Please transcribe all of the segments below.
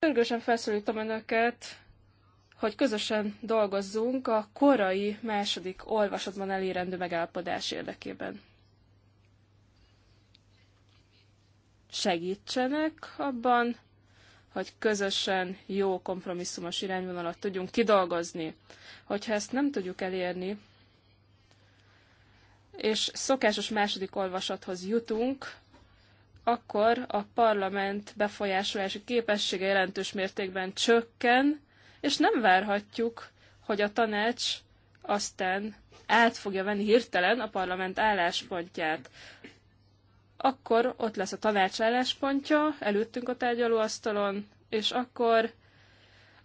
Sürgősen felszólítom Önöket, hogy közösen dolgozzunk a korai második olvasatban elérendő megállapodás érdekében. Segítsenek abban, hogy közösen jó kompromisszumos irányvonalat tudjunk kidolgozni. Hogyha ezt nem tudjuk elérni, és szokásos második olvasathoz jutunk, akkor a parlament befolyásolási képessége jelentős mértékben csökken, és nem várhatjuk, hogy a tanács aztán át fogja venni hirtelen a parlament álláspontját. Akkor ott lesz a tanács álláspontja, előttünk a tárgyalóasztalon, és akkor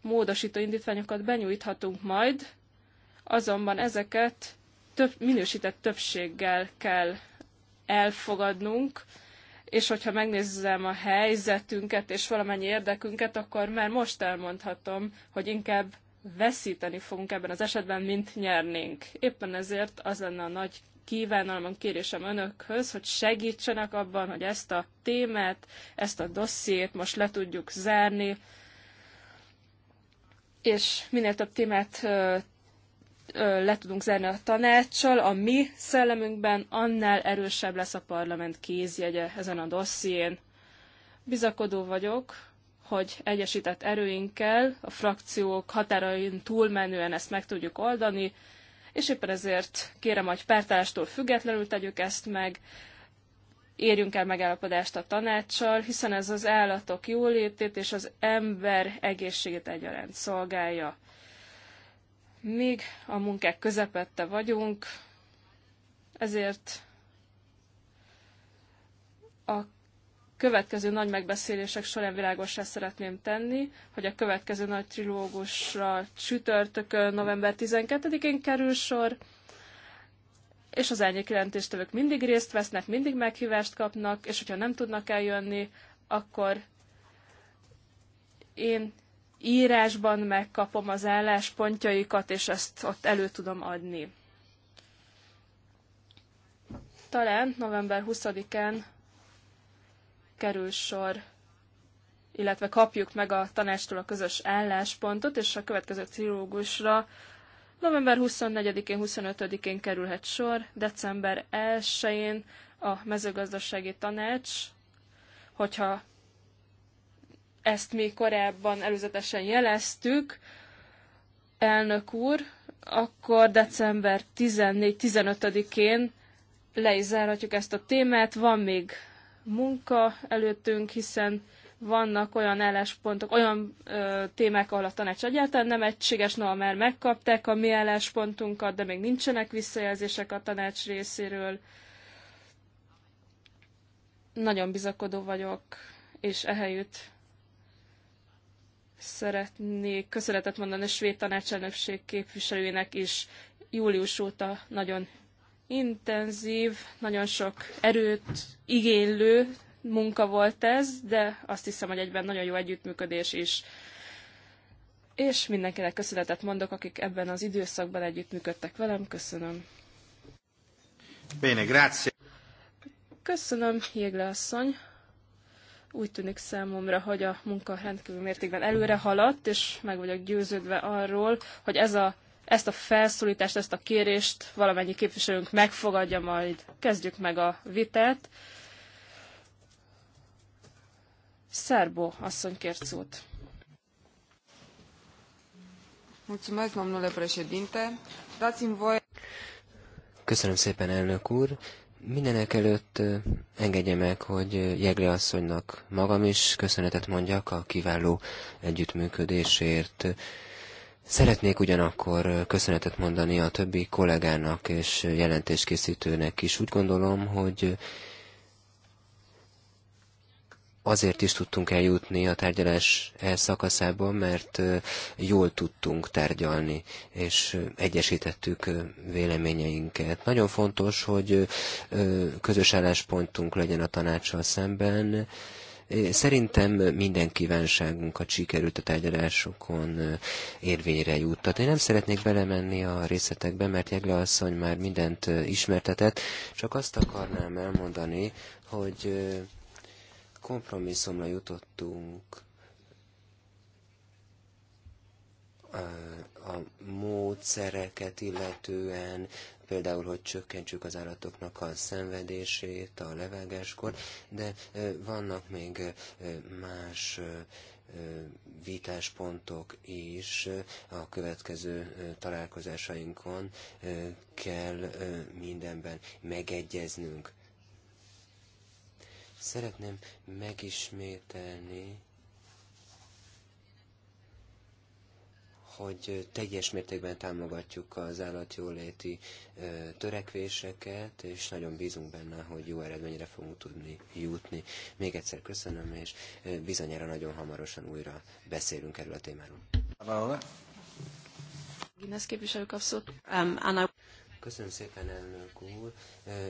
módosító indítványokat benyújthatunk majd, azonban ezeket több, minősített többséggel kell elfogadnunk, és hogyha megnézzem a helyzetünket és valamennyi érdekünket, akkor már most elmondhatom, hogy inkább veszíteni fogunk ebben az esetben, mint nyernénk. Éppen ezért az lenne a nagy kívánalom, kérésem önökhöz, hogy segítsenek abban, hogy ezt a témát, ezt a dossziét most le tudjuk zárni, és minél több témát le tudunk zárni a tanácssal, a mi szellemünkben annál erősebb lesz a parlament kézjegye ezen a dosszién. Bizakodó vagyok, hogy egyesített erőinkkel a frakciók határain túlmenően ezt meg tudjuk oldani, és éppen ezért kérem, hogy pártállástól függetlenül tegyük ezt meg, érjünk el megállapodást a tanácssal, hiszen ez az állatok jólétét és az ember egészségét egyaránt szolgálja. Még a munkák közepette vagyunk, ezért a következő nagy megbeszélések során világosra szeretném tenni, hogy a következő nagy trilógusra csütörtökön, november 12-én kerül sor, és az elnyék jelentéstevők mindig részt vesznek, mindig meghívást kapnak, és hogyha nem tudnak eljönni, akkor én írásban megkapom az álláspontjaikat, és ezt ott elő tudom adni. Talán november 20-án kerül sor, illetve kapjuk meg a tanástól a közös álláspontot, és a következő trilógusra november 24-én, 25-én kerülhet sor, december 1-én a mezőgazdasági tanács, hogyha ezt mi korábban előzetesen jeleztük, elnök úr, akkor december 14-15-én le is zárhatjuk ezt a témát. Van még munka előttünk, hiszen vannak olyan álláspontok, olyan ö, témák, ahol a tanács egyáltalán nem egységes, noha már megkapták a mi álláspontunkat, de még nincsenek visszajelzések a tanács részéről. Nagyon bizakodó vagyok, és ehelyütt Szeretnék köszönetet mondani a svéd tanácselnökség képviselőjének is. Július óta nagyon intenzív, nagyon sok erőt igénylő munka volt ez, de azt hiszem, hogy egyben nagyon jó együttműködés is. És mindenkinek köszönetet mondok, akik ebben az időszakban együttműködtek velem. Köszönöm. Bene, grazie. Köszönöm, Jégle asszony. Úgy tűnik számomra, hogy a munka rendkívül mértékben előre haladt, és meg vagyok győződve arról, hogy ez a, ezt a felszólítást, ezt a kérést valamennyi képviselőnk megfogadja majd. Kezdjük meg a vitát. Szerbó asszony kért szót. Köszönöm szépen, elnök úr. Mindenek előtt engedje meg, hogy Jegle asszonynak magam is köszönetet mondjak a kiváló együttműködésért. Szeretnék ugyanakkor köszönetet mondani a többi kollégának és jelentéskészítőnek is. Úgy gondolom, hogy azért is tudtunk eljutni a tárgyalás e szakaszába, mert jól tudtunk tárgyalni, és egyesítettük véleményeinket. Nagyon fontos, hogy közös álláspontunk legyen a tanácssal szemben. Szerintem minden kívánságunkat sikerült a tárgyalásokon érvényre juttat. Én nem szeretnék belemenni a részletekbe, mert Jegle asszony már mindent ismertetett, csak azt akarnám elmondani, hogy kompromisszumra jutottunk a módszereket illetően, például, hogy csökkentsük az állatoknak a szenvedését a levegéskor, de vannak még más vitáspontok is a következő találkozásainkon kell mindenben megegyeznünk. Szeretném megismételni, hogy teljes mértékben támogatjuk az állatjóléti törekvéseket, és nagyon bízunk benne, hogy jó eredményre fogunk tudni jutni. Még egyszer köszönöm, és bizonyára nagyon hamarosan újra beszélünk erről a témáról. Guinness képviselő kapszott. Um, Anna. Köszönöm szépen, elnök úr.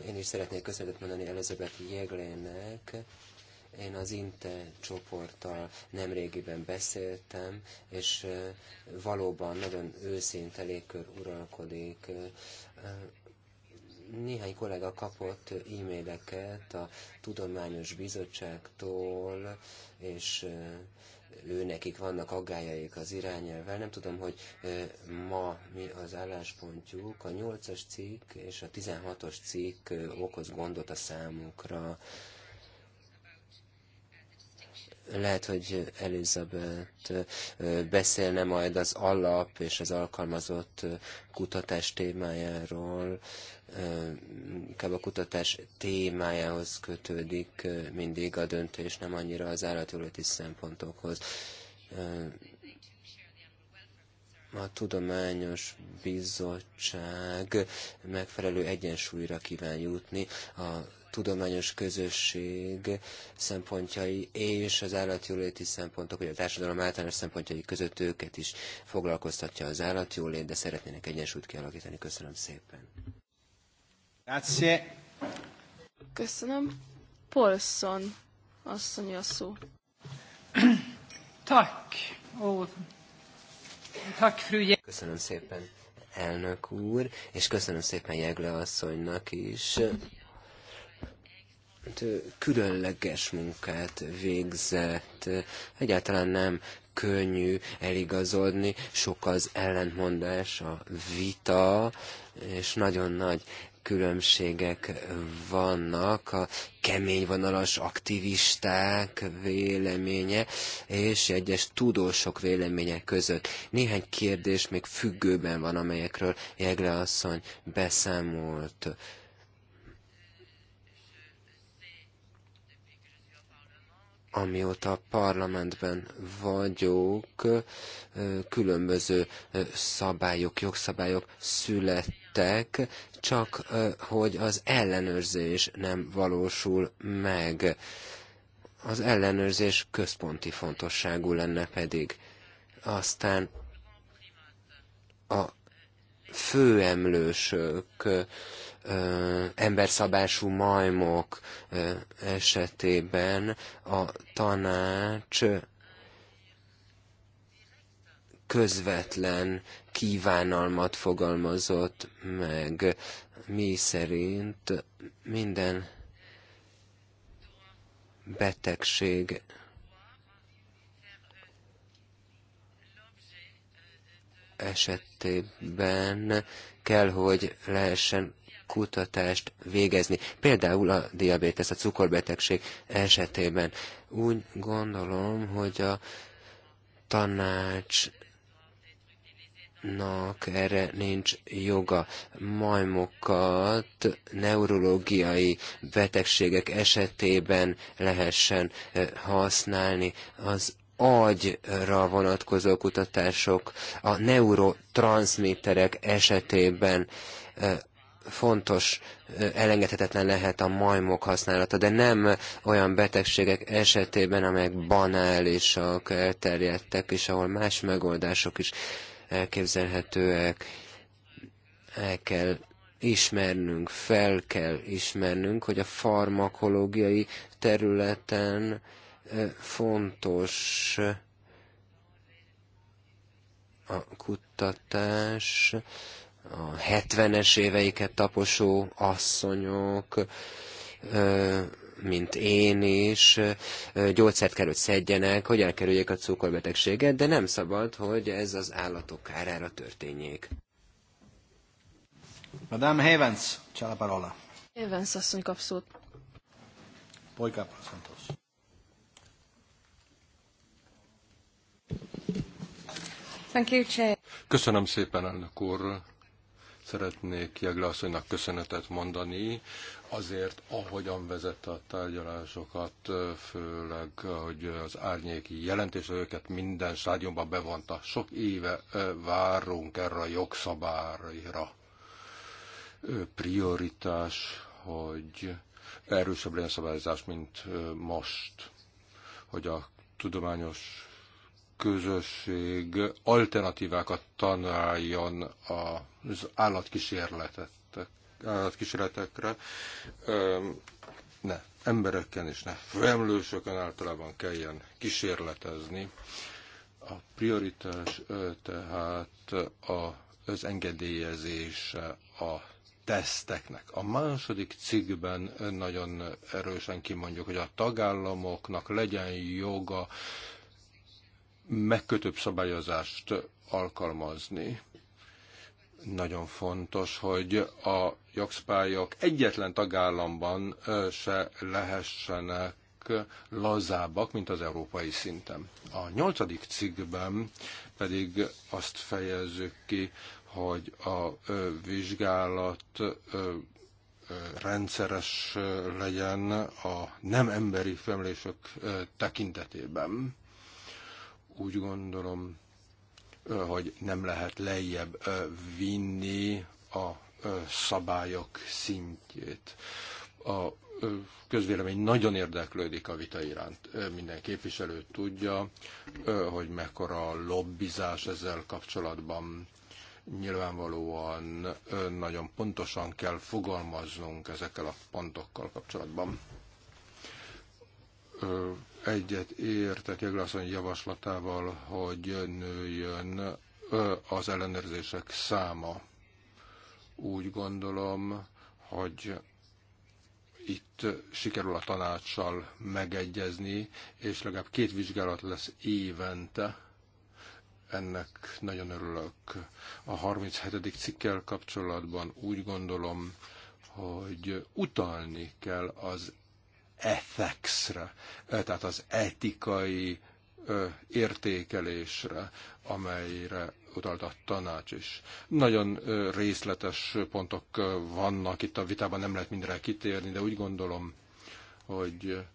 Én is szeretnék köszönetet mondani Elizabeth Jeglének. Én az Inte csoporttal nemrégiben beszéltem, és valóban nagyon őszinte légkör uralkodik néhány kollega kapott e-maileket a Tudományos Bizottságtól, és ő nekik vannak aggájaik az irányelvvel. Nem tudom, hogy ma mi az álláspontjuk. A 8-as cikk és a 16-os cikk okoz gondot a számukra lehet, hogy Elizabeth beszélne majd az alap és az alkalmazott kutatás témájáról, inkább a kutatás témájához kötődik mindig a döntés, nem annyira az állatjóléti szempontokhoz. A Tudományos Bizottság megfelelő egyensúlyra kíván jutni a tudományos közösség szempontjai és az állatjóléti szempontok, vagy a társadalom általános szempontjai között őket is foglalkoztatja az állatjólét, de szeretnének egyensúlyt kialakítani. Köszönöm szépen. Grazie. Köszönöm. Polson asszony a szó. Tak. Oh. Tak, fru Köszönöm szépen, elnök úr, és köszönöm szépen Jegle asszonynak is különleges munkát végzett. Egyáltalán nem könnyű eligazodni, sok az ellentmondás, a vita, és nagyon nagy különbségek vannak, a kemény vonalas aktivisták véleménye és egyes tudósok véleménye között. Néhány kérdés még függőben van, amelyekről Jegle asszony beszámolt amióta a parlamentben vagyok, különböző szabályok, jogszabályok születtek, csak hogy az ellenőrzés nem valósul meg. Az ellenőrzés központi fontosságú lenne pedig. Aztán a főemlősök emberszabású majmok esetében a tanács közvetlen kívánalmat fogalmazott meg, mi szerint minden betegség esetében kell, hogy lehessen kutatást végezni. Például a diabétesz, a cukorbetegség esetében. Úgy gondolom, hogy a tanácsnak erre nincs joga. Majmokat neurológiai betegségek esetében lehessen eh, használni. Az agyra vonatkozó kutatások, a neurotranszmitterek esetében eh, fontos, elengedhetetlen lehet a majmok használata, de nem olyan betegségek esetében, amelyek banálisak, elterjedtek, és ahol más megoldások is elképzelhetőek. El kell ismernünk, fel kell ismernünk, hogy a farmakológiai területen fontos a kutatás, a 70-es éveiket taposó asszonyok, mint én is, gyógyszert kell, hogy szedjenek, hogy elkerüljék a cukorbetegséget, de nem szabad, hogy ez az állatok kárára történjék. Madame Havens, c'è la parola. Havens asszony kap szót. Thank you, Chair. Köszönöm szépen, elnök úr. Szeretnék Jegle asszonynak köszönetet mondani azért, ahogyan vezette a tárgyalásokat, főleg, hogy az árnyéki jelentésre őket minden stádiumban bevonta. Sok éve várunk erre a jogszabályra. Prioritás, hogy erősebb legyen szabályozás, mint most, hogy a tudományos közösség alternatívákat tanáljon az állatkísérletekre, ne embereken és ne femlősökön általában kelljen kísérletezni. A prioritás tehát az engedélyezése a teszteknek. A második cikkben nagyon erősen kimondjuk, hogy a tagállamoknak legyen joga megkötőbb szabályozást alkalmazni. Nagyon fontos, hogy a jogszabályok egyetlen tagállamban se lehessenek lazábbak, mint az európai szinten. A nyolcadik cikkben pedig azt fejezzük ki, hogy a vizsgálat rendszeres legyen a nem emberi femlések tekintetében úgy gondolom, hogy nem lehet lejjebb vinni a szabályok szintjét. A közvélemény nagyon érdeklődik a vita iránt. Minden képviselő tudja, hogy mekkora lobbizás ezzel kapcsolatban nyilvánvalóan nagyon pontosan kell fogalmaznunk ezekkel a pontokkal kapcsolatban egyet értek Jeglászony javaslatával, hogy nőjön az ellenőrzések száma. Úgy gondolom, hogy itt sikerül a tanácssal megegyezni, és legalább két vizsgálat lesz évente. Ennek nagyon örülök. A 37. cikkel kapcsolatban úgy gondolom, hogy utalni kell az ethics-re, tehát az etikai értékelésre, amelyre utalt a tanács is. Nagyon részletes pontok vannak itt a vitában, nem lehet mindenre kitérni, de úgy gondolom, hogy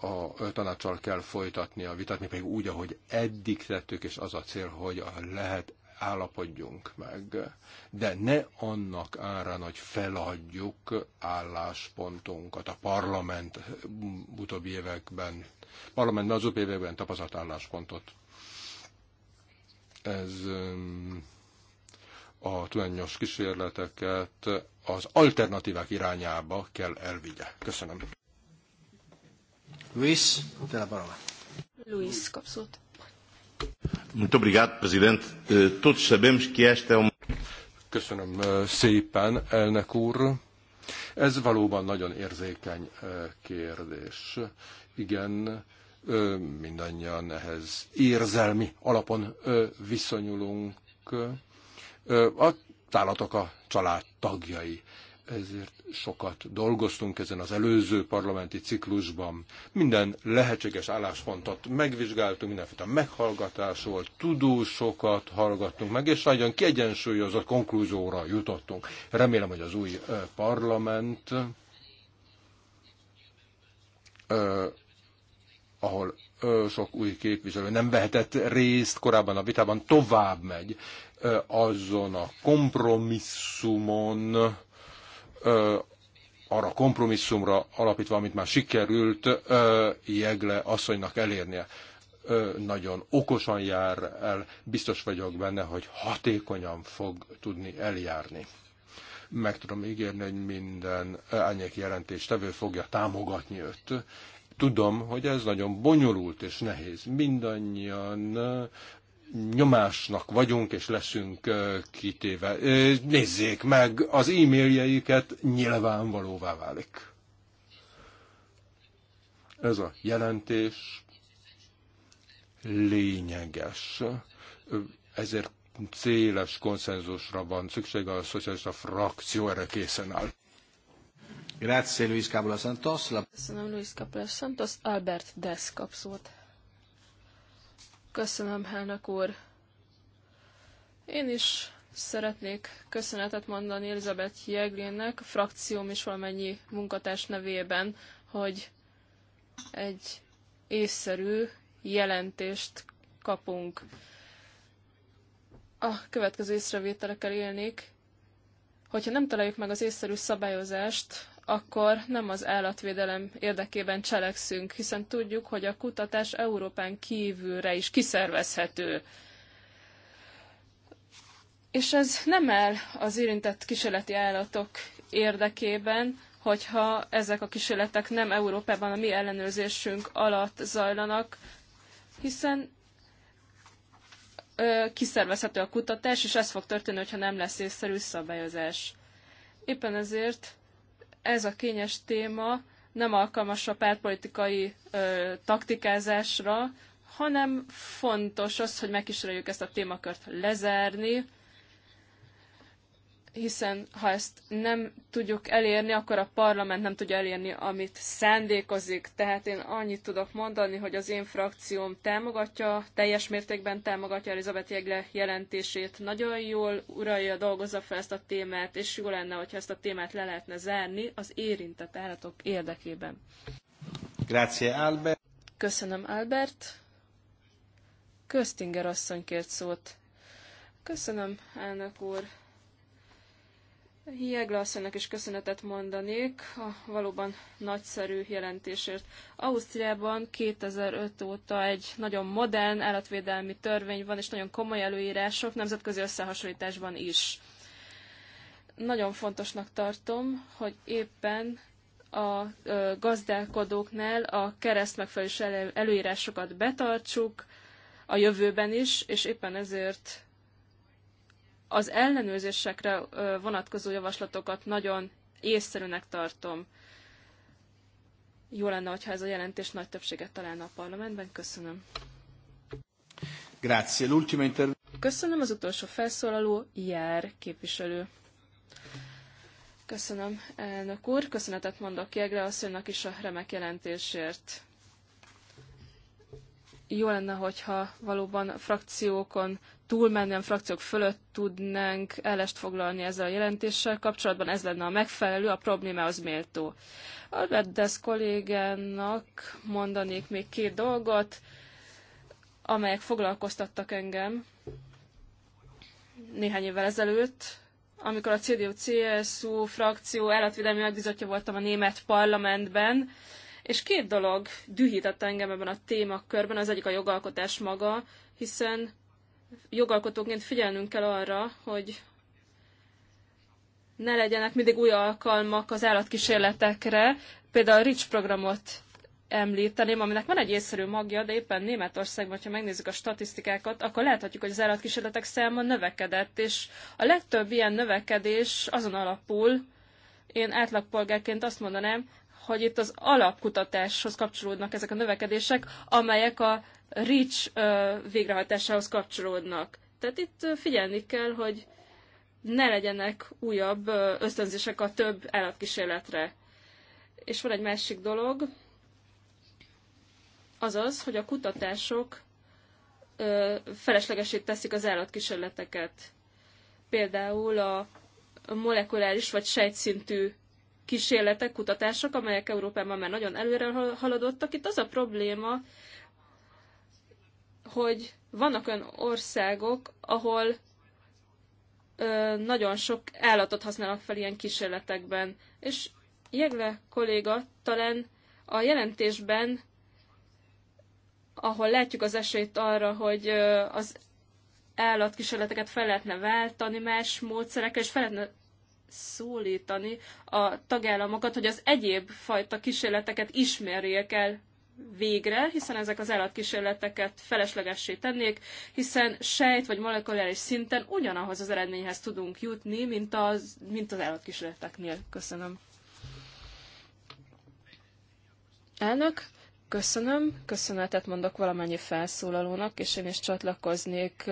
a tanácssal kell folytatni a vitát, még pedig úgy, ahogy eddig tettük, és az a cél, hogy a lehet állapodjunk meg, de ne annak árán, hogy feladjuk álláspontunkat a parlament utóbbi években, Parlament az utóbbi években tapasztalt álláspontot. Ez um, a tulajdonos kísérleteket az alternatívák irányába kell elvigye. Köszönöm. Luis, te a parola. Luis, kapszott. Muito obrigado, presidente. Eh, todos sabemos que esta é uma... Köszönöm eh, szépen, elnök úr. Ez valóban nagyon érzékeny eh, kérdés. Igen, mindannyian ehhez érzelmi alapon viszonyulunk. A tálatok a családtagjai ezért sokat dolgoztunk ezen az előző parlamenti ciklusban. Minden lehetséges álláspontot megvizsgáltunk, mindenféle meghallgatás volt, tudósokat hallgattunk meg, és nagyon kiegyensúlyozott konklúzóra jutottunk. Remélem, hogy az új parlament, ahol sok új képviselő nem vehetett részt korábban a vitában, tovább megy azon a kompromisszumon, arra kompromisszumra alapítva, amit már sikerült Jegle asszonynak elérnie. Nagyon okosan jár el, biztos vagyok benne, hogy hatékonyan fog tudni eljárni. Meg tudom ígérni, hogy minden árnyék jelentéstevő fogja támogatni őt. Tudom, hogy ez nagyon bonyolult és nehéz. Mindannyian nyomásnak vagyunk és leszünk kitéve. Nézzék meg, az e-mailjeiket nyilvánvalóvá válik. Ez a jelentés lényeges. Ezért céles konszenzusra van szükség, a szocialista frakció erre készen áll. Grazie Luis Capula Santos. Köszönöm Luis Capula Santos. Albert Desz kap szót. Köszönöm, elnök úr. Én is szeretnék köszönetet mondani Elizabeth Jeglénnek, a frakcióm is, valamennyi munkatárs nevében, hogy egy észszerű jelentést kapunk. A következő észrevételekkel élnék. Hogyha nem találjuk meg az észszerű szabályozást, akkor nem az állatvédelem érdekében cselekszünk, hiszen tudjuk, hogy a kutatás Európán kívülre is kiszervezhető. És ez nem el az érintett kísérleti állatok érdekében, hogyha ezek a kísérletek nem Európában a mi ellenőrzésünk alatt zajlanak, hiszen ö, kiszervezhető a kutatás, és ez fog történni, hogyha nem lesz észszerű szabályozás. Éppen ezért ez a kényes téma nem alkalmas a pártpolitikai ö, taktikázásra, hanem fontos az, hogy megkísérjük ezt a témakört lezárni, hiszen ha ezt nem tudjuk elérni, akkor a parlament nem tudja elérni, amit szándékozik. Tehát én annyit tudok mondani, hogy az én frakcióm támogatja, teljes mértékben támogatja Elizabeth Jegle jelentését. Nagyon jól uralja, dolgozza fel ezt a témát, és jó lenne, hogyha ezt a témát le lehetne zárni az érintett állatok érdekében. Grazie, Albert. Köszönöm, Albert. Köztinger asszony kért szót. Köszönöm, elnök úr. Jegle is köszönetet mondanék a valóban nagyszerű jelentésért. Ausztriában 2005 óta egy nagyon modern állatvédelmi törvény van, és nagyon komoly előírások nemzetközi összehasonlításban is. Nagyon fontosnak tartom, hogy éppen a gazdálkodóknál a kereszt megfelelő előírásokat betartsuk a jövőben is, és éppen ezért az ellenőrzésekre vonatkozó javaslatokat nagyon észszerűnek tartom. Jó lenne, hogyha ez a jelentés nagy többséget találna a parlamentben. Köszönöm. Grazie. L'ultima inter... Köszönöm az utolsó felszólaló, Jár képviselő. Köszönöm, elnök úr. Köszönetet mondok Jegre asszonynak is a remek jelentésért. Jó lenne, hogyha valóban frakciókon túlmenően frakciók fölött tudnánk állást foglalni ezzel a jelentéssel kapcsolatban, ez lenne a megfelelő, a probléma az méltó. Albert Desz kollégának mondanék még két dolgot, amelyek foglalkoztattak engem néhány évvel ezelőtt, amikor a CDU-CSU frakció állatvédelmi megbizotja voltam a német parlamentben, és két dolog dühített engem ebben a témakörben, az egyik a jogalkotás maga, hiszen jogalkotóként figyelnünk kell arra, hogy ne legyenek mindig új alkalmak az állatkísérletekre. Például a RICS programot említeném, aminek van egy észszerű magja, de éppen Németországban, ha megnézzük a statisztikákat, akkor láthatjuk, hogy az állatkísérletek száma növekedett, és a legtöbb ilyen növekedés azon alapul, én átlagpolgárként azt mondanám, hogy itt az alapkutatáshoz kapcsolódnak ezek a növekedések, amelyek a REACH végrehajtásához kapcsolódnak. Tehát itt figyelni kell, hogy ne legyenek újabb ösztönzések a több állatkísérletre. És van egy másik dolog, azaz, hogy a kutatások feleslegesét teszik az állatkísérleteket. Például a molekuláris vagy sejtszintű kísérletek, kutatások, amelyek Európában már nagyon előre haladottak. Itt az a probléma, hogy vannak olyan országok, ahol ö, nagyon sok állatot használnak fel ilyen kísérletekben. És Jegle kolléga talán a jelentésben, ahol látjuk az esélyt arra, hogy ö, az állatkísérleteket fel lehetne váltani más módszerekkel, és fel lehetne szólítani a tagállamokat, hogy az egyéb fajta kísérleteket ismerjék el végre, hiszen ezek az állatkísérleteket feleslegessé tennék, hiszen sejt vagy molekuláris szinten ugyanahoz az eredményhez tudunk jutni, mint az, mint az állatkísérleteknél. Köszönöm. Elnök, Köszönöm, köszönetet mondok valamennyi felszólalónak, és én is csatlakoznék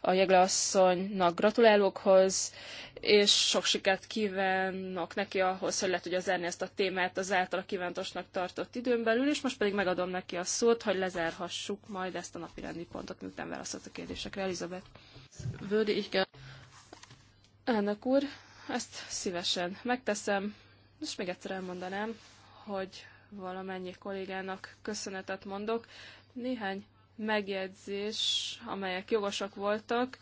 a Jegle asszonynak gratulálókhoz, és sok sikert kívánok neki ahhoz, hogy le tudja zárni ezt a témát az általa kívántosnak tartott időn belül, és most pedig megadom neki a szót, hogy lezárhassuk majd ezt a napi rendi pontot, miután válaszolt a kérdésekre. Elizabeth. Würde ich Elnök úr, ezt szívesen megteszem, és még egyszer elmondanám, hogy valamennyi kollégának köszönetet mondok. Néhány megjegyzés, amelyek jogosak voltak.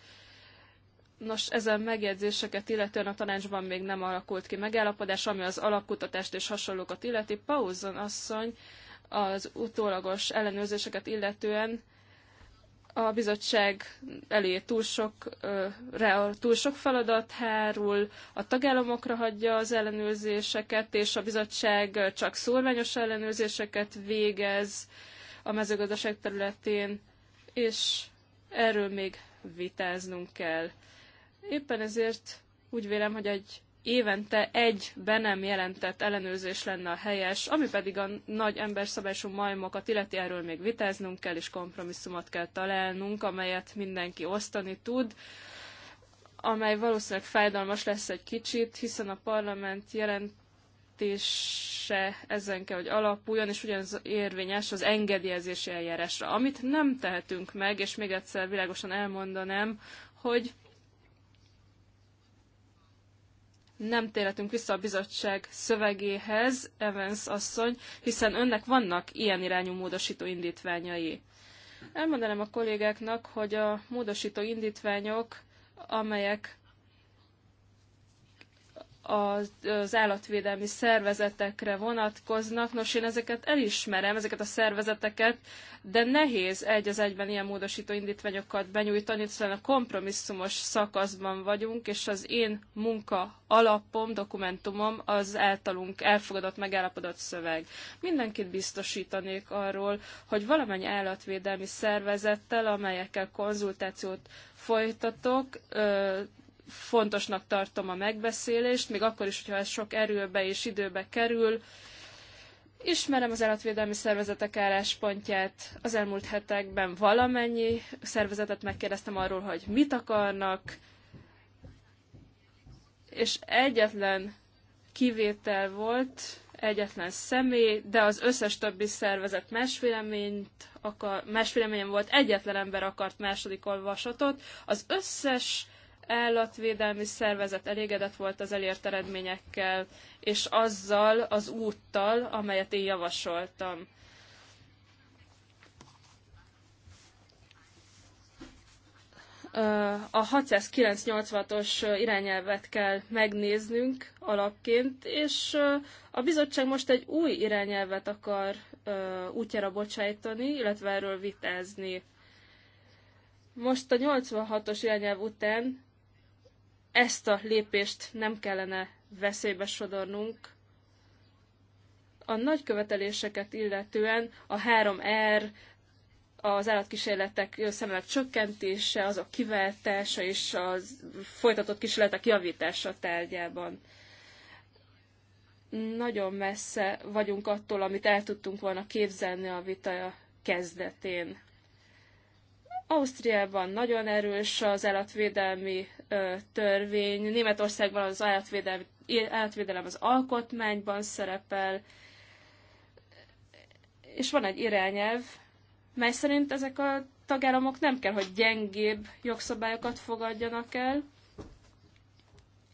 Nos, ezen megjegyzéseket illetően a tanácsban még nem alakult ki megállapodás, ami az alapkutatást és hasonlókat illeti. Pauzon asszony az utólagos ellenőrzéseket illetően a bizottság elé túl sok, túl sok feladat hárul, a tagállamokra hagyja az ellenőrzéseket, és a bizottság csak szórványos ellenőrzéseket végez a mezőgazdaság területén, és erről még vitáznunk kell. Éppen ezért úgy vélem, hogy egy évente egy be nem jelentett ellenőrzés lenne a helyes, ami pedig a nagy emberszabású majmokat illeti, erről még vitáznunk kell, és kompromisszumot kell találnunk, amelyet mindenki osztani tud, amely valószínűleg fájdalmas lesz egy kicsit, hiszen a parlament jelentése ezen kell, hogy alapuljon, és ugyanaz érvényes az engedélyezési eljárásra, amit nem tehetünk meg, és még egyszer világosan elmondanám, hogy nem térhetünk vissza a bizottság szövegéhez, Evans asszony, hiszen önnek vannak ilyen irányú módosító indítványai. Elmondanám a kollégáknak, hogy a módosító indítványok, amelyek az állatvédelmi szervezetekre vonatkoznak. Nos, én ezeket elismerem, ezeket a szervezeteket, de nehéz egy az egyben ilyen módosító indítványokat benyújtani, hiszen a kompromisszumos szakaszban vagyunk, és az én munka alapom, dokumentumom az általunk elfogadott, megállapodott szöveg. Mindenkit biztosítanék arról, hogy valamennyi állatvédelmi szervezettel, amelyekkel konzultációt folytatok, fontosnak tartom a megbeszélést, még akkor is, hogyha ez sok erőbe és időbe kerül. Ismerem az állatvédelmi szervezetek álláspontját. Az elmúlt hetekben valamennyi szervezetet megkérdeztem arról, hogy mit akarnak, és egyetlen kivétel volt, egyetlen személy, de az összes többi szervezet más akar, más véleményen volt, egyetlen ember akart második olvasatot, az összes állatvédelmi szervezet elégedett volt az elért eredményekkel, és azzal az úttal, amelyet én javasoltam. a 609-86-os irányelvet kell megnéznünk alapként, és a bizottság most egy új irányelvet akar útjára bocsájtani, illetve erről vitázni. Most a 86-os irányelv után ezt a lépést nem kellene veszélybe sodornunk. A nagy követeléseket illetően a 3R, az állatkísérletek szemelek csökkentése, azok kiváltása és a folytatott kísérletek javítása tárgyában nagyon messze vagyunk attól, amit el tudtunk volna képzelni a vita kezdetén. Ausztriában nagyon erős az állatvédelmi törvény. Németországban az állatvédelem, az alkotmányban szerepel, és van egy irányelv, mely szerint ezek a tagállamok nem kell, hogy gyengébb jogszabályokat fogadjanak el,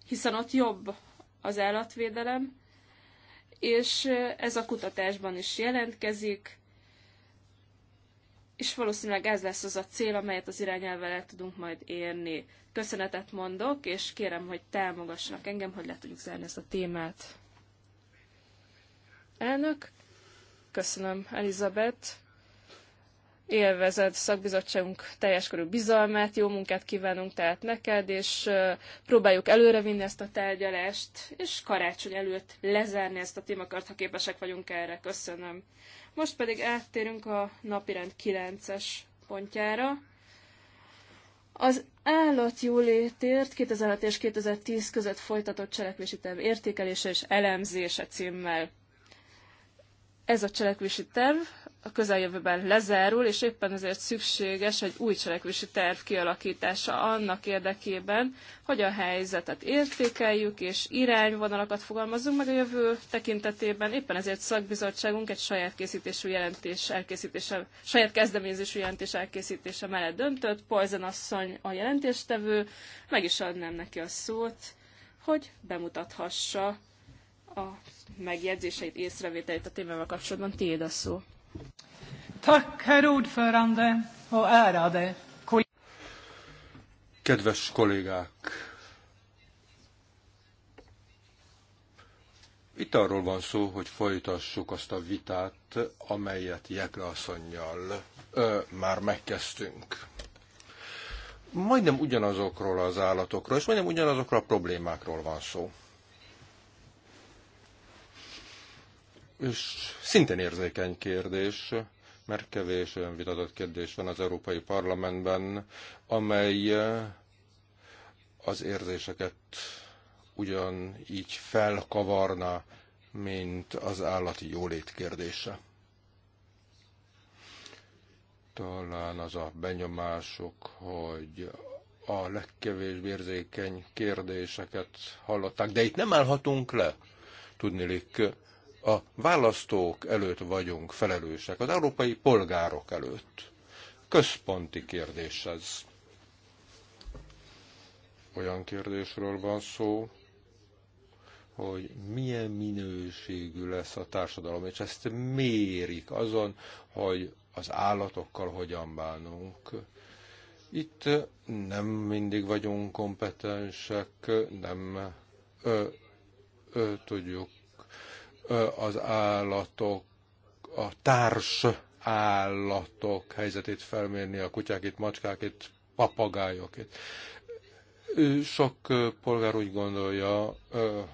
hiszen ott jobb az állatvédelem, és ez a kutatásban is jelentkezik és valószínűleg ez lesz az a cél, amelyet az irányelvvel el tudunk majd érni. Köszönetet mondok, és kérem, hogy támogassanak engem, hogy le tudjuk zárni ezt a témát. Elnök, köszönöm Elizabeth. Élvezed szakbizottságunk teljes körű bizalmát, jó munkát kívánunk tehát neked, és próbáljuk előrevinni ezt a tárgyalást, és karácsony előtt lezárni ezt a témakört, ha képesek vagyunk erre. Köszönöm. Most pedig áttérünk a napirend 9-es pontjára. Az állatjólétért 2006 és 2010 között folytatott cselekvési terv értékelése és elemzése címmel. Ez a cselekvési terv a közeljövőben lezárul, és éppen ezért szükséges egy új cselekvési terv kialakítása annak érdekében, hogy a helyzetet értékeljük, és irányvonalakat fogalmazunk meg a jövő tekintetében. Éppen ezért szakbizottságunk egy saját készítésű jelentés elkészítése, saját kezdeményezésű jelentés elkészítése mellett döntött. Poison asszony a jelentéstevő, meg is adnám neki a szót, hogy bemutathassa a megjegyzéseit, észrevételeit a témával kapcsolatban. Tiéd a szó. Tack, herr ordförande och ärade Kedves kollégák! Itt arról van szó, hogy folytassuk azt a vitát, amelyet Jekle asszonynal már megkezdtünk. Majdnem ugyanazokról az állatokról, és majdnem ugyanazokról a problémákról van szó. és szintén érzékeny kérdés, mert kevés olyan vitatott kérdés van az Európai Parlamentben, amely eh, az érzéseket ugyan így felkavarna, mint az állati jólét kérdése. Talán az a benyomások, hogy a legkevésbé érzékeny kérdéseket hallották, de itt nem állhatunk le. Tudnilik, a választók előtt vagyunk felelősek, az európai polgárok előtt. Központi kérdés ez. Olyan kérdésről van szó, hogy milyen minőségű lesz a társadalom, és ezt mérik azon, hogy az állatokkal hogyan bánunk. Itt nem mindig vagyunk kompetensek, nem ö, ö, tudjuk az állatok, a társ állatok helyzetét felmérni, a kutyákét, macskákét, papagájokét. Sok polgár úgy gondolja,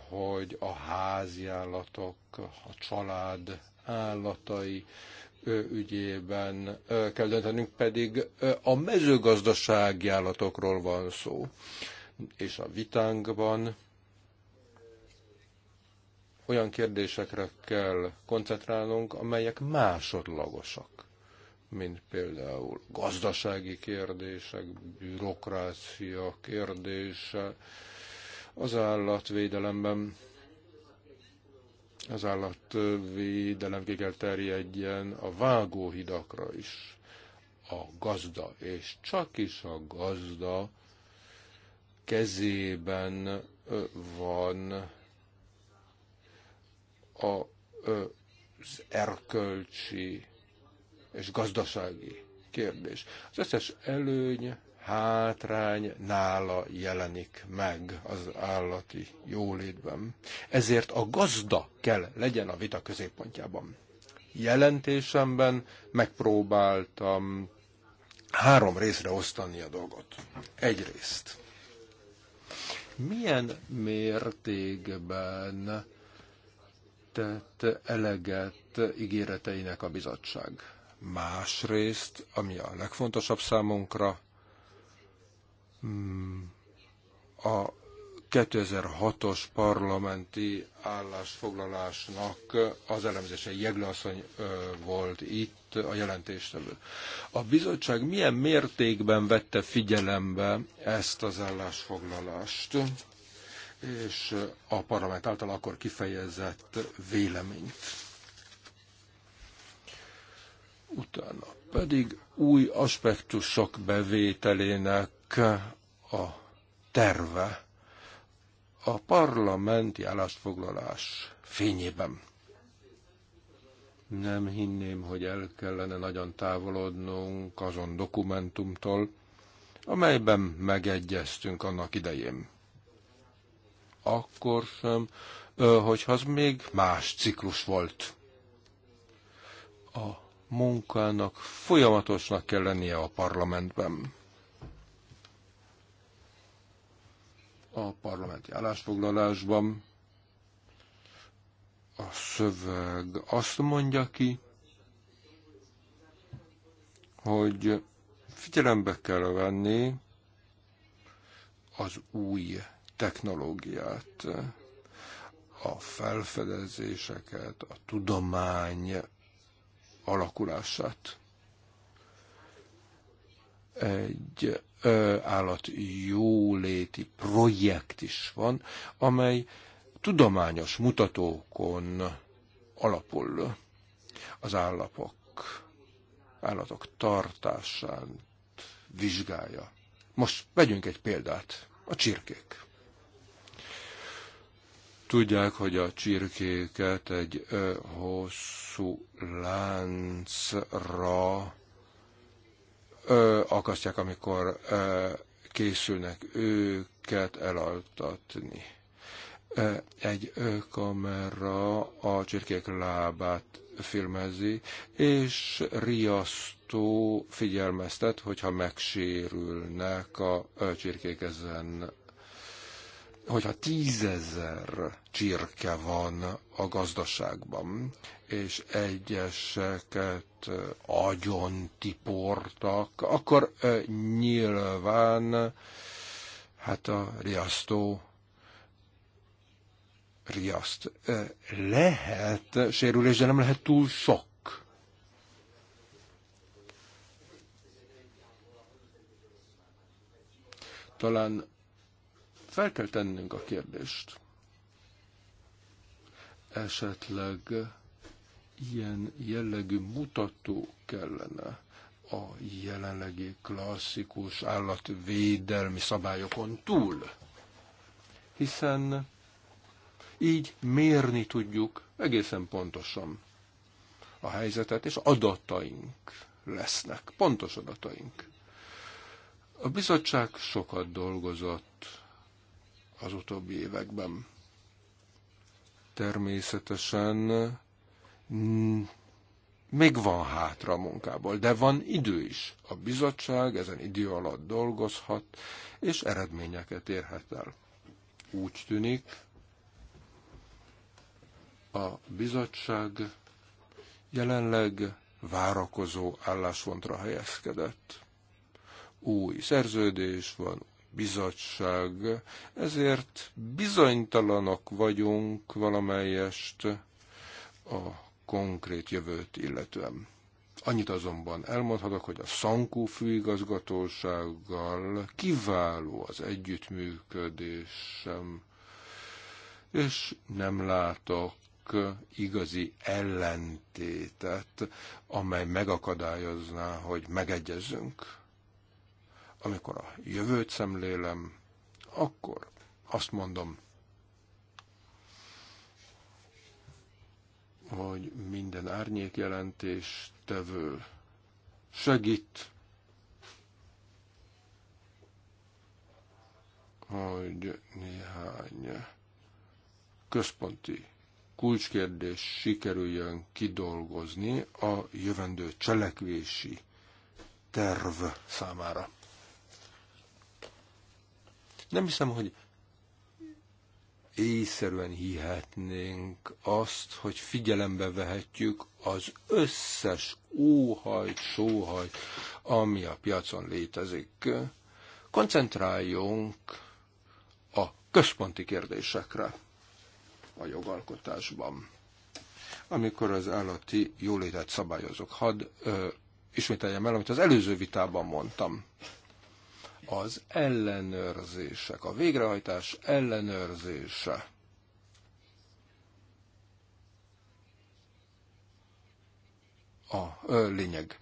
hogy a házi állatok, a család állatai ügyében kell döntenünk, pedig a mezőgazdasági állatokról van szó. És a vitánkban olyan kérdésekre kell koncentrálnunk, amelyek másodlagosak, mint például gazdasági kérdések, bürokrácia kérdése, az állatvédelemben az állatvédelem ki kell terjedjen a vágóhidakra is. A gazda, és csak is a gazda kezében van az erkölcsi és gazdasági kérdés. Az összes előny, hátrány nála jelenik meg az állati jólétben. Ezért a gazda kell legyen a vita középpontjában. Jelentésemben megpróbáltam három részre osztani a dolgot. Egyrészt, milyen mértékben tett eleget ígéreteinek a bizottság. Másrészt, ami a legfontosabb számunkra, mm, a 2006-os parlamenti állásfoglalásnak az elemzése Jeglasszony volt itt a jelentéstevő. A bizottság milyen mértékben vette figyelembe ezt az állásfoglalást? és a parlament által akkor kifejezett véleményt. Utána pedig új aspektusok bevételének a terve a parlamenti állásfoglalás fényében. Nem hinném, hogy el kellene nagyon távolodnunk azon dokumentumtól, amelyben megegyeztünk annak idején akkor sem, hogyha az még más ciklus volt. A munkának folyamatosnak kell lennie a parlamentben. A parlamenti állásfoglalásban a szöveg azt mondja ki, hogy figyelembe kell venni az új technológiát, a felfedezéseket, a tudomány alakulását. Egy állat jóléti projekt is van, amely tudományos mutatókon alapul az állapok, állatok tartásán vizsgálja. Most vegyünk egy példát, a csirkék. Tudják, hogy a csirkéket egy hosszú láncra akasztják, amikor készülnek őket elaltatni. Egy kamera a csirkék lábát filmezi, és riasztó figyelmeztet, hogyha megsérülnek a csirkék ezen hogyha tízezer csirke van a gazdaságban, és egyeseket agyon tiportak, akkor nyilván hát a riasztó riaszt. Lehet sérülés, de nem lehet túl sok. Talán fel kell tennünk a kérdést. Esetleg ilyen jellegű mutató kellene a jelenlegi klasszikus állatvédelmi szabályokon túl. Hiszen így mérni tudjuk egészen pontosan a helyzetet, és adataink lesznek, pontos adataink. A bizottság sokat dolgozott az utóbbi években. Természetesen mm, még van hátra a munkából, de van idő is. A bizottság ezen idő alatt dolgozhat, és eredményeket érhet el. Úgy tűnik, a bizottság jelenleg várakozó álláspontra helyezkedett. Új szerződés van, bizottság, ezért bizonytalanok vagyunk valamelyest a konkrét jövőt illetően. Annyit azonban elmondhatok, hogy a Szankó főigazgatósággal kiváló az együttműködésem, és nem látok igazi ellentétet, amely megakadályozná, hogy megegyezzünk. Amikor a jövőt szemlélem, akkor azt mondom, hogy minden árnyék jelentés tevő segít, hogy néhány központi kulcskérdés sikerüljön kidolgozni a jövendő cselekvési terv számára. Nem hiszem, hogy észszerűen hihetnénk azt, hogy figyelembe vehetjük az összes óhajt, sóhajt, ami a piacon létezik. Koncentráljunk a központi kérdésekre a jogalkotásban. Amikor az állati jólétet szabályozok, hadd ö, ismételjem el, amit az előző vitában mondtam az ellenőrzések, a végrehajtás ellenőrzése. A ö, lényeg.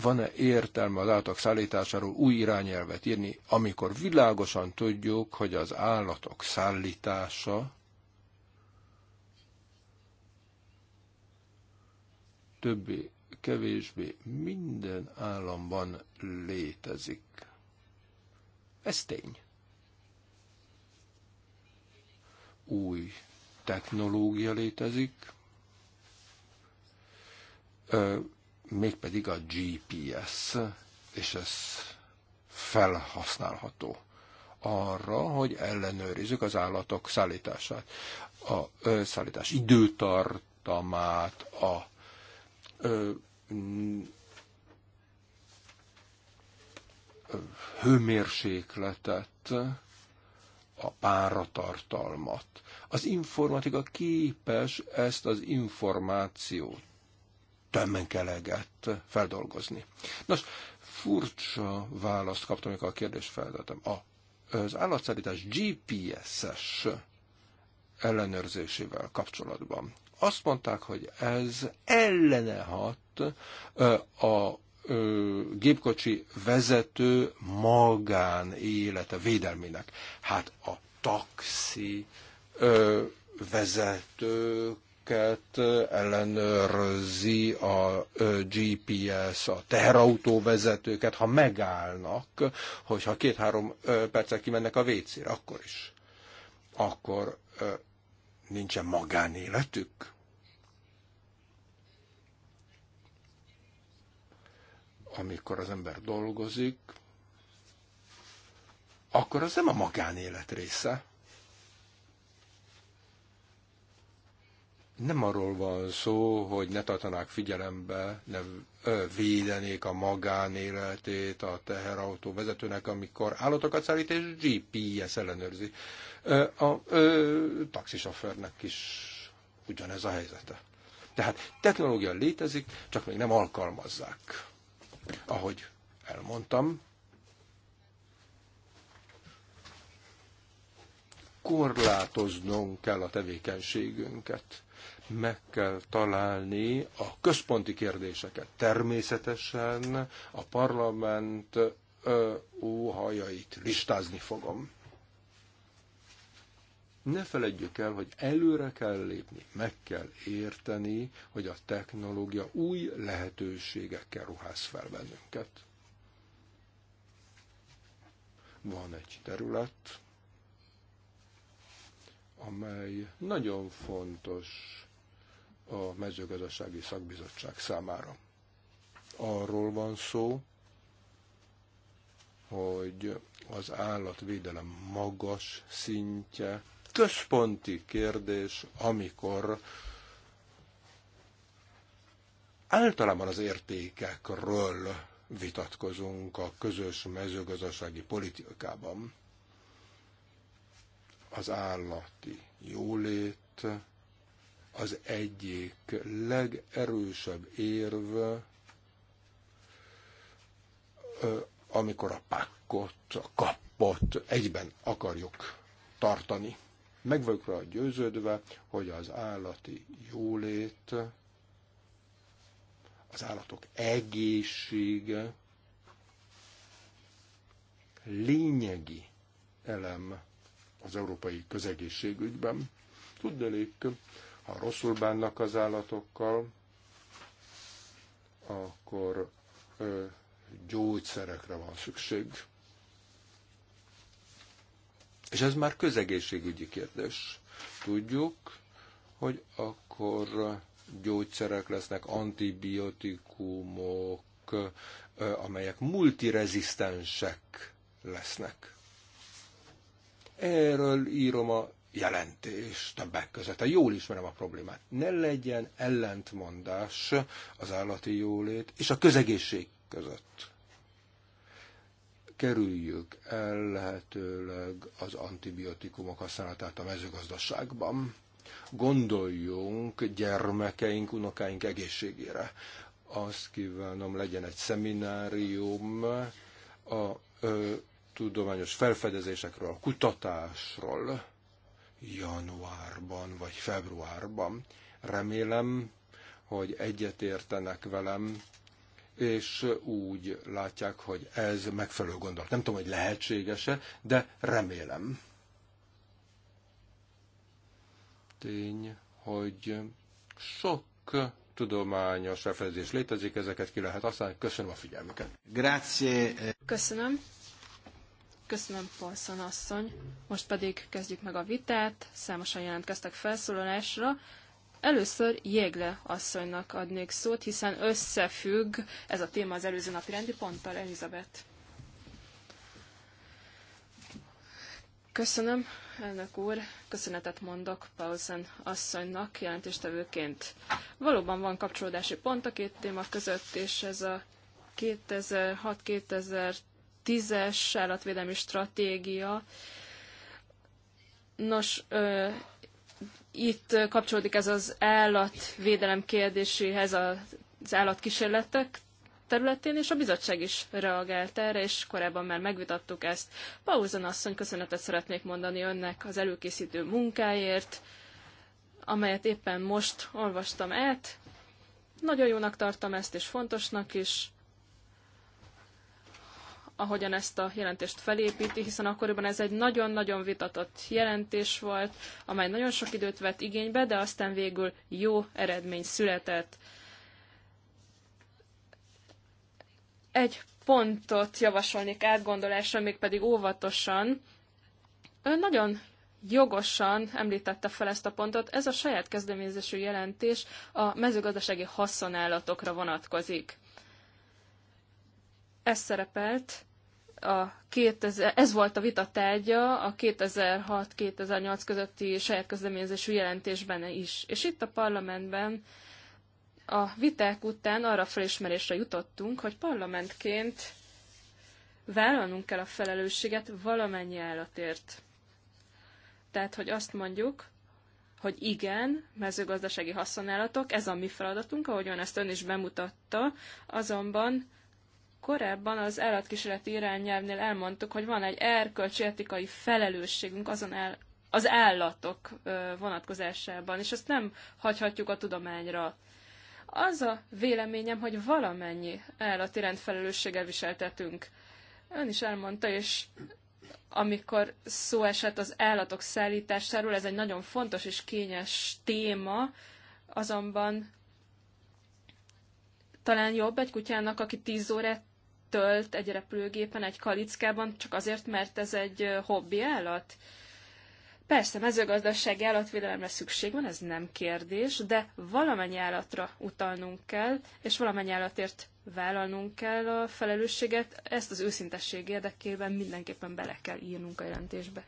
Van-e értelme az állatok szállításáról új irányelvet írni, amikor világosan tudjuk, hogy az állatok szállítása többi kevésbé minden államban létezik. Ez tény. Új technológia létezik, mégpedig a GPS, és ez felhasználható arra, hogy ellenőrizzük az állatok szállítását, a szállítás időtartamát, a hőmérsékletet, a páratartalmat. Az informatika képes ezt az információt tömegeleget feldolgozni. Nos, furcsa választ kaptam, amikor a kérdést feltettem. A, az állatszállítás GPS-es ellenőrzésével kapcsolatban azt mondták, hogy ez ellene hat a gépkocsi vezető magánélete védelmének. Hát a taxi vezetőket ellenőrzi a GPS, a teherautó vezetőket, ha megállnak, hogyha két-három percet kimennek a vécére, akkor is. Akkor nincsen magánéletük? Amikor az ember dolgozik, akkor az nem a magánélet része. Nem arról van szó, hogy ne tartanák figyelembe, ne védenék a magánéletét a teherautó vezetőnek, amikor állatokat szállít és GPS ellenőrzi. A taxisofőrnek is ugyanez a helyzete. Tehát technológia létezik, csak még nem alkalmazzák. Ahogy elmondtam, korlátoznunk kell a tevékenységünket. Meg kell találni a központi kérdéseket. Természetesen a parlament óhajait listázni fogom. Ne feledjük el, hogy előre kell lépni, meg kell érteni, hogy a technológia új lehetőségekkel ruház fel bennünket. Van egy terület, amely nagyon fontos a mezőgazdasági szakbizottság számára. Arról van szó, hogy az állatvédelem magas szintje központi kérdés, amikor általában az értékekről vitatkozunk a közös mezőgazdasági politikában. Az állati jólét az egyik legerősebb érv, amikor a pakkot, a kapot egyben akarjuk tartani. Meg vagyok rá győződve, hogy az állati jólét, az állatok egészsége lényegi elem az európai közegészségügyben. Tudnék, ha rosszul bánnak az állatokkal, akkor ö, gyógyszerekre van szükség. És ez már közegészségügyi kérdés. Tudjuk, hogy akkor gyógyszerek lesznek, antibiotikumok, amelyek multirezisztensek lesznek. Erről írom a jelentés többek között. Jól ismerem a problémát. Ne legyen ellentmondás az állati jólét és a közegészség között kerüljük el lehetőleg az antibiotikumok használatát a mezőgazdaságban. Gondoljunk gyermekeink, unokáink egészségére. Azt kívánom, legyen egy szeminárium a ö, tudományos felfedezésekről, a kutatásról januárban vagy februárban. Remélem, hogy egyetértenek velem, és úgy látják, hogy ez megfelelő gondolat. Nem tudom, hogy lehetséges-e, de remélem. Tény, hogy sok tudományos referzés létezik, ezeket ki lehet használni. Köszönöm a figyelmüket. Grazie. Köszönöm. Köszönöm, Polszon asszony. Most pedig kezdjük meg a vitát. Számosan jelentkeztek felszólalásra. Először Jégle asszonynak adnék szót, hiszen összefügg ez a téma az előző napi rendi ponttal, Elizabeth. Köszönöm, elnök úr. Köszönetet mondok Paulsen asszonynak jelentéstevőként. Valóban van kapcsolódási pont a két téma között, és ez a 2006-2010-es állatvédelmi stratégia. Nos, itt kapcsolódik ez az állatvédelem kérdéséhez az állatkísérletek területén, és a bizottság is reagált erre, és korábban már megvitattuk ezt. Pauzan asszony, köszönetet szeretnék mondani önnek az előkészítő munkáért, amelyet éppen most olvastam át. Nagyon jónak tartom ezt, és fontosnak is ahogyan ezt a jelentést felépíti, hiszen akkoriban ez egy nagyon-nagyon vitatott jelentés volt, amely nagyon sok időt vett igénybe, de aztán végül jó eredmény született. Egy pontot javasolnék átgondolásra, mégpedig óvatosan. Ön nagyon jogosan említette fel ezt a pontot, ez a saját kezdeményezésű jelentés a mezőgazdasági haszonállatokra vonatkozik. Ez szerepelt a 2000, ez volt a vita tárgya a 2006-2008 közötti saját közleményezésű jelentésben is. És itt a parlamentben a viták után arra felismerésre jutottunk, hogy parlamentként vállalnunk kell a felelősséget valamennyi állatért. Tehát, hogy azt mondjuk, hogy igen, mezőgazdasági haszonállatok, ez a mi feladatunk, ahogyan ezt ön is bemutatta, azonban Korábban az állatkísérleti irányelvnél elmondtuk, hogy van egy erkölcsi etikai felelősségünk azon el, az állatok vonatkozásában, és ezt nem hagyhatjuk a tudományra. Az a véleményem, hogy valamennyi állati rendfelelősséggel viseltetünk. Ön is elmondta, és amikor szó esett az állatok szállításáról, ez egy nagyon fontos és kényes téma, azonban talán jobb egy kutyának, aki tíz órát tölt egy repülőgépen, egy kalickában, csak azért, mert ez egy hobbi állat? Persze, mezőgazdasági állatvédelemre szükség van, ez nem kérdés, de valamennyi állatra utalnunk kell, és valamennyi állatért vállalnunk kell a felelősséget, ezt az őszintesség érdekében mindenképpen bele kell írnunk a jelentésbe.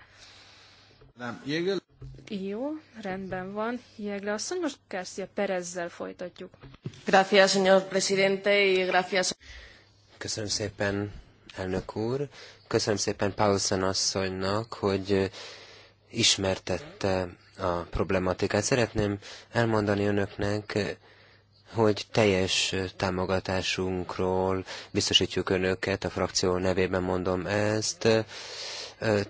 Nem, Jégel? Jó, rendben van. Jegle asszony, most Garcia Perezzel folytatjuk. Gracias, señor presidente, y gracias. Köszönöm szépen, elnök úr. Köszönöm szépen Paulsen asszonynak, hogy ismertette a problematikát. Szeretném elmondani önöknek, hogy teljes támogatásunkról biztosítjuk önöket, a frakció nevében mondom ezt.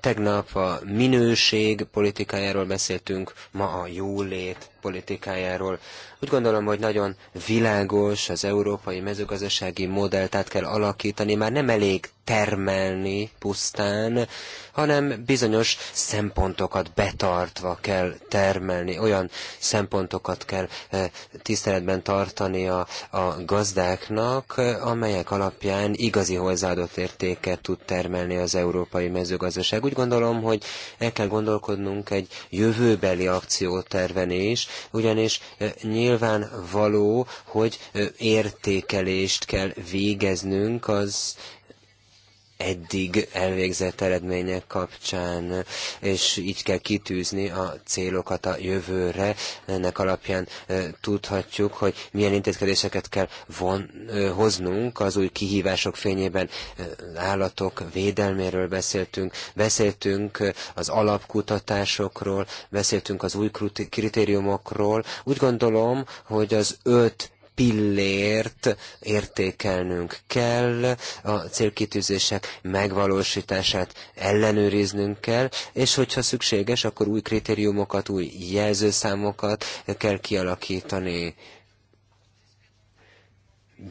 Tegnap a minőség politikájáról beszéltünk, ma a jólét politikájáról. Úgy gondolom, hogy nagyon világos az európai mezőgazdasági modellt át kell alakítani, már nem elég termelni pusztán, hanem bizonyos szempontokat betartva kell termelni, olyan szempontokat kell eh, tiszteletben tartani a, a gazdáknak, amelyek alapján igazi hozzáadott értéket tud termelni az európai mezőgazdaság. Úgy gondolom, hogy el kell gondolkodnunk egy jövőbeli akcióterven is, ugyanis nyilvánvaló, hogy értékelést kell végeznünk az eddig elvégzett eredmények kapcsán, és így kell kitűzni a célokat a jövőre. Ennek alapján tudhatjuk, hogy milyen intézkedéseket kell von, hoznunk az új kihívások fényében. Állatok védelméről beszéltünk, beszéltünk az alapkutatásokról, beszéltünk az új kritériumokról. Úgy gondolom, hogy az öt pillért értékelnünk kell, a célkitűzések megvalósítását ellenőriznünk kell, és hogyha szükséges, akkor új kritériumokat, új jelzőszámokat kell kialakítani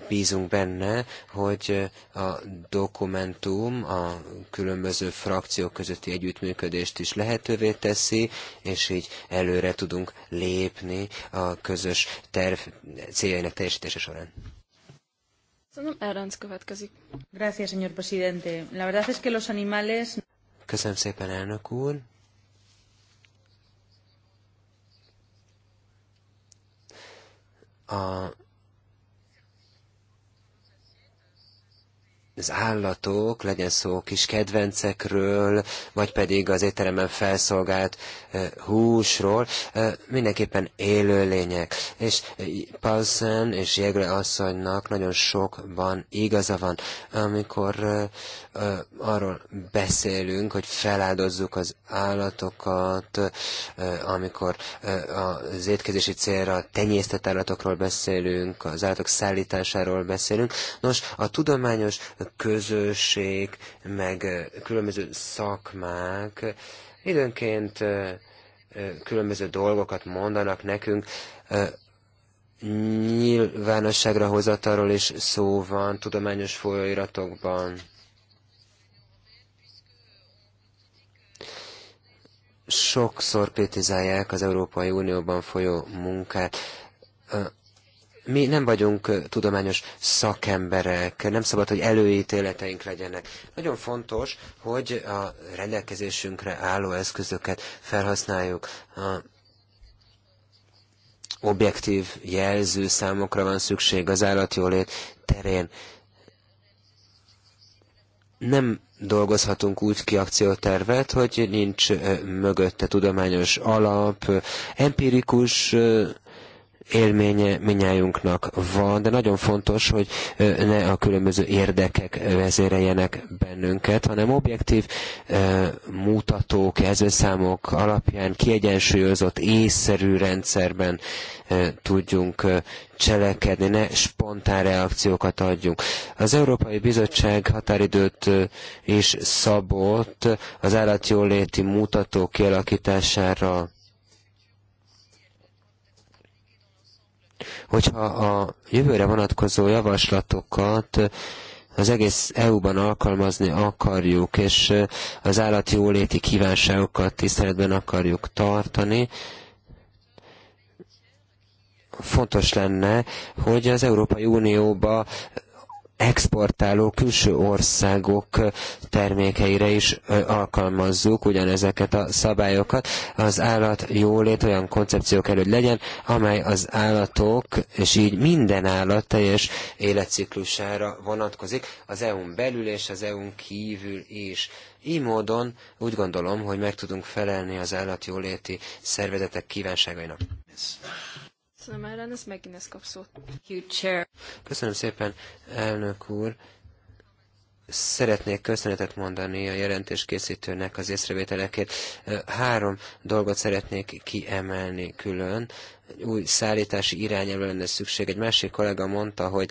bízunk benne, hogy a dokumentum a különböző frakciók közötti együttműködést is lehetővé teszi, és így előre tudunk lépni a közös terv céljainak teljesítése során. Szerintem Erenc következik. Gracias, señor presidente. La verdad es que los animales... Köszönöm szépen, elnök úr. A az állatok, legyen szó kis kedvencekről, vagy pedig az étteremben felszolgált húsról, mindenképpen élőlények. És Paulsen és Jegre asszonynak nagyon sokban igaza van, amikor arról beszélünk, hogy feláldozzuk az állatokat, amikor az étkezési célra tenyésztett állatokról beszélünk, az állatok szállításáról beszélünk. Nos, a tudományos közösség, meg különböző szakmák időnként különböző dolgokat mondanak nekünk, nyilvánosságra hozatáról is szó van tudományos folyóiratokban. Sokszor kritizálják az Európai Unióban folyó munkát mi nem vagyunk tudományos szakemberek, nem szabad, hogy előítéleteink legyenek. Nagyon fontos, hogy a rendelkezésünkre álló eszközöket felhasználjuk. A objektív jelző számokra van szükség az állatjólét terén. Nem dolgozhatunk úgy ki akciótervet, hogy nincs mögötte tudományos alap, empirikus élménye minnyájunknak van, de nagyon fontos, hogy ne a különböző érdekek vezéreljenek bennünket, hanem objektív mutatók, jelzőszámok alapján kiegyensúlyozott, észszerű rendszerben tudjunk cselekedni, ne spontán reakciókat adjunk. Az Európai Bizottság határidőt is szabott az állatjóléti mutatók kialakítására hogyha a jövőre vonatkozó javaslatokat az egész EU-ban alkalmazni akarjuk, és az jóléti kívánságokat tiszteletben akarjuk tartani, fontos lenne, hogy az Európai Unióba exportáló külső országok termékeire is alkalmazzuk ugyanezeket a szabályokat. Az állat jólét olyan koncepció kell, hogy legyen, amely az állatok, és így minden állat teljes életciklusára vonatkozik, az EU-n belül és az EU-n kívül is. Így módon úgy gondolom, hogy meg tudunk felelni az állatjóléti szervezetek kívánságainak. Köszönöm ellen, ez megint ezt kap szót. Köszönöm szépen, elnök úr. Szeretnék köszönetet mondani a jelentés készítőnek az észrevételekért. Három dolgot szeretnék kiemelni külön. Új szállítási irányelvre lenne szükség. Egy másik kollega mondta, hogy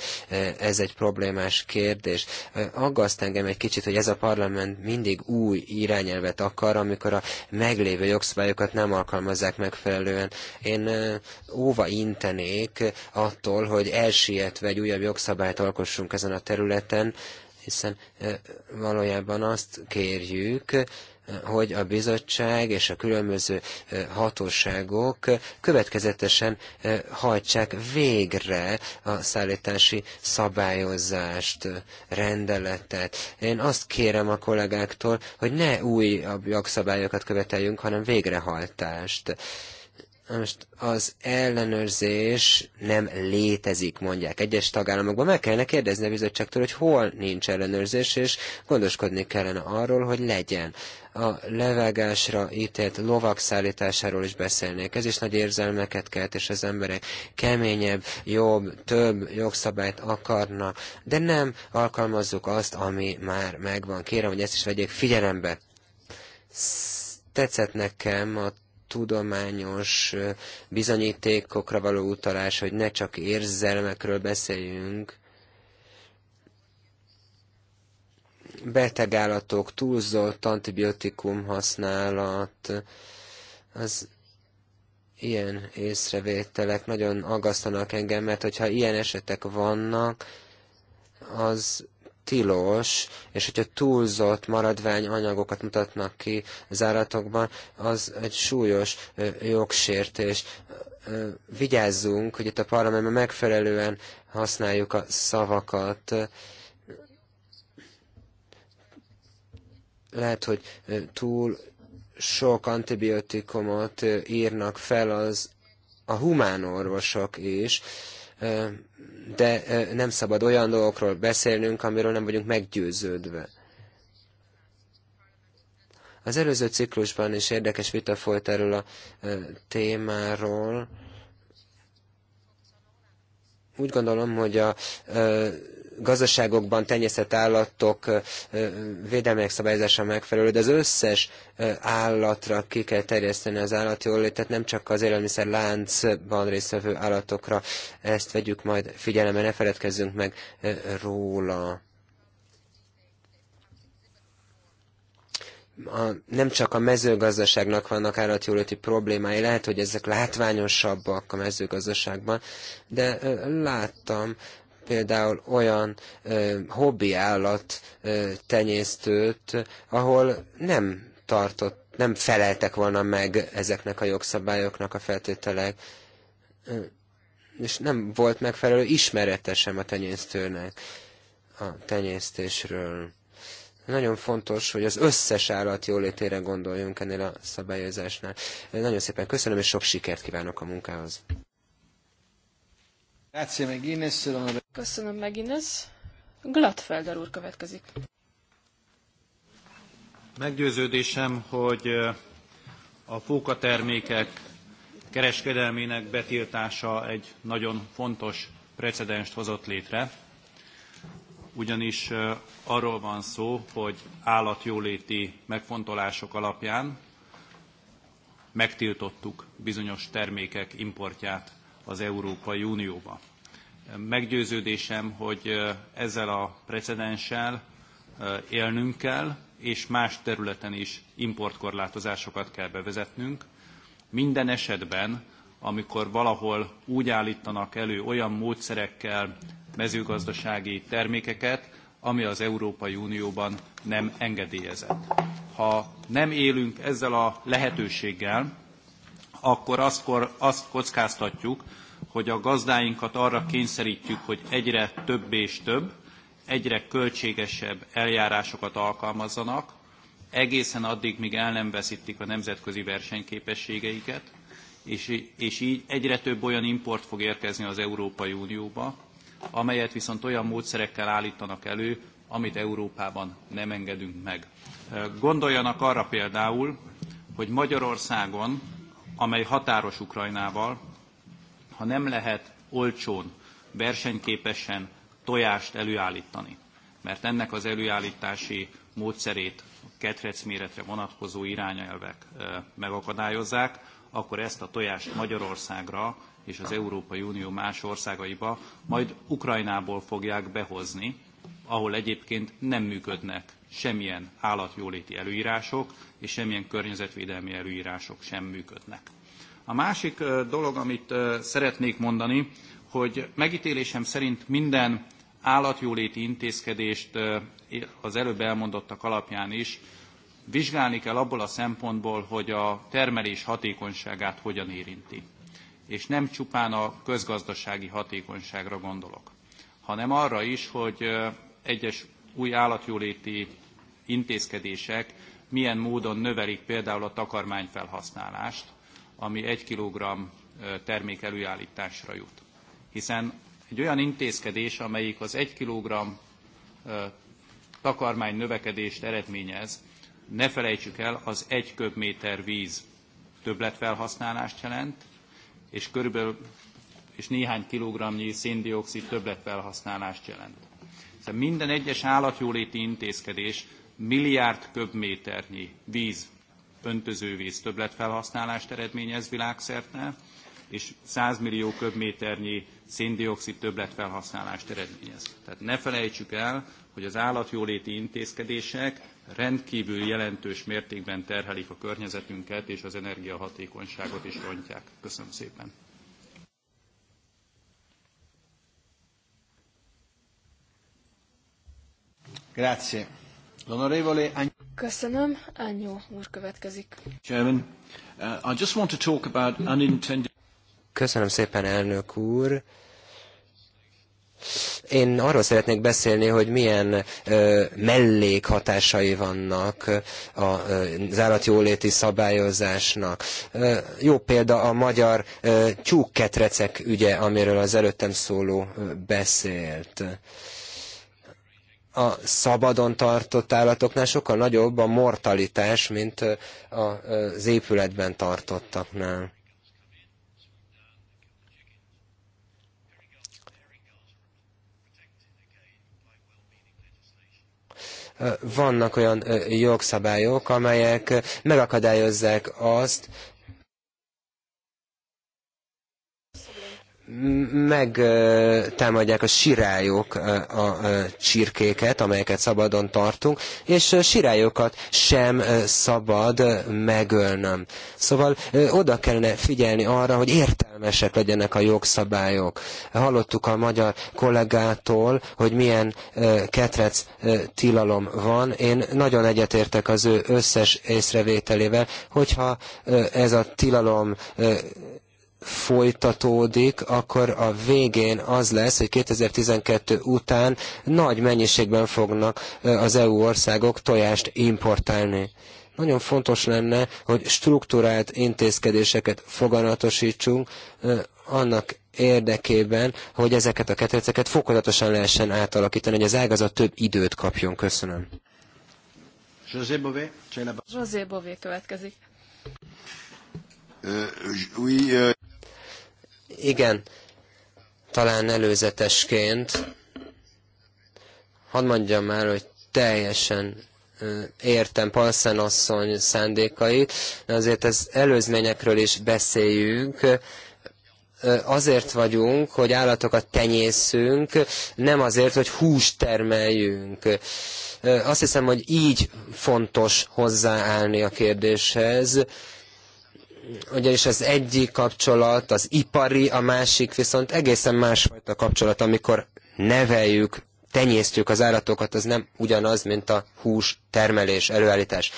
ez egy problémás kérdés. Aggaszt engem egy kicsit, hogy ez a parlament mindig új irányelvet akar, amikor a meglévő jogszabályokat nem alkalmazzák megfelelően. Én óva intenék attól, hogy elsietve egy újabb jogszabályt alkossunk ezen a területen, hiszen valójában azt kérjük, hogy a bizottság és a különböző hatóságok következetesen hajtsák végre a szállítási szabályozást, rendeletet. Én azt kérem a kollégáktól, hogy ne újabb jogszabályokat követeljünk, hanem végrehajtást. Most az ellenőrzés nem létezik, mondják egyes tagállamokban. Meg kellene kérdezni a bizottságtól, hogy hol nincs ellenőrzés, és gondoskodni kellene arról, hogy legyen. A levágásra ítélt lovak szállításáról is beszélnék. Ez is nagy érzelmeket kelt, és az emberek keményebb, jobb, több jogszabályt akarnak, de nem alkalmazzuk azt, ami már megvan. Kérem, hogy ezt is vegyék figyelembe. Tetszett nekem a tudományos bizonyítékokra való utalás, hogy ne csak érzelmekről beszéljünk, betegállatok, túlzott antibiotikum használat, az ilyen észrevételek nagyon aggasztanak engem, mert hogyha ilyen esetek vannak, az tilos, és hogyha túlzott anyagokat mutatnak ki záratokban, az egy súlyos jogsértés. Vigyázzunk, hogy itt a parlamentben megfelelően használjuk a szavakat. Lehet, hogy túl sok antibiotikumot írnak fel az a humán orvosok is, de nem szabad olyan dolgokról beszélnünk, amiről nem vagyunk meggyőződve. Az előző ciklusban is érdekes vita folyt erről a témáról. Úgy gondolom, hogy a gazdaságokban tenyésztett állatok védelmének szabályozása megfelelő, de az összes állatra ki kell terjeszteni az állatjólétet, nem csak az élelmiszer láncban résztvevő állatokra. Ezt vegyük majd figyelembe, ne feledkezzünk meg róla. a, nem csak a mezőgazdaságnak vannak állatjóléti problémái, lehet, hogy ezek látványosabbak a mezőgazdaságban, de láttam például olyan ö, hobbi állat ö, tenyésztőt, ahol nem tartott, nem feleltek volna meg ezeknek a jogszabályoknak a feltételek, ö, és nem volt megfelelő ismerete sem a tenyésztőnek a tenyésztésről. Nagyon fontos, hogy az összes állat jólétére gondoljunk ennél a szabályozásnál. Nagyon szépen köszönöm, és sok sikert kívánok a munkához. Köszönöm meg Ines. Gladfelder úr következik. Meggyőződésem, hogy eh, a fókatermékek kereskedelmének betiltása egy nagyon fontos precedenst hozott létre, ugyanis eh, arról van szó, hogy állatjóléti megfontolások alapján megtiltottuk bizonyos termékek importját az Európai Unióba. Meggyőződésem, hogy ezzel a precedenssel élnünk kell, és más területen is importkorlátozásokat kell bevezetnünk. Minden esetben, amikor valahol úgy állítanak elő olyan módszerekkel mezőgazdasági termékeket, ami az Európai Unióban nem engedélyezett. Ha nem élünk ezzel a lehetőséggel, akkor azt, azt kockáztatjuk, hogy a gazdáinkat arra kényszerítjük, hogy egyre több és több, egyre költségesebb eljárásokat alkalmazzanak, egészen addig, míg el nem veszítik a nemzetközi versenyképességeiket, és, és így egyre több olyan import fog érkezni az Európai Unióba, amelyet viszont olyan módszerekkel állítanak elő, amit Európában nem engedünk meg. Gondoljanak arra például, hogy Magyarországon amely határos Ukrajnával, ha nem lehet olcsón, versenyképesen tojást előállítani, mert ennek az előállítási módszerét a ketrec méretre vonatkozó irányelvek megakadályozzák, akkor ezt a tojást Magyarországra és az Európai Unió más országaiba, majd Ukrajnából fogják behozni, ahol egyébként nem működnek semmilyen állatjóléti előírások és semmilyen környezetvédelmi előírások sem működnek. A másik dolog, amit szeretnék mondani, hogy megítélésem szerint minden állatjóléti intézkedést az előbb elmondottak alapján is vizsgálni kell abból a szempontból, hogy a termelés hatékonyságát hogyan érinti. És nem csupán a közgazdasági hatékonyságra gondolok, hanem arra is, hogy egyes új állatjóléti intézkedések milyen módon növelik például a takarmányfelhasználást, ami egy kg termék előállításra jut. Hiszen egy olyan intézkedés, amelyik az egy kg takarmány növekedést eredményez, ne felejtsük el, az egy köbméter víz többletfelhasználást jelent, és körülbelül és néhány kilogramnyi széndiokszid többletfelhasználást jelent. Szóval minden egyes állatjóléti intézkedés milliárd köbméternyi víz, öntözővíz többletfelhasználást eredményez világszerte, és 100 millió köbméternyi széndiokszid többletfelhasználást eredményez. Tehát ne felejtsük el, hogy az állatjóléti intézkedések rendkívül jelentős mértékben terhelik a környezetünket, és az energiahatékonyságot is rontják. Köszönöm szépen! Grazie. Köszönöm. anyó úr következik. Chairman, uh, I just want to talk about unintended... Köszönöm szépen, elnök úr. Én arról szeretnék beszélni, hogy milyen ö, mellékhatásai vannak a, az állatjóléti szabályozásnak. Ö, jó példa a magyar ö, tyúkketrecek ügye, amiről az előttem szóló beszélt. Ö, a szabadon tartott állatoknál sokkal nagyobb a mortalitás, mint az épületben tartottaknál. vannak olyan jogszabályok, amelyek megakadályozzák azt, megtámadják a sirályok a csirkéket, amelyeket szabadon tartunk, és sirályokat sem szabad megölnöm. Szóval oda kellene figyelni arra, hogy értelmesek legyenek a jogszabályok. Hallottuk a magyar kollégától, hogy milyen ketrec tilalom van. Én nagyon egyetértek az ő összes észrevételével, hogyha ez a tilalom folytatódik, akkor a végén az lesz, hogy 2012 után nagy mennyiségben fognak az EU országok tojást importálni nagyon fontos lenne, hogy struktúrált intézkedéseket foganatosítsunk annak érdekében, hogy ezeket a ketreceket fokozatosan lehessen átalakítani, hogy az ágazat több időt kapjon. Köszönöm. José Bové, José Bové következik. Igen, talán előzetesként, hadd mondjam el, hogy teljesen értem Palszen asszony szándékait, de azért az előzményekről is beszéljünk, azért vagyunk, hogy állatokat tenyészünk, nem azért, hogy húst termeljünk. Azt hiszem, hogy így fontos hozzáállni a kérdéshez ugyanis az egyik kapcsolat az ipari, a másik viszont egészen másfajta kapcsolat, amikor neveljük, tenyésztjük az állatokat, az nem ugyanaz, mint a hús termelés, előállítás.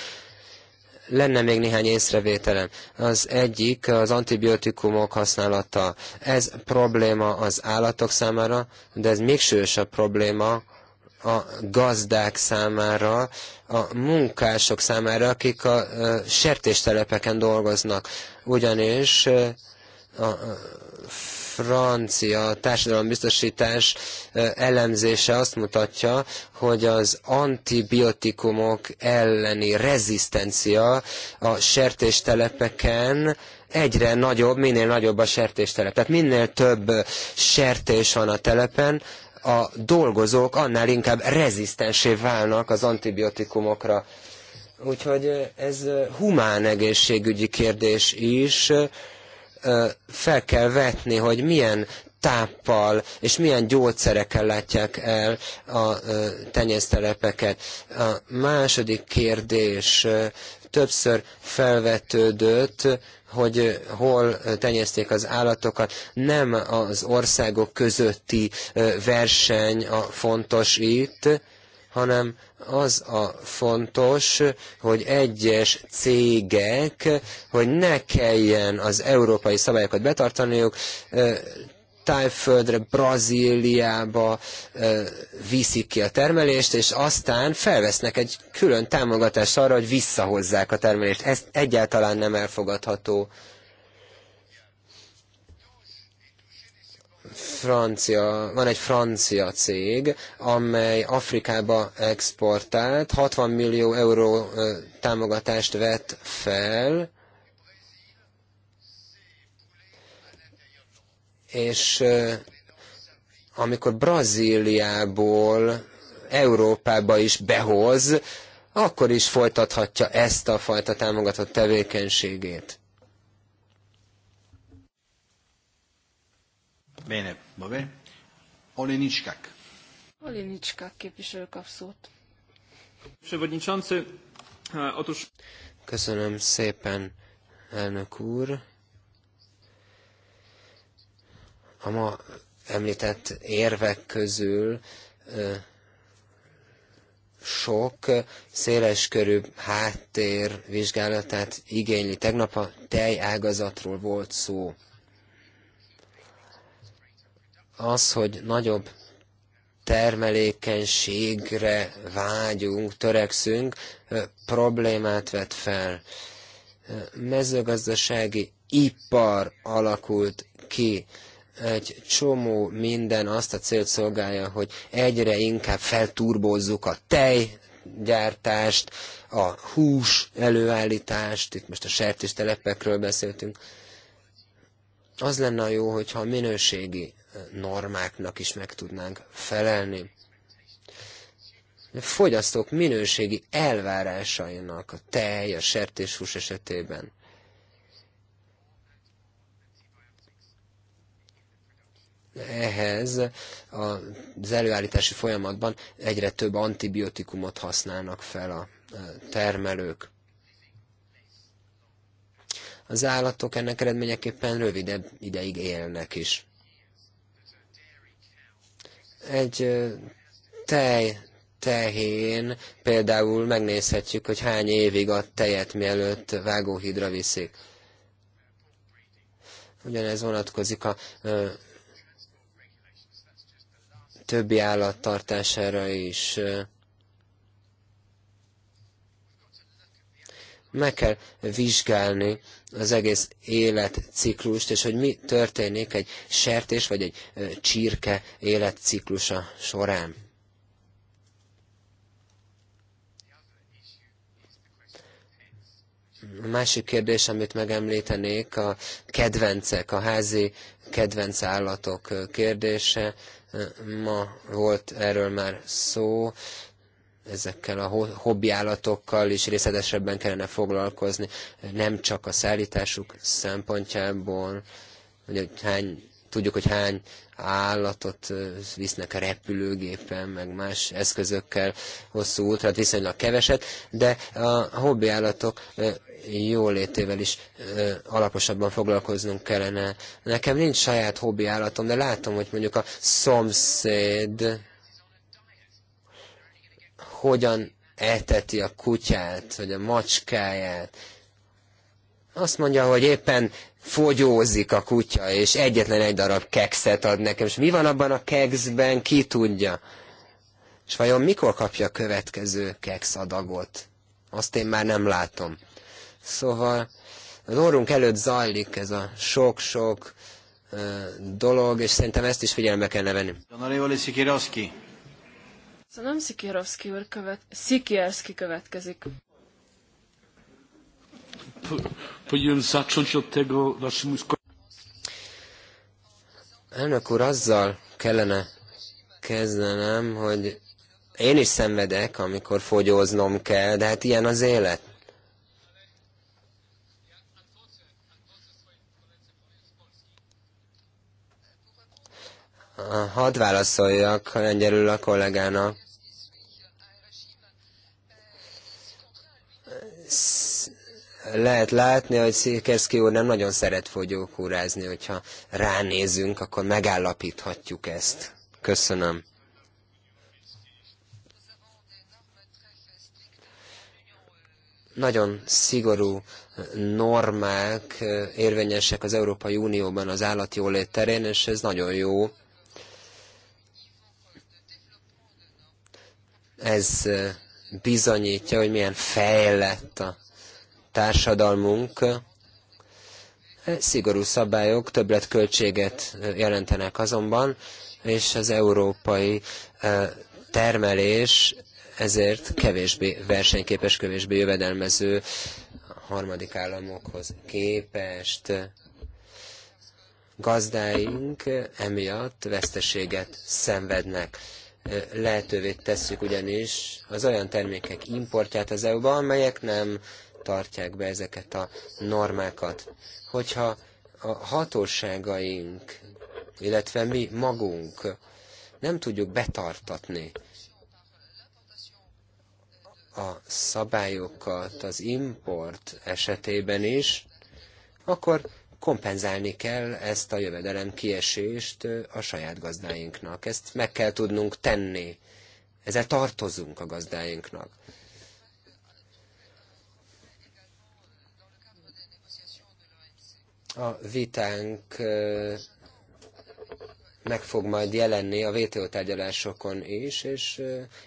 Lenne még néhány észrevételem. Az egyik az antibiotikumok használata. Ez probléma az állatok számára, de ez még sősebb probléma a gazdák számára, a munkások számára, akik a sertéstelepeken dolgoznak. Ugyanis a francia társadalombiztosítás elemzése azt mutatja, hogy az antibiotikumok elleni rezisztencia a sertéstelepeken egyre nagyobb, minél nagyobb a sertéstelep. Tehát minél több sertés van a telepen, a dolgozók annál inkább rezisztensé válnak az antibiotikumokra. Úgyhogy ez humán egészségügyi kérdés is. Fel kell vetni, hogy milyen táppal és milyen gyógyszerekkel látják el a tenyésztelepeket. A második kérdés Többször felvetődött, hogy hol tenyezték az állatokat. Nem az országok közötti verseny a fontos itt, hanem az a fontos, hogy egyes cégek, hogy ne kelljen az európai szabályokat betartaniuk, Tájföldre, Brazíliába viszik ki a termelést, és aztán felvesznek egy külön támogatást arra, hogy visszahozzák a termelést. Ez egyáltalán nem elfogadható. francia, van egy francia cég, amely Afrikába exportált, 60 millió euró támogatást vett fel, és amikor Brazíliából Európába is behoz, akkor is folytathatja ezt a fajta támogatott tevékenységét. Bene, va bene. Olenicskak. Olenicskak képviselő kap szót. E, Köszönöm szépen, elnök úr. A ma említett érvek közül sok széleskörű háttér vizsgálatát igényli. Tegnap a ágazatról volt szó. Az, hogy nagyobb termelékenységre vágyunk, törekszünk, problémát vet fel. Mezőgazdasági ipar alakult ki egy csomó minden azt a célt szolgálja, hogy egyre inkább felturbozzuk a tejgyártást, a hús előállítást, itt most a sertéstelepekről beszéltünk. Az lenne jó, hogyha a minőségi eh, normáknak is meg tudnánk felelni. A fogyasztók minőségi elvárásainak a tej, a sertéshús esetében. ehhez az előállítási folyamatban egyre több antibiotikumot használnak fel a e, termelők. Az állatok ennek eredményeképpen rövidebb ideig élnek is. Egy e, tej tehén például megnézhetjük, hogy hány évig a tejet mielőtt vágóhídra viszik. Ugyanez vonatkozik a e, többi állat tartására is. Meg kell vizsgálni az egész életciklust, és hogy mi történik egy sertés vagy egy csirke életciklusa során. A másik kérdés, amit megemlítenék, a kedvencek, a házi kedvenc állatok kérdése. Ma volt erről már szó, ezekkel a hobbiállatokkal is részletesebben kellene foglalkozni, nem csak a szállításuk szempontjából, hogy hány Tudjuk, hogy hány állatot visznek a repülőgépen, meg más eszközökkel hosszú útra, Tehát viszonylag keveset, de a hobbi állatok jólétével is ö, alaposabban foglalkoznunk kellene. Nekem nincs saját hobbi állatom, de látom, hogy mondjuk a szomszéd hogyan eteti a kutyát, vagy a macskáját. Azt mondja, hogy éppen fogyózik a kutya, és egyetlen egy darab kekszet ad nekem. És mi van abban a kekszben, ki tudja? És vajon mikor kapja a következő kekszadagot? Azt én már nem látom. Szóval az orrunk előtt zajlik ez a sok-sok dolog, és szerintem ezt is figyelembe kellene venni. Szóval nem Szikirowski követ... Szikierszki következik. Powinienem zacząć od tego naszym... Elnök úr, azzal kellene kezdenem, hogy én is szenvedek, amikor fogyóznom kell, de hát ilyen az élet. Hadd válaszoljak lengyelül a kollégának lehet látni, hogy Szikerszki úr nem nagyon szeret fogyókúrázni, hogyha ránézünk, akkor megállapíthatjuk ezt. Köszönöm. Nagyon szigorú normák érvényesek az Európai Unióban az állatjólét terén, és ez nagyon jó. Ez bizonyítja, hogy milyen fejlett a társadalmunk, szigorú szabályok többletköltséget jelentenek azonban, és az európai termelés ezért kevésbé versenyképes, kevésbé jövedelmező harmadik államokhoz képest gazdáink emiatt veszteséget szenvednek. Lehetővé tesszük ugyanis az olyan termékek importját az EU-ba, amelyek nem tartják be ezeket a normákat. Hogyha a hatóságaink, illetve mi magunk nem tudjuk betartatni a szabályokat az import esetében is, akkor kompenzálni kell ezt a jövedelem kiesést a saját gazdáinknak. Ezt meg kell tudnunk tenni. Ezzel tartozunk a gazdáinknak. A vitánk meg fog majd jelenni a VTO tárgyalásokon is, és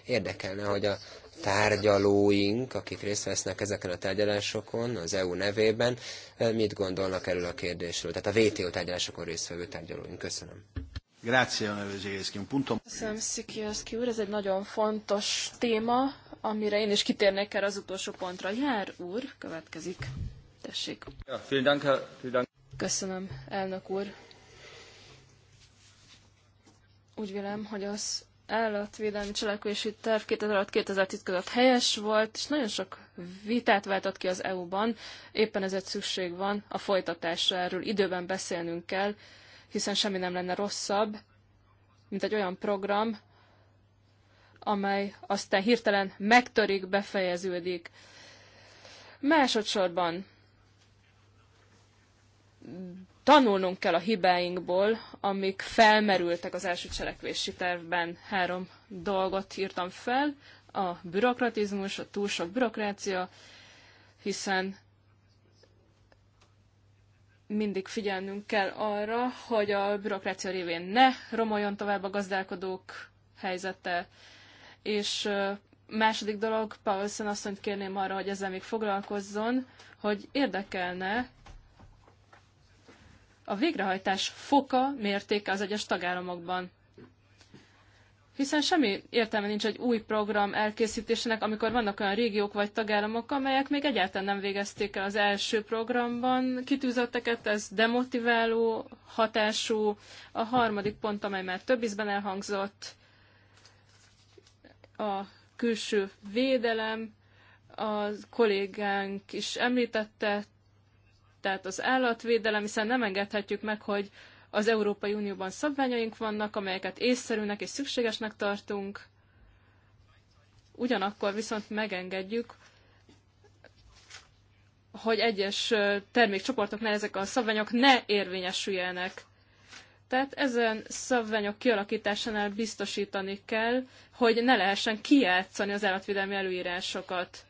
érdekelne, hogy a tárgyalóink, akik részt vesznek ezeken a tárgyalásokon az EU nevében, mit gondolnak erről a kérdésről? Tehát a VTO tárgyalásokon résztvevő tárgyalóink. Köszönöm. Köszönöm, Szikiaszki úr, ez egy nagyon fontos téma, amire én is kitérnék erre az utolsó pontra. Jár úr, következik. Tessék. Ja, vielen Dank, vielen Dank. Köszönöm, elnök úr. Úgy vélem, hogy az állatvédelmi cselekvési terv 2006-2010 között helyes volt, és nagyon sok vitát váltott ki az EU-ban, éppen ezért szükség van a folytatásra, erről időben beszélnünk kell, hiszen semmi nem lenne rosszabb, mint egy olyan program, amely aztán hirtelen megtörik, befejeződik. Másodszorban tanulnunk kell a hibáinkból, amik felmerültek az első cselekvési tervben. Három dolgot írtam fel, a bürokratizmus, a túl sok bürokrácia, hiszen mindig figyelnünk kell arra, hogy a bürokrácia révén ne romoljon tovább a gazdálkodók helyzete, és második dolog, Paulsen asszonyt kérném arra, hogy ezzel még foglalkozzon, hogy érdekelne, a végrehajtás foka, mértéke az egyes tagállamokban. Hiszen semmi értelme nincs egy új program elkészítésének, amikor vannak olyan régiók vagy tagállamok, amelyek még egyáltalán nem végezték el az első programban kitűzötteket, ez demotiváló hatású. A harmadik pont, amely már több ízben elhangzott, a külső védelem, a kollégánk is említette, tehát az állatvédelem, hiszen nem engedhetjük meg, hogy az Európai Unióban szabványaink vannak, amelyeket észszerűnek és szükségesnek tartunk, ugyanakkor viszont megengedjük, hogy egyes termékcsoportoknál ezek a szabványok ne érvényesüljenek. Tehát ezen szabványok kialakításánál biztosítani kell, hogy ne lehessen kijátszani az állatvédelmi előírásokat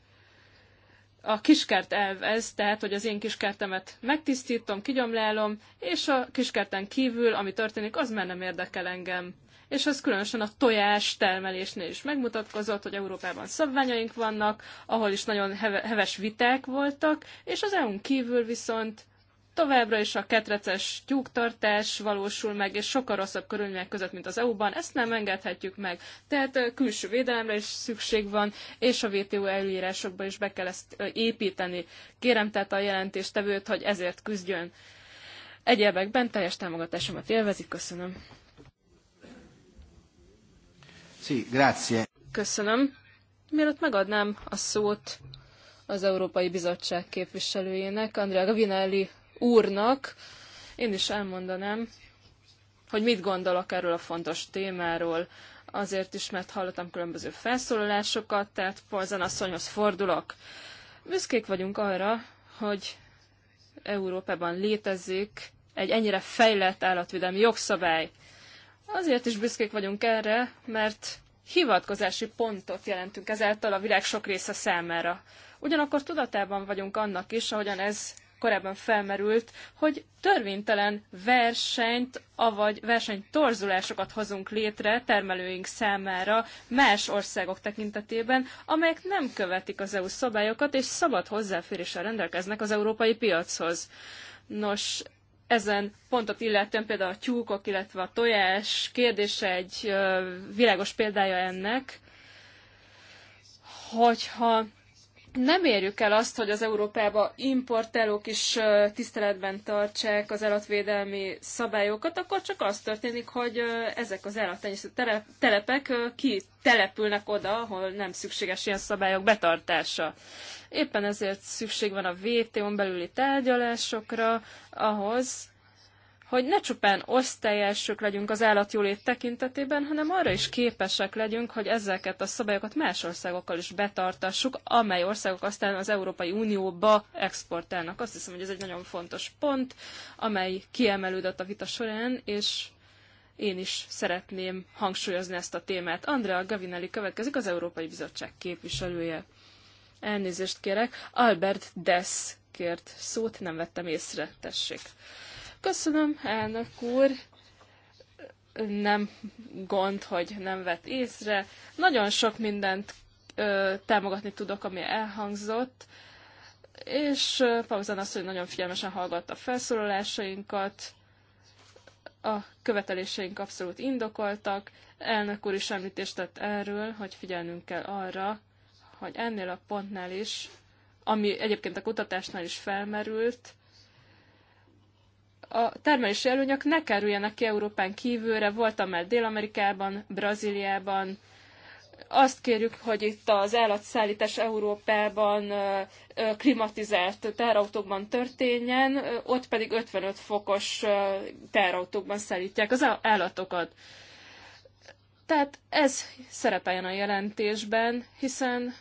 a kiskert elv ez, tehát, hogy az én kiskertemet megtisztítom, kigyomlálom, és a kiskerten kívül, ami történik, az már nem érdekel engem. És ez különösen a tojás termelésnél is megmutatkozott, hogy Európában szabványaink vannak, ahol is nagyon heves viták voltak, és az EU-n kívül viszont Továbbra is a ketreces tyúktartás valósul meg, és sokkal rosszabb körülmények között, mint az EU-ban. Ezt nem engedhetjük meg. Tehát külső védelemre is szükség van, és a WTO előírásokba is be kell ezt építeni. Kérem tehát a jelentéstevőt, hogy ezért küzdjön. Egyébekben teljes támogatásomat élvezik. Köszönöm. Sí, grazie. Köszönöm. Mielőtt megadnám a szót az Európai Bizottság képviselőjének, Andrea Gavinelli úrnak. Én is elmondanám, hogy mit gondolok erről a fontos témáról. Azért is, mert hallottam különböző felszólalásokat, tehát Polzan asszonyhoz fordulok. Büszkék vagyunk arra, hogy Európában létezik egy ennyire fejlett állatvédelmi jogszabály. Azért is büszkék vagyunk erre, mert hivatkozási pontot jelentünk ezáltal a világ sok része számára. Ugyanakkor tudatában vagyunk annak is, ahogyan ez korábban felmerült, hogy törvénytelen versenyt, avagy versenytorzulásokat hozunk létre termelőink számára más országok tekintetében, amelyek nem követik az EU szabályokat, és szabad hozzáféréssel rendelkeznek az európai piachoz. Nos, ezen pontot illetően például a tyúkok, illetve a tojás kérdése egy világos példája ennek, hogyha nem érjük el azt, hogy az Európába importálók is tiszteletben tartsák az állatvédelmi szabályokat, akkor csak az történik, hogy ezek az állattenyésztő telepek ki települnek oda, ahol nem szükséges ilyen szabályok betartása. Éppen ezért szükség van a WTO-n belüli tárgyalásokra, ahhoz, hogy ne csupán osztályelsők legyünk az állatjólét tekintetében, hanem arra is képesek legyünk, hogy ezeket a szabályokat más országokkal is betartassuk, amely országok aztán az Európai Unióba exportálnak. Azt hiszem, hogy ez egy nagyon fontos pont, amely kiemelődött a vita során, és én is szeretném hangsúlyozni ezt a témát. Andrea Gavinelli következik, az Európai Bizottság képviselője. Elnézést kérek, Albert Dess kért szót, nem vettem észre, tessék. Köszönöm, elnök úr. Nem gond, hogy nem vett észre. Nagyon sok mindent ö, támogatni tudok, ami elhangzott. És Pauzan azt, hogy nagyon figyelmesen hallgatta a felszólalásainkat. A követeléseink abszolút indokoltak. Elnök úr is említést tett erről, hogy figyelnünk kell arra, hogy ennél a pontnál is, ami egyébként a kutatásnál is felmerült, a termelési előnyök ne kerüljenek ki Európán kívülre. Voltam már Dél-Amerikában, Brazíliában, azt kérjük, hogy itt az állatszállítás Európában klimatizált terautókban történjen, ott pedig 55 fokos terautókban szállítják az állatokat. Tehát ez szerepeljen a jelentésben, hiszen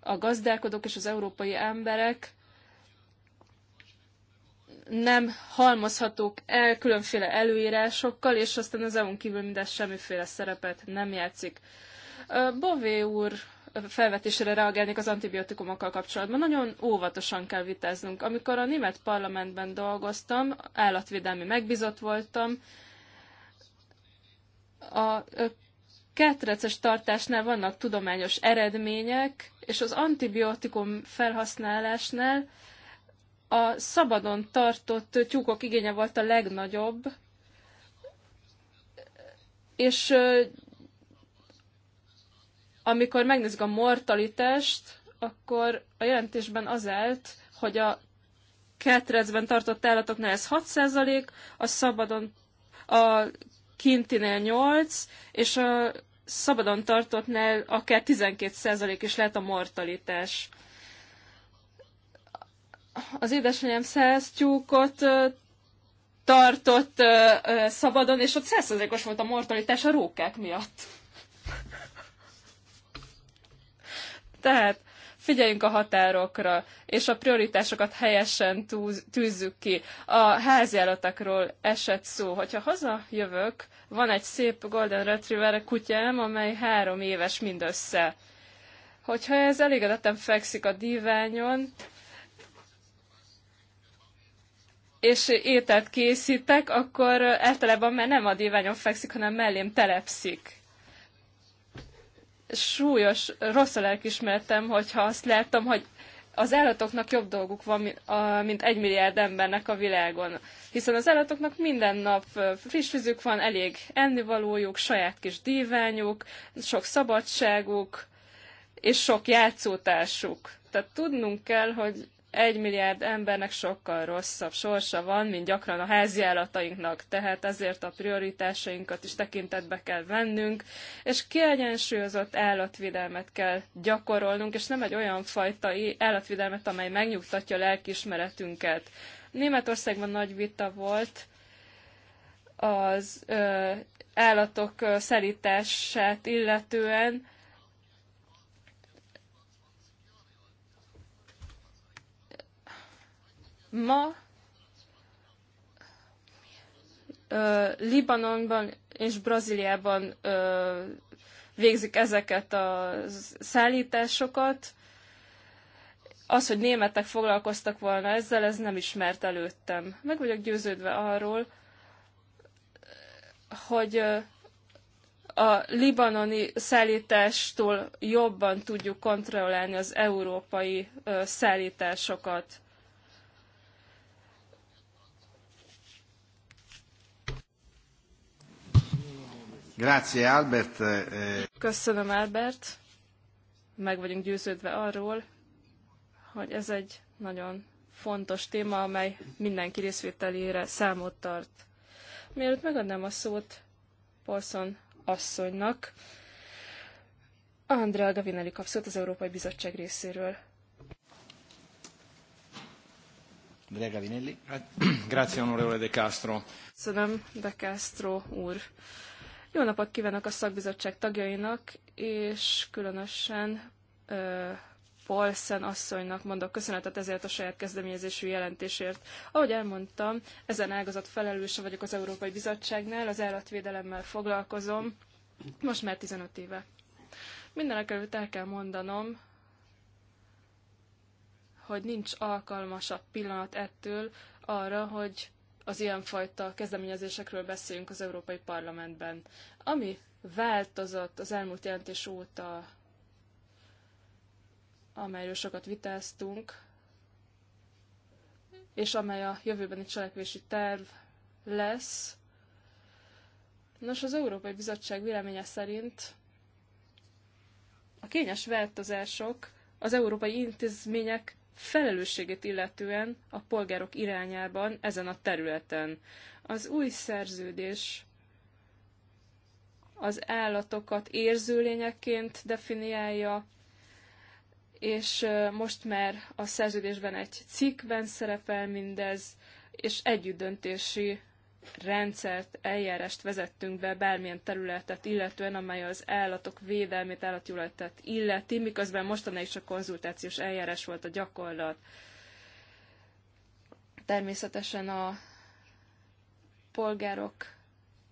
a gazdálkodók és az európai emberek nem halmozhatók el különféle előírásokkal, és aztán az EU-n kívül mindez semmiféle szerepet nem játszik. Bové úr felvetésére reagálnék az antibiotikumokkal kapcsolatban. Nagyon óvatosan kell vitáznunk. Amikor a német parlamentben dolgoztam, állatvédelmi megbízott voltam, a ketreces tartásnál vannak tudományos eredmények, és az antibiotikum felhasználásnál a szabadon tartott tyúkok igénye volt a legnagyobb, és amikor megnézzük a mortalitást, akkor a jelentésben az állt, hogy a ketrecben tartott állatoknál ez 6%, a szabadon a kintinél 8, és a szabadon tartottnál akár 12% is lehet a mortalitás az édesanyám száz tyúkot tartott szabadon, és ott százszerzékos volt a mortalitás a rókák miatt. Tehát figyeljünk a határokra, és a prioritásokat helyesen túz, tűzzük ki. A háziállatokról esett szó. Hogyha hazajövök, van egy szép Golden Retriever kutyám, amely három éves mindössze. Hogyha ez elégedetten fekszik a díványon, és ételt készítek, akkor általában már nem a díványon fekszik, hanem mellém telepszik. Súlyos, rossz a lelkismertem, hogyha azt láttam, hogy az állatoknak jobb dolguk van, mint egy milliárd embernek a világon. Hiszen az állatoknak minden nap friss vizük van, elég ennivalójuk, saját kis díványuk, sok szabadságuk, és sok játszótársuk. Tehát tudnunk kell, hogy egy milliárd embernek sokkal rosszabb sorsa van, mint gyakran a háziállatainknak, tehát ezért a prioritásainkat is tekintetbe kell vennünk, és kiegyensúlyozott állatvédelmet kell gyakorolnunk, és nem egy olyan fajta állatvédelmet, amely megnyugtatja a lelkiismeretünket. Németországban nagy vita volt az ö, állatok ö, szerítását illetően, Ma ö, Libanonban és Brazíliában ö, végzik ezeket a szállításokat. Az, hogy németek foglalkoztak volna ezzel, ez nem ismert előttem. Meg vagyok győződve arról, hogy a libanoni szállítástól jobban tudjuk kontrollálni az európai szállításokat. Grazie, Albert. Eh, Köszönöm, Albert. Meg vagyunk győződve arról, hogy ez egy nagyon fontos téma, amely mindenki részvételére számot tart. Mielőtt megadnám a szót Polson asszonynak, Andrea Gavinelli kap szót az Európai Bizottság részéről. Andrea Gavinelli. Grazie, onorevole De Castro. Köszönöm, De Castro úr. Jó napot kívánok a szakbizottság tagjainak, és különösen Paulsen asszonynak mondok köszönetet ezért a saját kezdeményezésű jelentésért. Ahogy elmondtam, ezen ágazat felelőse vagyok az Európai Bizottságnál, az állatvédelemmel foglalkozom, most már 15 éve. Mindenek előtt el kell mondanom, hogy nincs alkalmasabb pillanat ettől arra, hogy az ilyenfajta kezdeményezésekről beszéljünk az Európai Parlamentben. Ami változott az elmúlt jelentés óta, amelyről sokat vitáztunk, és amely a jövőbeni cselekvési terv lesz. Nos, az Európai Bizottság véleménye szerint a kényes változások az európai intézmények felelősségét illetően a polgárok irányában ezen a területen. Az új szerződés az állatokat érző lényeként definiálja, és most már a szerződésben egy cikkben szerepel mindez, és együttdöntési rendszert, eljárást vezettünk be bármilyen területet illetően, amely az állatok védelmét, állatjulatát illeti, miközben mostanáig a konzultációs eljárás volt a gyakorlat. Természetesen a polgárok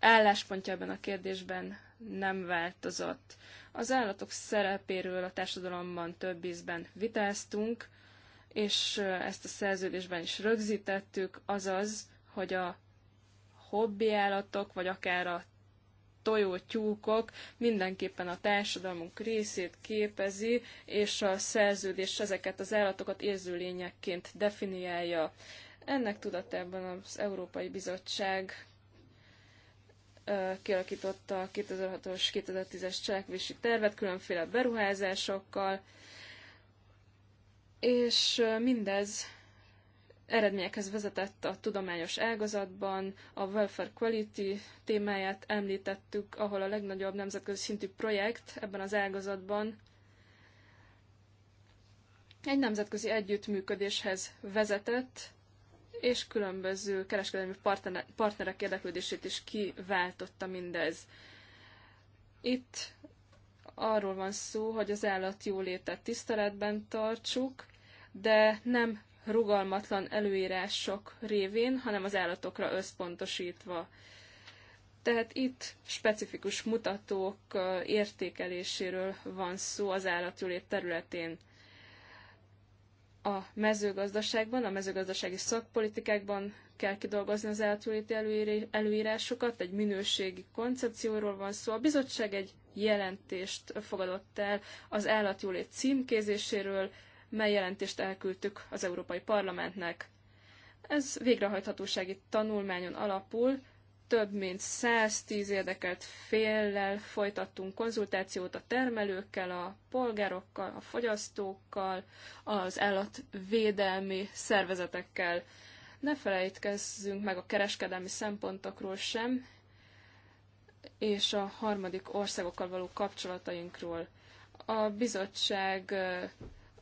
álláspontja ebben a kérdésben nem változott. Az állatok szerepéről a társadalomban több ízben vitáztunk, és ezt a szerződésben is rögzítettük, azaz, hogy a állatok, vagy akár a tojótyúkok mindenképpen a társadalmunk részét képezi, és a szerződés ezeket az állatokat lényekként definiálja. Ennek tudatában az Európai Bizottság kialakította a 2006-os 2010-es cselekvési tervet különféle beruházásokkal, és mindez eredményekhez vezetett a tudományos ágazatban, a welfare quality témáját említettük, ahol a legnagyobb nemzetközi szintű projekt ebben az ágazatban egy nemzetközi együttműködéshez vezetett, és különböző kereskedelmi partnerek érdeklődését is kiváltotta mindez. Itt arról van szó, hogy az állat jólétet tiszteletben tartsuk, de nem rugalmatlan előírások révén, hanem az állatokra összpontosítva. Tehát itt specifikus mutatók értékeléséről van szó az állatjólét területén. A mezőgazdaságban, a mezőgazdasági szakpolitikákban kell kidolgozni az állatjóléti előírásokat, egy minőségi koncepcióról van szó. A bizottság egy jelentést fogadott el az állatjólét címkézéséről, mely jelentést elküldtük az Európai Parlamentnek. Ez végrehajthatósági tanulmányon alapul, több mint 110 érdekelt féllel folytattunk konzultációt a termelőkkel, a polgárokkal, a fogyasztókkal, az állatvédelmi szervezetekkel. Ne felejtkezzünk meg a kereskedelmi szempontokról sem, és a harmadik országokkal való kapcsolatainkról. A bizottság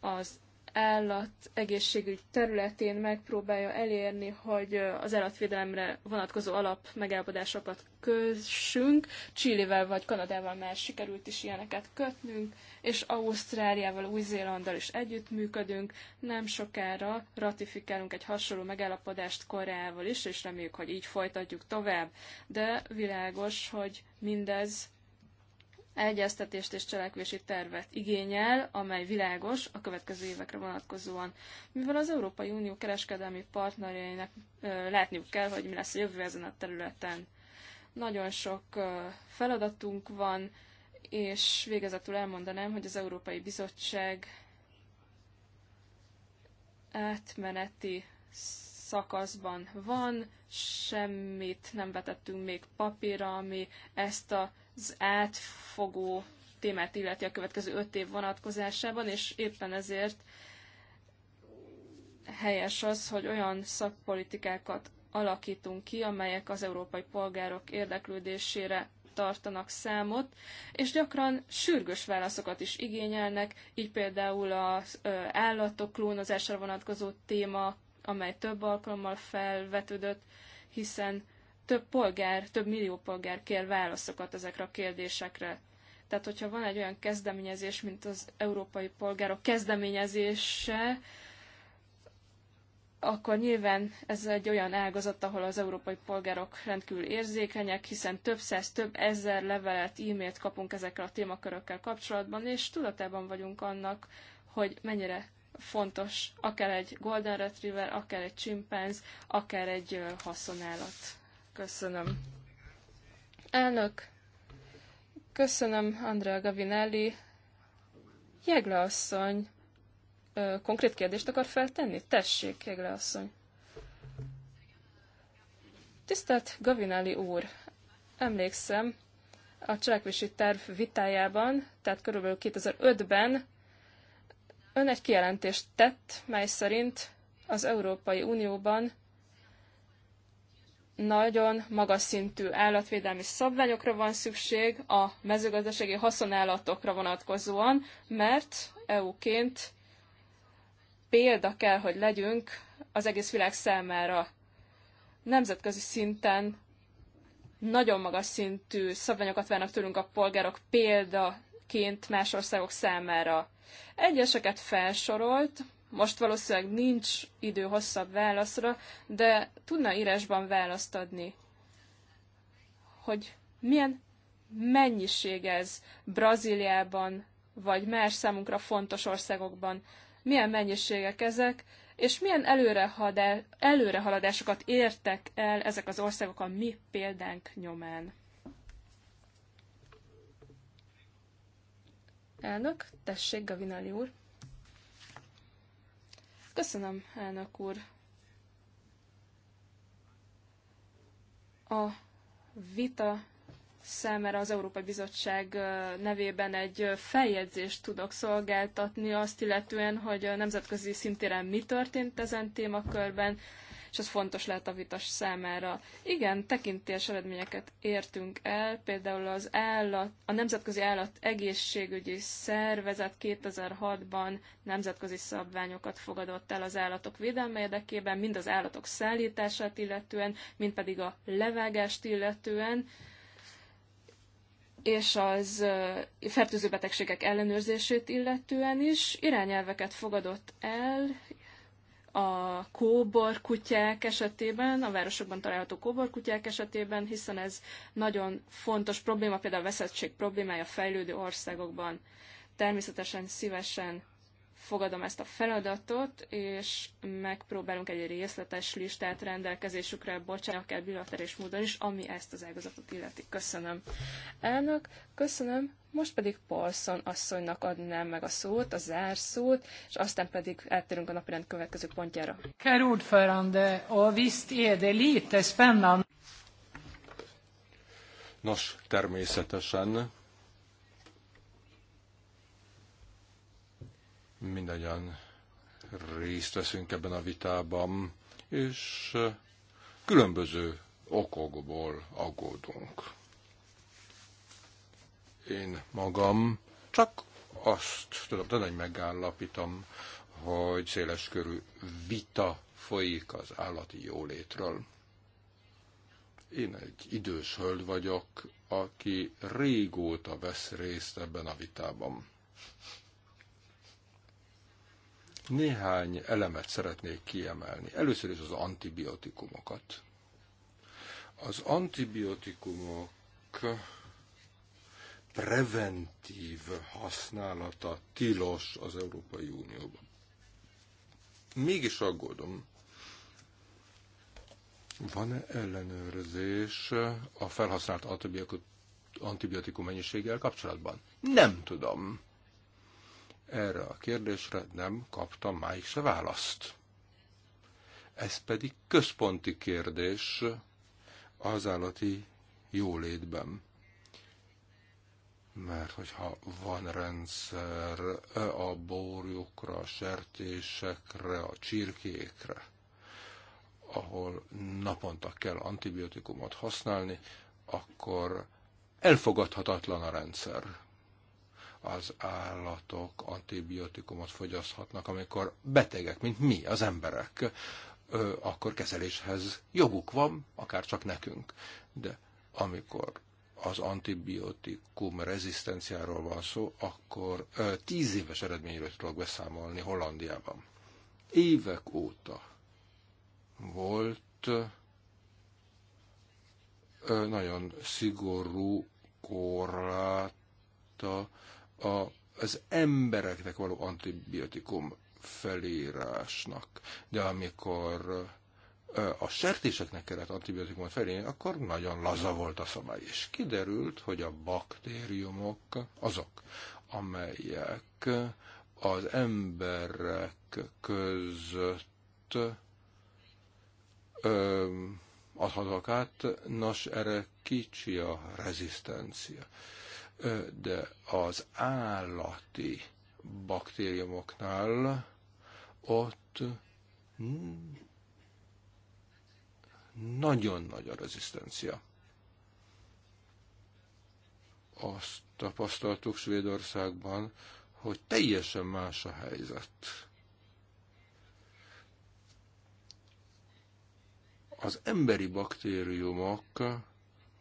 az állat egészségügy területén megpróbálja elérni, hogy az állatvédelemre vonatkozó alap megállapodásokat kössünk. Csillivel vagy Kanadával már sikerült is ilyeneket kötnünk, és Ausztráliával, Új-Zélanddal is együttműködünk. Nem sokára ratifikálunk egy hasonló megállapodást Koreával is, és reméljük, hogy így folytatjuk tovább. De világos, hogy mindez egyeztetést és cselekvési tervet igényel, amely világos a következő évekre vonatkozóan. Mivel az Európai Unió kereskedelmi partnereinek látniuk kell, hogy mi lesz a jövő ezen a területen. Nagyon sok feladatunk van, és végezetül elmondanám, hogy az Európai Bizottság átmeneti szakaszban van, semmit nem vetettünk még papírra, ami ezt a az átfogó témát illeti a következő öt év vonatkozásában, és éppen ezért helyes az, hogy olyan szakpolitikákat alakítunk ki, amelyek az európai polgárok érdeklődésére tartanak számot, és gyakran sürgős válaszokat is igényelnek, így például az állatok klónozásra vonatkozó téma, amely több alkalommal felvetődött, hiszen több polgár, több millió polgár kér válaszokat ezekre a kérdésekre. Tehát, hogyha van egy olyan kezdeményezés, mint az európai polgárok kezdeményezése, akkor nyilván ez egy olyan ágazat, ahol az európai polgárok rendkívül érzékenyek, hiszen több száz, több ezer levelet, e-mailt kapunk ezekkel a témakörökkel kapcsolatban, és tudatában vagyunk annak, hogy mennyire fontos akár egy golden retriever, akár egy csimpánz, akár egy haszonállat. Köszönöm. Elnök, köszönöm Andrea Gavinelli. Jegle asszony, ö, konkrét kérdést akar feltenni? Tessék, Jegle asszony. Tisztelt Gavinelli úr, emlékszem, a cselekvési terv vitájában, tehát körülbelül 2005-ben ön egy kijelentést tett, mely szerint az Európai Unióban nagyon magas szintű állatvédelmi szabványokra van szükség a mezőgazdasági haszonállatokra vonatkozóan, mert EU-ként példa kell, hogy legyünk az egész világ számára. Nemzetközi szinten nagyon magas szintű szabványokat várnak tőlünk a polgárok példaként más országok számára. Egyeseket felsorolt, most valószínűleg nincs idő hosszabb válaszra, de tudna írásban választ adni, hogy milyen mennyiség ez Brazíliában, vagy más számunkra fontos országokban, milyen mennyiségek ezek, és milyen előrehaladásokat értek el ezek az országok a mi példánk nyomán. Elnök, tessék, Gavinali úr. Köszönöm, elnök úr. A vita számára az Európai Bizottság nevében egy feljegyzést tudok szolgáltatni azt illetően, hogy a nemzetközi szintéren mi történt ezen témakörben, és ez fontos lehet a vitas számára. Igen, tekintélyes eredményeket értünk el, például az állat, a Nemzetközi Állat Egészségügyi Szervezet 2006-ban nemzetközi szabványokat fogadott el az állatok védelme érdekében, mind az állatok szállítását illetően, mind pedig a levágást illetően és az fertőző betegségek ellenőrzését illetően is irányelveket fogadott el, a kóborkutyák esetében, a városokban található kóborkutyák esetében, hiszen ez nagyon fontos probléma, például a veszettség problémája fejlődő országokban. Természetesen szívesen fogadom ezt a feladatot, és megpróbálunk egy részletes listát rendelkezésükre bocsánat, akár bilaterális módon is, ami ezt az ágazatot illeti. Köszönöm. Elnök, köszönöm. Most pedig Paulson asszonynak adnám meg a szót, a zárszót, és aztán pedig eltérünk a napirend következő pontjára. Herr a viszt érde det lite Nos, természetesen mindannyian részt veszünk ebben a vitában, és különböző okokból aggódunk. Én magam csak azt tudom, de hogy megállapítom, hogy körű vita folyik az állati jólétről. Én egy idős hölgy vagyok, aki régóta vesz részt ebben a vitában. Néhány elemet szeretnék kiemelni. Először is az antibiotikumokat. Az antibiotikumok preventív használata tilos az Európai Unióban. Mégis aggódom. Van-e ellenőrzés a felhasznált antibiotikum mennyiséggel kapcsolatban? Nem tudom. Erre a kérdésre nem kaptam máig se választ. Ez pedig központi kérdés az állati jólétben. Mert hogyha van rendszer a bórjukra, a sertésekre, a csirkékre, ahol naponta kell antibiotikumot használni, akkor elfogadhatatlan a rendszer az állatok antibiotikumot fogyaszthatnak, amikor betegek, mint mi, az emberek, akkor kezeléshez joguk van, akár csak nekünk. De amikor az antibiotikum rezisztenciáról van szó, akkor tíz éves eredményről tudok beszámolni Hollandiában. Évek óta volt nagyon szigorú korláta a, az embereknek való antibiotikum felírásnak. De amikor a sertéseknek kellett antibiotikumot felírni, akkor nagyon laza volt a szabály. És kiderült, hogy a baktériumok azok, amelyek az emberek között adhatok át, nos, erre kicsi a rezisztencia de az állati baktériumoknál ott nagyon nagy a rezisztencia. Azt tapasztaltuk Svédországban, hogy teljesen más a helyzet. Az emberi baktériumok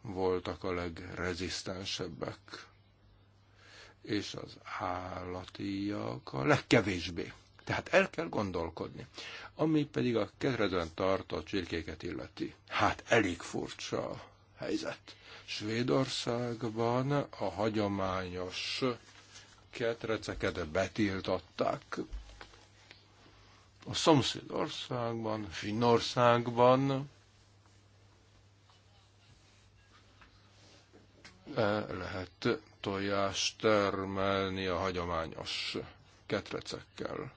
voltak a legrezisztensebbek, és az állatiak a legkevésbé. Tehát el kell gondolkodni. Ami pedig a kedvezően tartott csirkéket illeti. Hát elég furcsa a helyzet. Svédországban a hagyományos ketreceket betiltották. A szomszédországban, Finnországban E lehet tojást termelni a hagyományos ketrecekkel.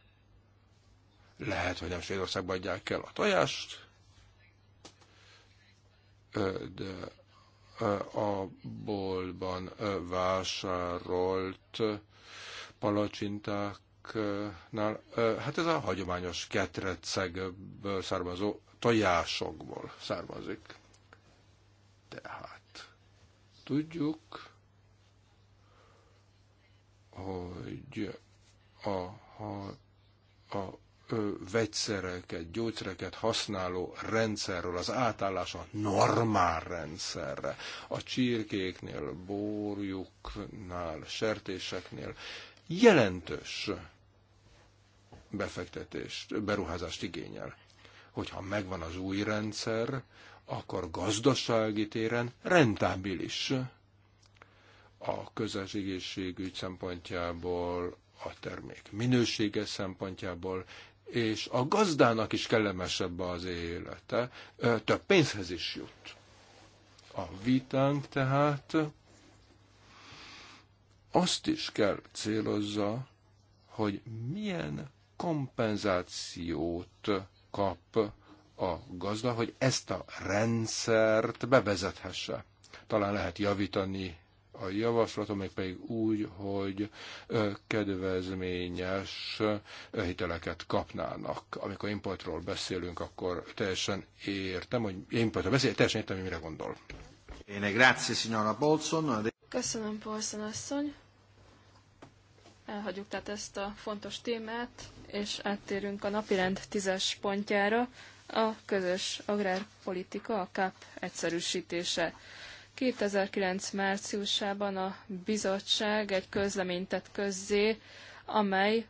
Lehet, hogy nem Svédországban adják el a tojást, e, de e, a boltban vásárolt palacsintáknál, hát ez a hagyományos ketrecekből származó tojásokból származik. Tehát Tudjuk, hogy a, a, a ö, vegyszereket, gyógyszereket használó rendszerről, az átállás a normál rendszerre, a csirkéknél, bórjuknál, sertéseknél jelentős befektetést, beruházást igényel. Hogyha megvan az új rendszer, akkor gazdasági téren rentábilis. A közegészségügy szempontjából, a termék minősége szempontjából, és a gazdának is kellemesebb az élete, több pénzhez is jut. A vitánk tehát azt is kell célozza, hogy milyen kompenzációt kap a gazda, hogy ezt a rendszert bevezethesse. Talán lehet javítani a javaslatom, még pedig úgy, hogy kedvezményes hiteleket kapnának. Amikor importról beszélünk, akkor teljesen értem, hogy importról beszél, teljesen értem, hogy mire gondol. Én grazie, signora Bolson. Köszönöm, Paulson asszony. Elhagyjuk tehát ezt a fontos témát, és áttérünk a napirend tízes pontjára a közös agrárpolitika, a CAP egyszerűsítése. 2009. márciusában a bizottság egy közleményt tett közzé, amely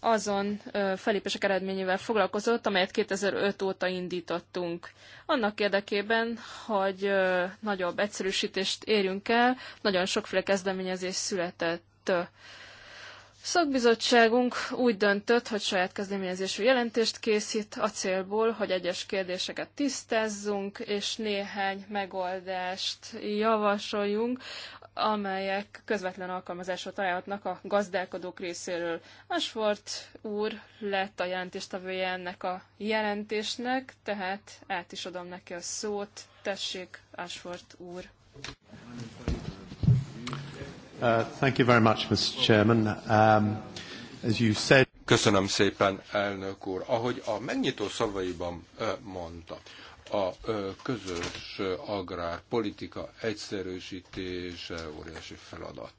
azon felépések eredményével foglalkozott, amelyet 2005 óta indítottunk. Annak érdekében, hogy nagyobb egyszerűsítést érjünk el, nagyon sokféle kezdeményezés született. Szakbizottságunk úgy döntött, hogy saját kezdeményezésű jelentést készít a célból, hogy egyes kérdéseket tisztázzunk, és néhány megoldást javasoljunk, amelyek közvetlen alkalmazásra találhatnak a gazdálkodók részéről. Asfort úr lett a jelentéstevője ennek a jelentésnek, tehát át is adom neki a szót. Tessék, Asfort úr! Uh, um, Köszönöm szépen, elnök úr. Ahogy a megnyitó szavaiban mondta, a közös agrárpolitika egyszerűsítése óriási feladat.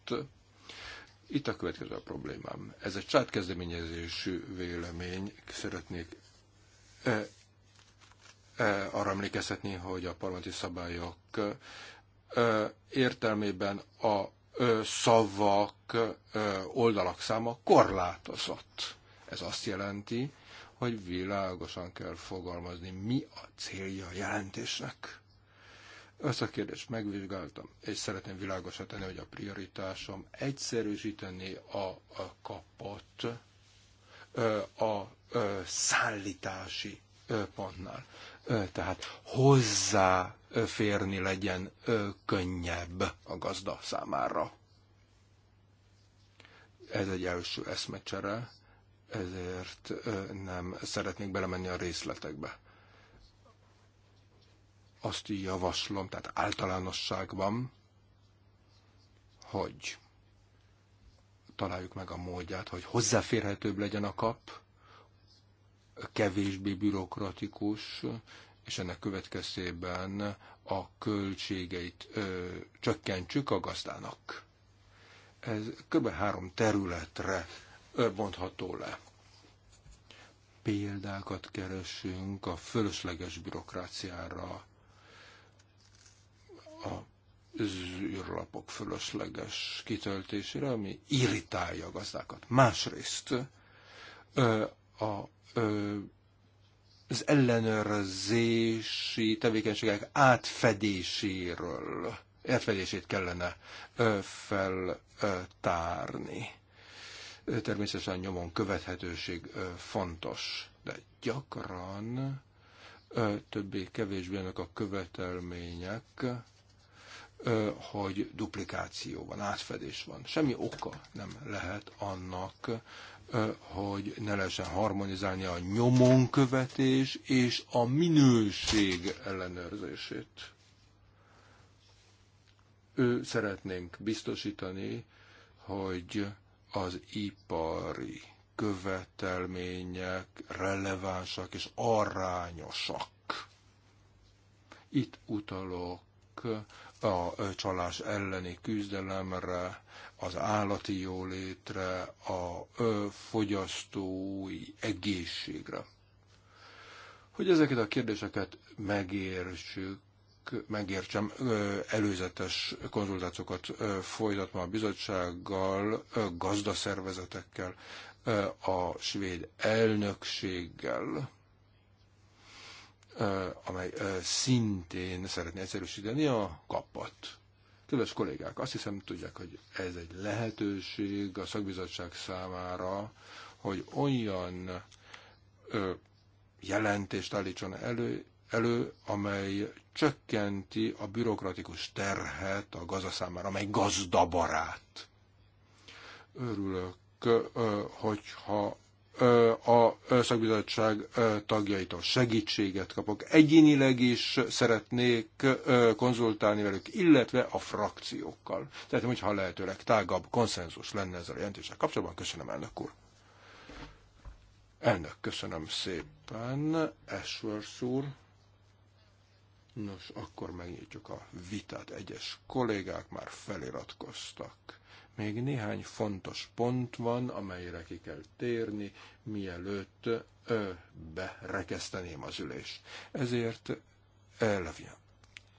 Itt a következő a problémám. Ez egy csátkezdeményezésű vélemény. Szeretnék e, e, arra emlékezhetni, hogy a parlamenti szabályok e, értelmében a szavak, oldalak száma korlátozott. Ez azt jelenti, hogy világosan kell fogalmazni, mi a célja a jelentésnek. Ezt a kérdést megvizsgáltam, és szeretném világosan tenni, hogy a prioritásom egyszerűsíteni a, a kapott a, a szállítási pontnál. Tehát hozzáférni legyen könnyebb a gazda számára. Ez egy első eszmecsere, ezért nem szeretnék belemenni a részletekbe. Azt javaslom, tehát általánosságban, hogy találjuk meg a módját, hogy hozzáférhetőbb legyen a kap, kevésbé bürokratikus, és ennek következtében a költségeit ö, csökkentsük a gazdának. Ez kb. három területre ö, bontható le. Példákat keresünk a fölösleges bürokráciára, a űrlapok fölösleges kitöltésére, ami irritálja a gazdákat. Másrészt ö, a az ellenőrzési tevékenységek átfedéséről, átfedését kellene feltárni. Természetesen nyomon követhetőség fontos, de gyakran többé-kevésbé ennek a követelmények, hogy duplikáció van, átfedés van. Semmi oka nem lehet annak, hogy ne lehessen harmonizálni a nyomonkövetés és a minőség ellenőrzését. Ő szeretnénk biztosítani, hogy az ipari követelmények relevánsak és arányosak. Itt utalok a csalás elleni küzdelemre, az állati jólétre, a fogyasztói egészségre. Hogy ezeket a kérdéseket megértsük, megértsem, előzetes konzultációkat folytatva a bizottsággal, gazdaszervezetekkel, a svéd elnökséggel, amely szintén szeretné egyszerűsíteni a kapat. Kedves kollégák, azt hiszem tudják, hogy ez egy lehetőség a szakbizottság számára, hogy olyan jelentést állítson elő, elő, amely csökkenti a bürokratikus terhet a gazda számára, amely gazdabarát. Örülök, hogyha a szakbizottság tagjaitól segítséget kapok. Egyénileg is szeretnék konzultálni velük, illetve a frakciókkal. Tehát, hogyha lehetőleg tágabb konszenzus lenne ezzel a jelentéssel kapcsolatban, köszönöm elnök úr. Elnök, köszönöm szépen. Ashworth úr. Nos, akkor megnyitjuk a vitát. Egyes kollégák már feliratkoztak. Még néhány fontos pont van, amelyre ki kell térni, mielőtt ö, berekeszteném az ülést. Ezért Elvia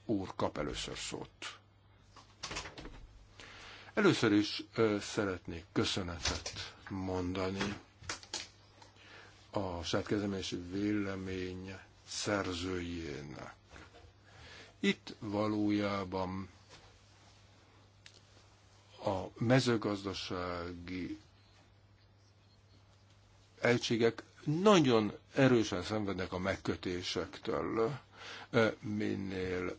úr kap először szót. Először is ö, szeretnék köszönetet mondani a sátkezemési vélemény szerzőjének. Itt valójában a mezőgazdasági egységek nagyon erősen szenvednek a megkötésektől, minél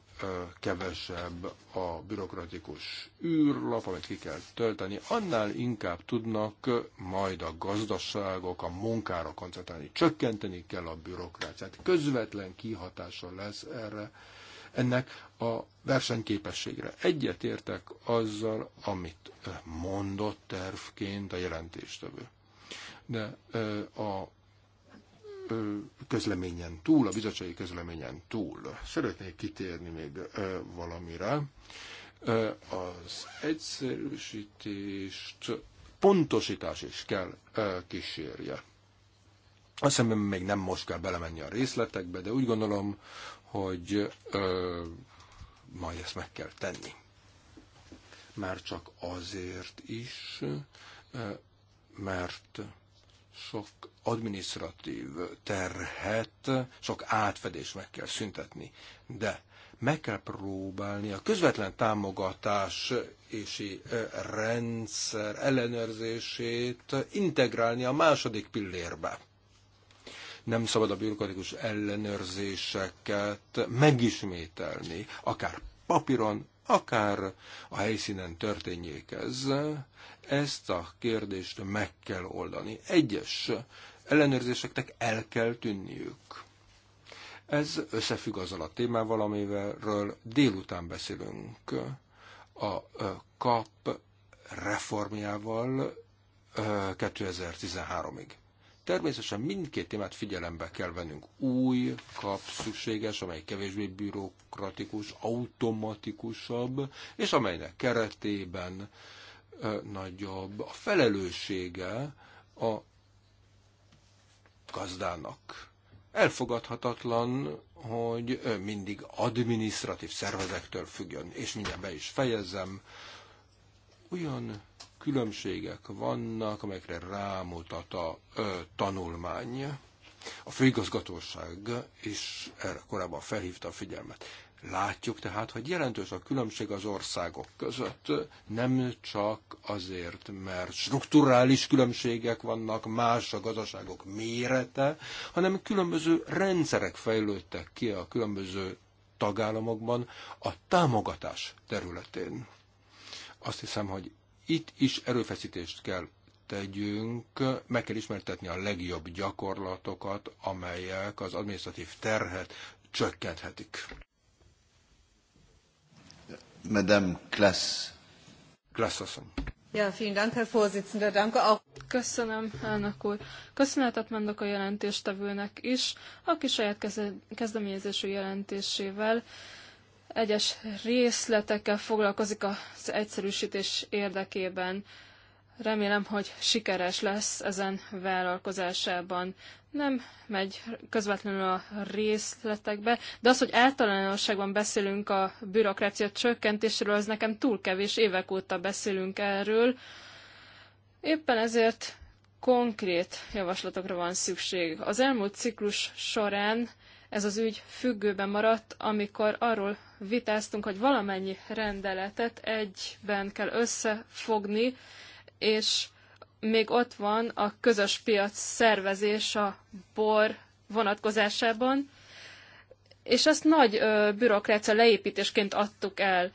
kevesebb a bürokratikus űrlap, amit ki kell tölteni, annál inkább tudnak majd a gazdaságok a munkára koncentrálni. Csökkenteni kell a bürokráciát. Közvetlen kihatása lesz erre ennek a versenyképességre. Egyetértek azzal, amit mondott tervként a jelentéstevő. De a közleményen túl, a bizottsági közleményen túl szeretnék kitérni még valamire. Az egyszerűsítést pontosítás is kell kísérje. Azt hiszem, még nem most kell belemenni a részletekbe, de úgy gondolom, hogy ö, majd ezt meg kell tenni. Már csak azért is, ö, mert sok administratív terhet, sok átfedés meg kell szüntetni, de meg kell próbálni a közvetlen támogatás és rendszer ellenőrzését integrálni a második pillérbe nem szabad a bürokratikus ellenőrzéseket megismételni, akár papíron, akár a helyszínen történjék ez. Ezt a kérdést meg kell oldani. Egyes ellenőrzéseknek el kell tűnniük. Ez összefügg azzal a témával, amiről délután beszélünk. A kap reformjával 2013-ig. Természetesen mindkét témát figyelembe kell vennünk. Új kap szükséges, amely kevésbé bürokratikus, automatikusabb, és amelynek keretében nagyobb a felelőssége a gazdának. Elfogadhatatlan, hogy mindig administratív szervezektől függjön, és mindjárt be is fejezem, olyan különbségek vannak, amelyekre rámutat a ö, tanulmány. A főigazgatóság is erre korábban felhívta a figyelmet. Látjuk tehát, hogy jelentős a különbség az országok között, nem csak azért, mert strukturális különbségek vannak, más a gazdaságok mérete, hanem különböző rendszerek fejlődtek ki a különböző tagállamokban a támogatás területén. Azt hiszem, hogy itt is erőfeszítést kell tegyünk, meg kell ismertetni a legjobb gyakorlatokat, amelyek az administratív terhet csökkenthetik. Madame Klass. Klass asszony. Ja, vielen Dank, Herr Vorsitzender. Danke auch. Köszönöm, elnök úr. Köszönetet mondok a jelentéstevőnek is, aki saját kezdeményezésű jelentésével egyes részletekkel foglalkozik az egyszerűsítés érdekében. Remélem, hogy sikeres lesz ezen vállalkozásában. Nem megy közvetlenül a részletekbe, de az, hogy általánosságban beszélünk a bürokrácia csökkentésről, az nekem túl kevés, évek óta beszélünk erről. Éppen ezért konkrét javaslatokra van szükség. Az elmúlt ciklus során ez az ügy függőben maradt, amikor arról vitáztunk, hogy valamennyi rendeletet egyben kell összefogni, és még ott van a közös piac szervezés a bor vonatkozásában, és ezt nagy bürokrácia leépítésként adtuk el.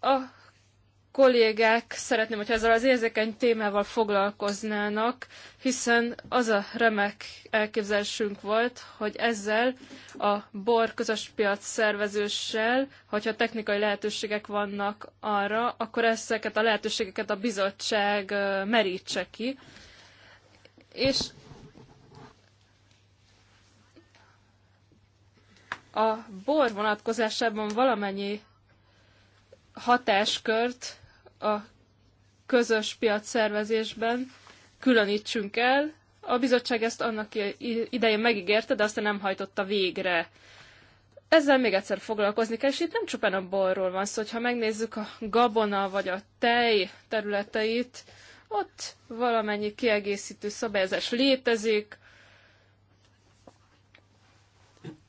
A kollégák szeretném, hogyha ezzel az érzékeny témával foglalkoznának, hiszen az a remek elképzelésünk volt, hogy ezzel a bor közös piac szervezőssel, hogyha technikai lehetőségek vannak arra, akkor ezeket a lehetőségeket a bizottság merítse ki. És a bor vonatkozásában valamennyi hatáskört a közös piac szervezésben különítsünk el. A bizottság ezt annak idején megígérte, de aztán nem hajtotta végre. Ezzel még egyszer foglalkozni kell, és itt nem csupán a borról van szó, ha megnézzük a gabona vagy a tej területeit, ott valamennyi kiegészítő szabályozás létezik,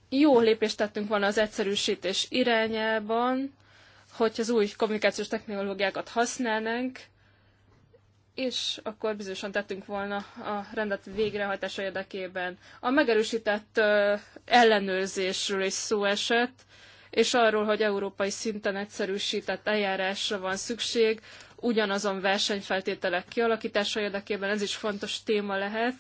jó lépést tettünk volna az egyszerűsítés irányában, hogy az új kommunikációs technológiákat használnánk, és akkor bizonyosan tettünk volna a rendet végrehajtása érdekében. A megerősített ellenőrzésről is szó esett, és arról, hogy európai szinten egyszerűsített eljárásra van szükség, ugyanazon versenyfeltételek kialakítása érdekében, ez is fontos téma lehet,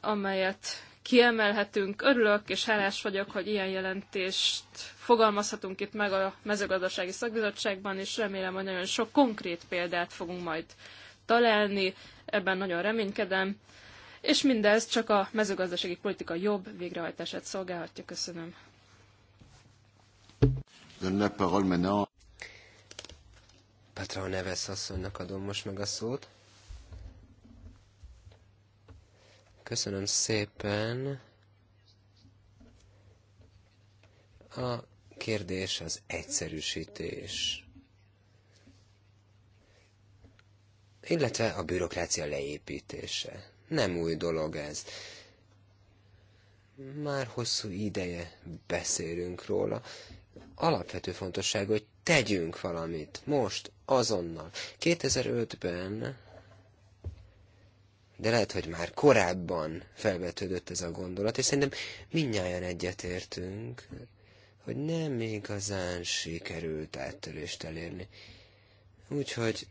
amelyet kiemelhetünk. Örülök és hálás vagyok, hogy ilyen jelentést fogalmazhatunk itt meg a mezőgazdasági szakbizottságban, és remélem, hogy nagyon sok konkrét példát fogunk majd találni. Ebben nagyon reménykedem. És mindez csak a mezőgazdasági politika jobb végrehajtását szolgálhatja. Köszönöm. Patrón Neves asszonynak adom most meg a szót. Köszönöm szépen. A kérdés az egyszerűsítés. Illetve a bürokrácia leépítése. Nem új dolog ez. Már hosszú ideje beszélünk róla. Alapvető fontosság, hogy tegyünk valamit. Most, azonnal. 2005-ben de lehet, hogy már korábban felvetődött ez a gondolat, és szerintem mindnyáján egyetértünk, hogy nem igazán sikerült áttörést elérni. Úgyhogy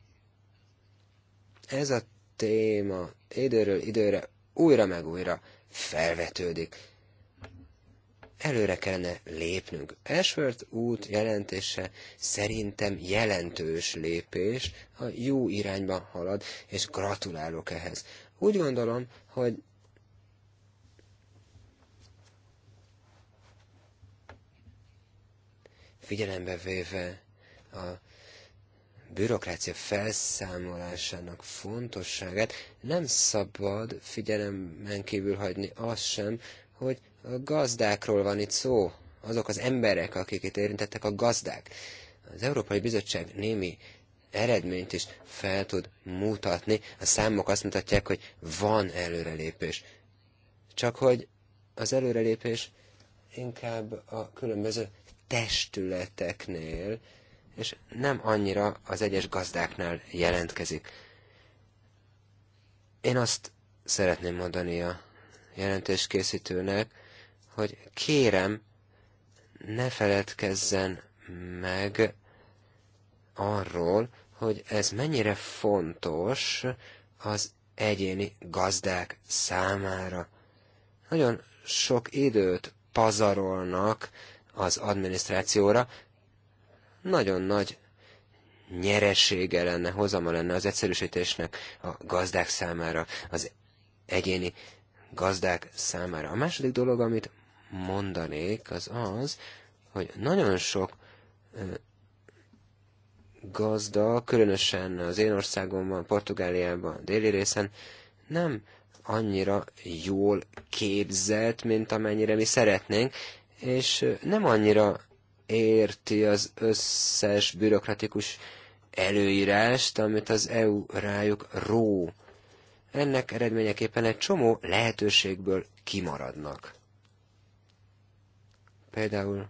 ez a téma időről időre újra meg újra felvetődik. Előre kellene lépnünk. Ashworth út jelentése szerintem jelentős lépés, a jó irányba halad, és gratulálok ehhez. Úgy gondolom, hogy figyelembe véve a bürokrácia felszámolásának fontosságát, nem szabad figyelemen kívül hagyni azt sem, hogy a gazdákról van itt szó, azok az emberek, akiket érintettek a gazdák. Az Európai Bizottság némi eredményt is fel tud mutatni. A számok azt mutatják, hogy van előrelépés. Csak hogy az előrelépés inkább a különböző testületeknél, és nem annyira az egyes gazdáknál jelentkezik. Én azt szeretném mondani a jelentéskészítőnek, hogy kérem, ne feledkezzen meg arról, hogy ez mennyire fontos az egyéni gazdák számára. Nagyon sok időt pazarolnak az adminisztrációra, nagyon nagy nyeresége lenne, hozama lenne az egyszerűsítésnek a gazdák számára, az egyéni gazdák számára. A második dolog, amit mondanék, az az, hogy nagyon sok gazda, különösen az én országomban, Portugáliában, déli részen nem annyira jól képzett, mint amennyire mi szeretnénk, és nem annyira érti az összes bürokratikus előírást, amit az EU rájuk ró. Ennek eredményeképpen egy csomó lehetőségből kimaradnak. Például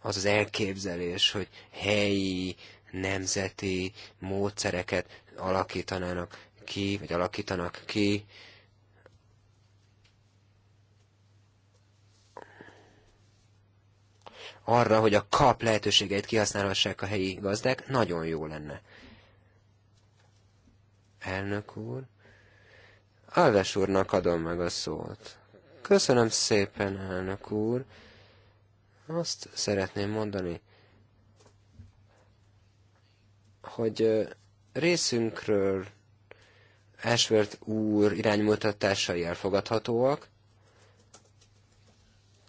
az az elképzelés, hogy helyi, nemzeti módszereket alakítanának ki, vagy alakítanak ki, arra, hogy a kap lehetőségeit kihasználhassák a helyi gazdák, nagyon jó lenne. Elnök úr, Alves úrnak adom meg a szót. Köszönöm szépen, elnök úr. Azt szeretném mondani, hogy részünkről Ashworth úr iránymutatásai elfogadhatóak,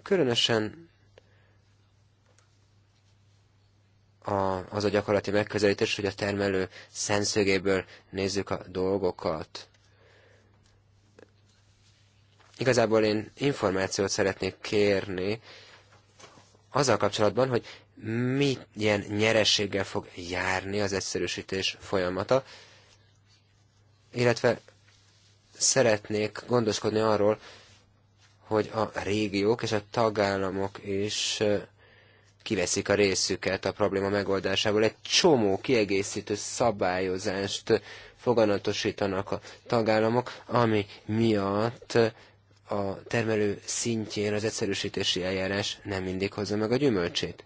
különösen a, az a gyakorlati megközelítés, hogy a termelő szemszögéből nézzük a dolgokat. Igazából én információt szeretnék kérni azzal kapcsolatban, hogy milyen nyerességgel fog járni az egyszerűsítés folyamata, illetve szeretnék gondoskodni arról, hogy a régiók és a tagállamok is kiveszik a részüket a probléma megoldásából. Egy csomó kiegészítő szabályozást foganatosítanak a tagállamok, ami miatt a termelő szintjén az egyszerűsítési eljárás nem mindig hozza meg a gyümölcsét.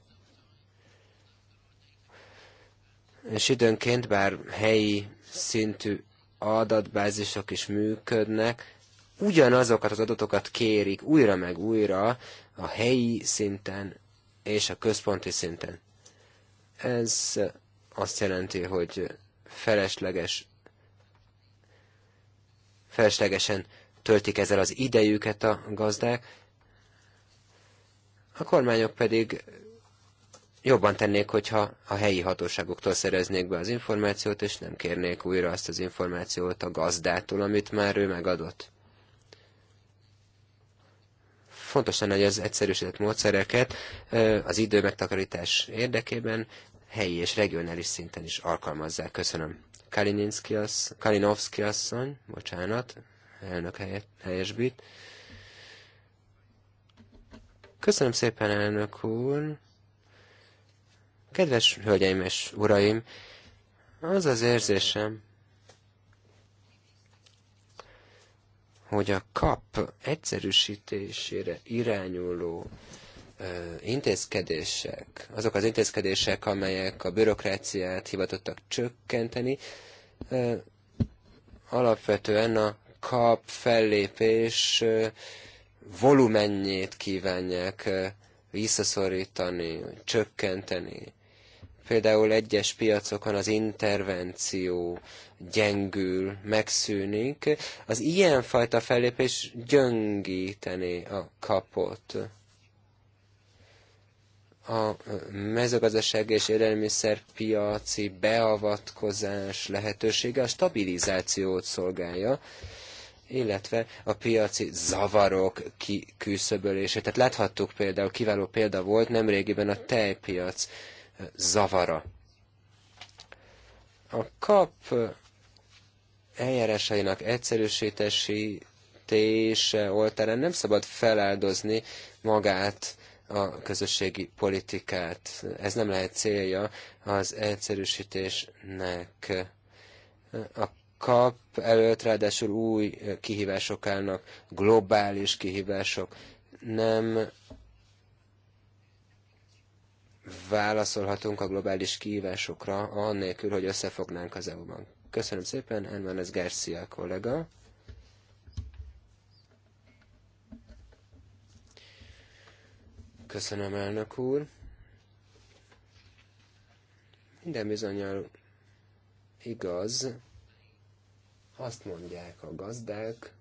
És időnként, bár helyi szintű adatbázisok is működnek, ugyanazokat az adatokat kérik újra meg újra a helyi szinten és a központi szinten. Ez azt jelenti, hogy felesleges, feleslegesen töltik ezzel az idejüket a gazdák, a kormányok pedig jobban tennék, hogyha a helyi hatóságoktól szereznék be az információt, és nem kérnék újra azt az információt a gazdától, amit már ő megadott. Fontos lenne, hogy az egyszerűsített módszereket az idő megtakarítás érdekében helyi és regionális szinten is alkalmazzák. Köszönöm. Kalininski asszony, asszony, bocsánat, elnök helyet, helyesbít. Köszönöm szépen, elnök úr! Kedves hölgyeim és uraim, az az érzésem, hogy a kap egyszerűsítésére irányuló ö, intézkedések, azok az intézkedések, amelyek a bürokráciát hivatottak csökkenteni, ö, alapvetően a kap fellépés volumennyét kívánják visszaszorítani, csökkenteni. Például egyes piacokon az intervenció gyengül, megszűnik. Az ilyenfajta fellépés gyöngíteni a kapot a mezőgazdaság és piaci beavatkozás lehetősége a stabilizációt szolgálja, illetve a piaci zavarok kiküszöbölése. Tehát láthattuk például, kiváló példa volt nemrégiben a tejpiac zavara. A kap eljárásainak egyszerűsítése oltárán nem szabad feláldozni magát a közösségi politikát. Ez nem lehet célja az egyszerűsítésnek. A kap előtt ráadásul új kihívások állnak, globális kihívások. Nem válaszolhatunk a globális kihívásokra, annélkül, hogy összefognánk az EU-ban. Köszönöm szépen, ez Garcia kollega. Köszönöm, elnök úr. Minden bizonyal igaz, azt mondják a gazdák,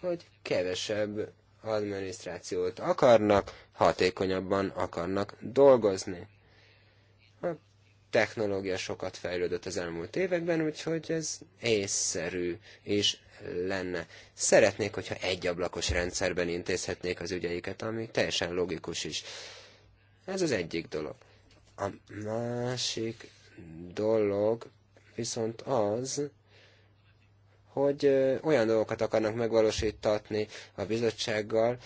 hogy kevesebb adminisztrációt akarnak, hatékonyabban akarnak dolgozni. A technológia sokat fejlődött az elmúlt években, úgyhogy ez észszerű és lenne. Szeretnék, hogyha egy ablakos rendszerben intézhetnék az ügyeiket, ami teljesen logikus is. Ez az egyik dolog. A másik dolog viszont az, hogy olyan dolgokat akarnak megvalósítatni a bizottsággal,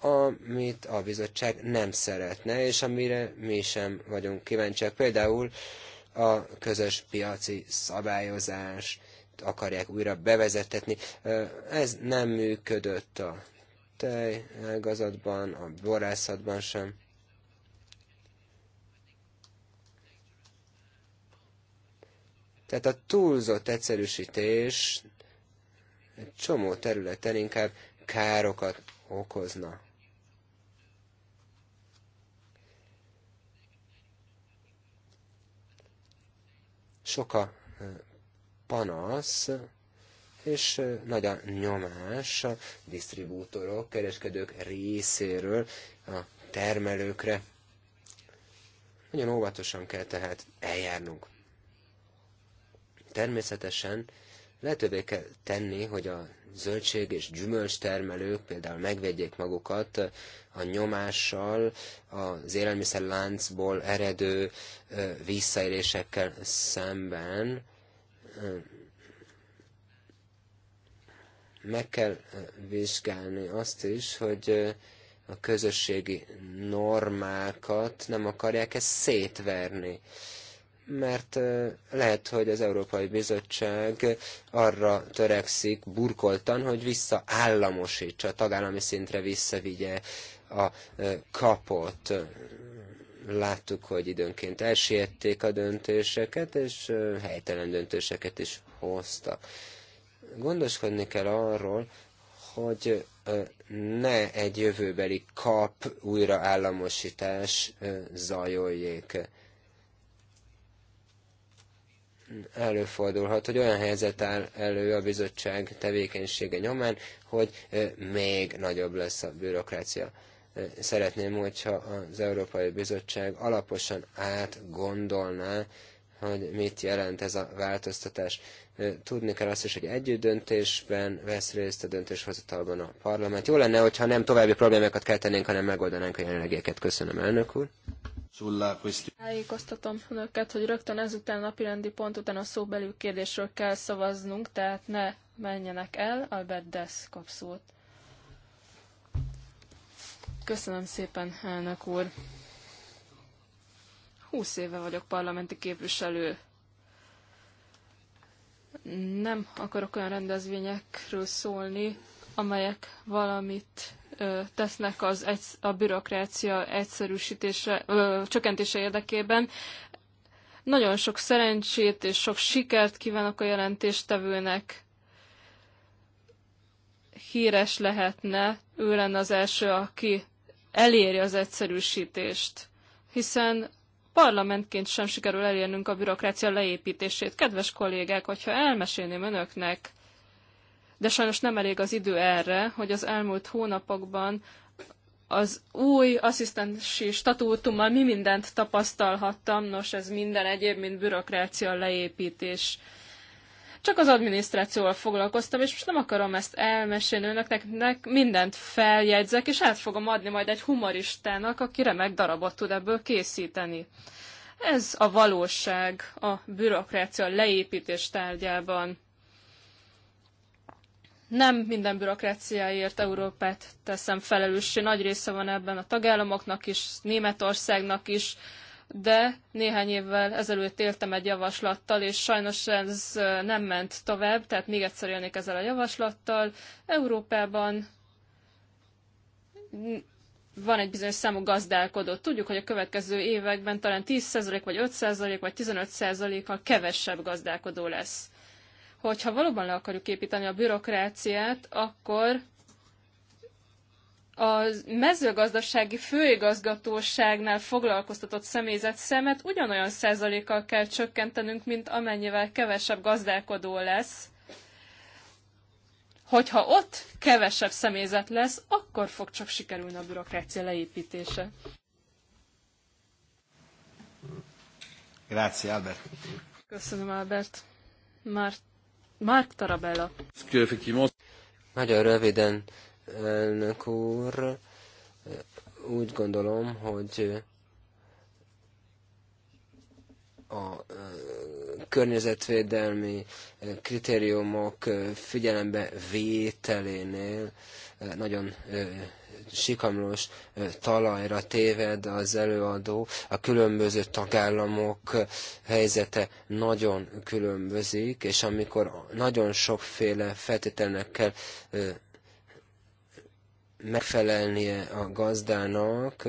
amit a bizottság nem szeretne, és amire mi sem vagyunk kíváncsiak. Például a közös piaci szabályozás akarják újra bevezetetni. Ez nem működött a tejágazatban, a borászatban sem. Tehát a túlzott egyszerűsítés egy csomó területen inkább károkat okozna. Sok a panasz, és nagy a nyomás a disztribútorok, kereskedők részéről a termelőkre. Nagyon óvatosan kell tehát eljárnunk. Természetesen Lehetővé kell tenni, hogy a zöldség és gyümölcs termelők például megvegyék magukat a nyomással, az élelmiszerláncból eredő visszaélésekkel szemben. Meg kell vizsgálni azt is, hogy a közösségi normákat nem akarják ezt szétverni mert lehet, hogy az Európai Bizottság arra törekszik burkoltan, hogy visszaállamosítsa, tagállami szintre visszavigye a kapot. Láttuk, hogy időnként elsiették a döntéseket, és helytelen döntéseket is hoztak. Gondoskodni kell arról, hogy ne egy jövőbeli kap újraállamosítás zajoljék előfordulhat, hogy olyan helyzet áll elő a bizottság tevékenysége nyomán, hogy még nagyobb lesz a bürokrácia. Szeretném, hogyha az Európai Bizottság alaposan átgondolná, hogy mit jelent ez a változtatás. Tudni kell azt is, hogy együtt döntésben vesz részt a döntéshozatalban a parlament. Jó lenne, hogyha nem további problémákat kell tennénk, hanem megoldanánk a jelenlegieket. Köszönöm, elnök úr. Tájékoztatom önöket, hogy rögtön ezután a napirendi pont után a szóbeli kérdésről kell szavaznunk, tehát ne menjenek el, Albert Dess kap szót. Köszönöm szépen, elnök úr. Húsz éve vagyok parlamenti képviselő. Nem akarok olyan rendezvényekről szólni, amelyek valamit tesznek az egy, a bürokrácia egyszerűsítése, ö, csökkentése érdekében. Nagyon sok szerencsét és sok sikert kívánok a jelentéstevőnek. Híres lehetne, ő lenne az első, aki eléri az egyszerűsítést, hiszen parlamentként sem sikerül elérnünk a bürokrácia leépítését. Kedves kollégák, hogyha elmesélném önöknek, de sajnos nem elég az idő erre, hogy az elmúlt hónapokban az új asszisztensi statútummal mi mindent tapasztalhattam, nos ez minden egyéb, mint bürokrácia leépítés. Csak az adminisztrációval foglalkoztam, és most nem akarom ezt elmesélni önöknek, nek mindent feljegyzek, és át fogom adni majd egy humoristának, aki remek darabot tud ebből készíteni. Ez a valóság a bürokrácia leépítés tárgyában nem minden bürokráciáért Európát teszem felelőssé. Nagy része van ebben a tagállamoknak is, Németországnak is, de néhány évvel ezelőtt éltem egy javaslattal, és sajnos ez nem ment tovább, tehát még egyszer élnék ezzel a javaslattal. Európában van egy bizonyos számú gazdálkodó. Tudjuk, hogy a következő években talán 10% vagy 5% vagy 15%-kal kevesebb gazdálkodó lesz hogyha valóban le akarjuk építeni a bürokráciát, akkor a mezőgazdasági főigazgatóságnál foglalkoztatott személyzet szemet ugyanolyan százalékkal kell csökkentenünk, mint amennyivel kevesebb gazdálkodó lesz. Hogyha ott kevesebb személyzet lesz, akkor fog csak sikerülni a bürokrácia leépítése. Grazie, Albert. Köszönöm, Albert. Mart Mark Tarabella. Nagyon röviden, elnök úr, úgy gondolom, hogy a környezetvédelmi kritériumok figyelembe vételénél nagyon sikamlós talajra téved az előadó. A különböző tagállamok helyzete nagyon különbözik, és amikor nagyon sokféle feltételnek kell megfelelnie a gazdának,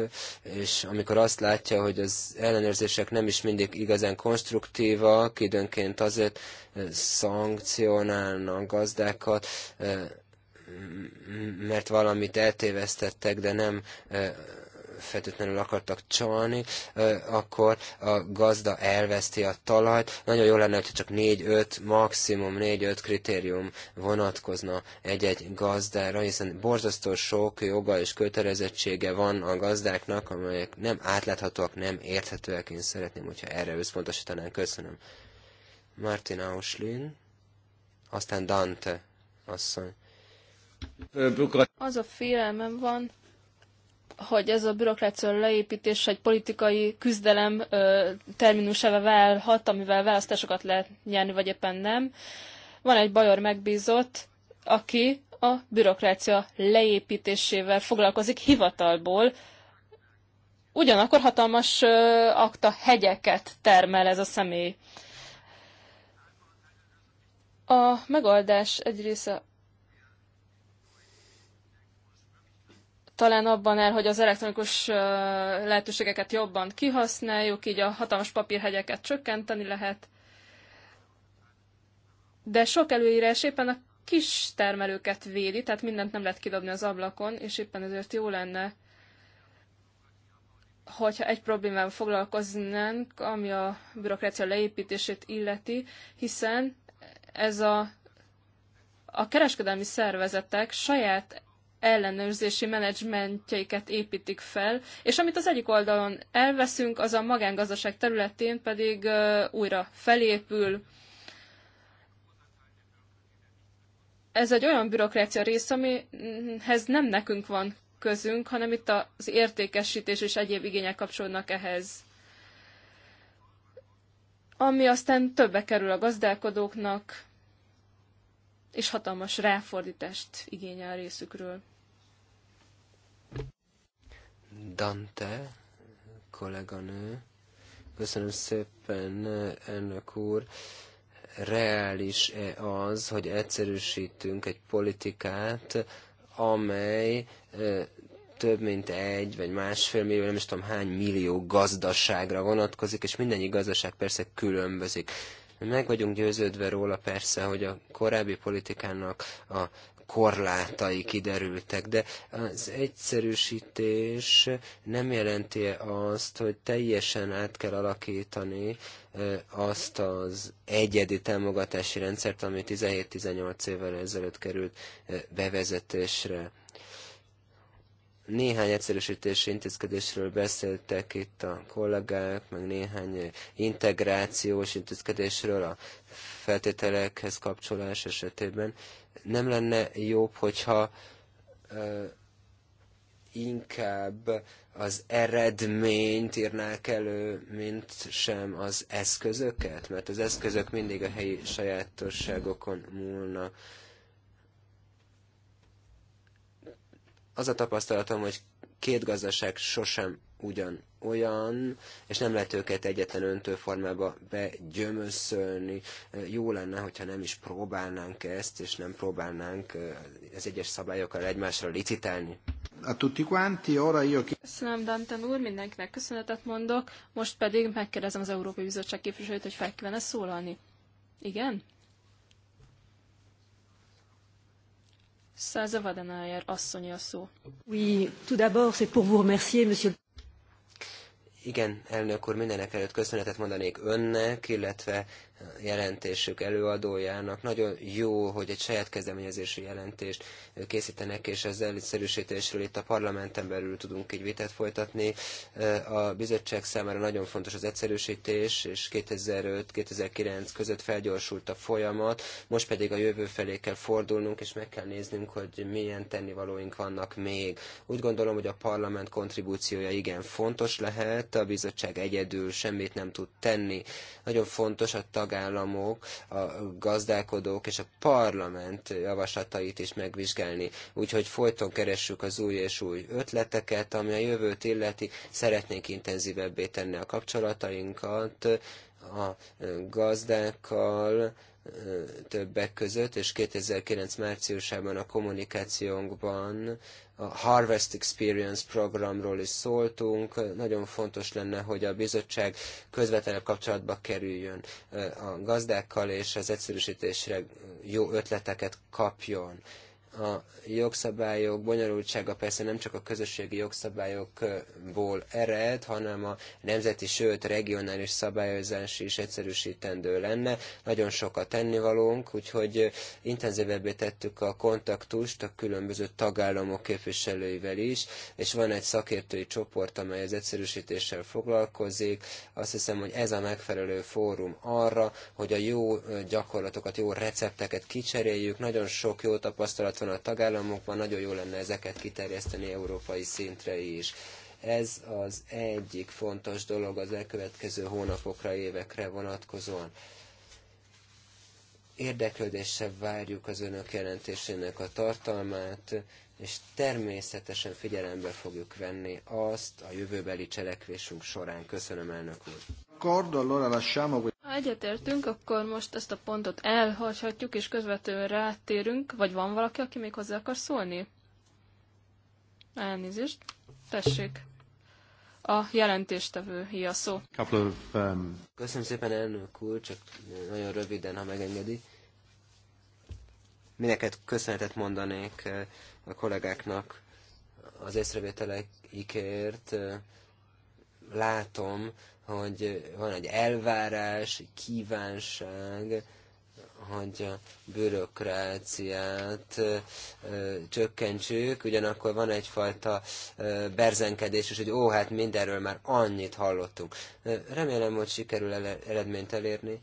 és amikor azt látja, hogy az ellenőrzések nem is mindig igazán konstruktívak, időnként azért eh, szankcionálnak gazdákat, eh, mert valamit eltévesztettek, de nem eh, feltétlenül akartak csalni, akkor a gazda elveszti a talajt. Nagyon jó lenne, hogyha csak 4-5, maximum 4-5 kritérium vonatkozna egy-egy gazdára, hiszen borzasztó sok joga és kötelezettsége van a gazdáknak, amelyek nem átláthatóak, nem érthetőek. Én szeretném, hogyha erre összpontosítanánk. Köszönöm. Martin Auslin, aztán Dante asszony. Az a félelmem van, hogy ez a bürokrácia leépítés egy politikai küzdelem terminusába válhat, amivel választásokat lehet nyerni, vagy éppen nem. Van egy bajor megbízott, aki a bürokrácia leépítésével foglalkozik hivatalból, ugyanakkor hatalmas akta hegyeket termel ez a személy. A megoldás egy része talán abban el, hogy az elektronikus lehetőségeket jobban kihasználjuk, így a hatalmas papírhegyeket csökkenteni lehet. De sok előírás éppen a kis termelőket védi, tehát mindent nem lehet kidobni az ablakon, és éppen ezért jó lenne, hogyha egy problémával foglalkoznánk, ami a bürokrácia leépítését illeti, hiszen ez a, a kereskedelmi szervezetek saját ellenőrzési menedzsmentjeiket építik fel, és amit az egyik oldalon elveszünk, az a magángazdaság területén pedig újra felépül. Ez egy olyan bürokrácia rész, amihez nem nekünk van közünk, hanem itt az értékesítés és egyéb igények kapcsolódnak ehhez. Ami aztán többe kerül a gazdálkodóknak, és hatalmas ráfordítást igényel a részükről. Dante kolléganő. Köszönöm szépen, elnök úr. Reális-e az, hogy egyszerűsítünk egy politikát, amely több mint egy vagy másfél millió, nem is tudom hány millió gazdaságra vonatkozik, és mindennyi gazdaság persze különbözik. Meg vagyunk győződve róla persze, hogy a korábbi politikának a korlátai kiderültek, de az egyszerűsítés nem jelenti azt, hogy teljesen át kell alakítani azt az egyedi támogatási rendszert, ami 17-18 évvel ezelőtt került bevezetésre néhány egyszerűsítési intézkedésről beszéltek itt a kollégák, meg néhány integrációs intézkedésről a feltételekhez kapcsolás esetében nem lenne jobb, hogyha inkább az eredményt írnák elő, mint sem az eszközöket? Mert az eszközök mindig a helyi sajátosságokon múlnak. Az a tapasztalatom, hogy két gazdaság sosem ugyan olyan, és nem lehet őket egyetlen öntőformába begyömöszölni. Jó lenne, hogyha nem is próbálnánk ezt, és nem próbálnánk eh, az egyes szabályokkal egymásra licitálni. A tutti quanti, ora io... Köszönöm, Dantan úr, mindenkinek köszönetet mondok. Most pedig megkérdezem az Európai Bizottság képviselőt, hogy fel kellene szólalni. Igen? Száza Vadenájer asszony a szó. Oui, tout d'abord, c'est pour vous remercier, monsieur... Igen, elnök úr, mindenek előtt köszönetet mondanék önnek, illetve jelentésük előadójának. Nagyon jó, hogy egy saját kezdeményezési jelentést készítenek, és ezzel egyszerűsítésről itt a parlamenten belül tudunk egy vitát folytatni. A bizottság számára nagyon fontos az egyszerűsítés, és 2005-2009 között felgyorsult a folyamat, most pedig a jövő felé kell fordulnunk, és meg kell néznünk, hogy milyen tennivalóink vannak még. Úgy gondolom, hogy a parlament kontribúciója igen fontos lehet, a bizottság egyedül semmit nem tud tenni. Nagyon fontos a tag tagállamok, a gazdálkodók és a parlament javaslatait is megvizsgálni. Úgyhogy folyton keressük az új és új ötleteket, ami a jövőt illeti, szeretnénk intenzívebbé tenni a kapcsolatainkat a gazdákkal, többek között, és 2009 márciusában a kommunikációnkban a Harvest Experience programról is szóltunk. Nagyon fontos lenne, hogy a bizottság közvetlenül kapcsolatba kerüljön a gazdákkal, és az egyszerűsítésre jó ötleteket kapjon a jogszabályok bonyolultsága persze nem csak a közösségi jogszabályokból ered, hanem a nemzeti, sőt regionális szabályozás is egyszerűsítendő lenne. Nagyon sok a tennivalónk, úgyhogy intenzívebbé tettük a kontaktust a különböző tagállamok képviselőivel is, és van egy szakértői csoport, amely az egyszerűsítéssel foglalkozik. Azt hiszem, hogy ez a megfelelő fórum arra, hogy a jó gyakorlatokat, jó recepteket kicseréljük. Nagyon sok jó tapasztalat van a tagállamokban, nagyon jó lenne ezeket kiterjeszteni európai szintre is. Ez az egyik fontos dolog az elkövetkező hónapokra, évekre vonatkozóan. Érdeklődéssel várjuk az önök jelentésének a tartalmát, és természetesen figyelembe fogjuk venni azt a jövőbeli cselekvésünk során. Köszönöm, elnök úr. Ha egyetértünk, akkor most ezt a pontot elhagyhatjuk, és közvetően rátérünk, vagy van valaki, aki még hozzá akar szólni? Elnézést. Tessék. A jelentéstevő a szó. Um, Köszönöm szépen, elnök úr, csak nagyon röviden, ha megengedi. Mineket köszönetet mondanék eh, a kollégáknak az észrevételeikért. Látom, hogy van egy elvárás, egy kívánság, hogy a bürokráciát ö, csökkentsük, ugyanakkor van egyfajta ö, berzenkedés, és hogy ó, hát mindenről már annyit hallottunk. Remélem, hogy sikerül eredményt elérni,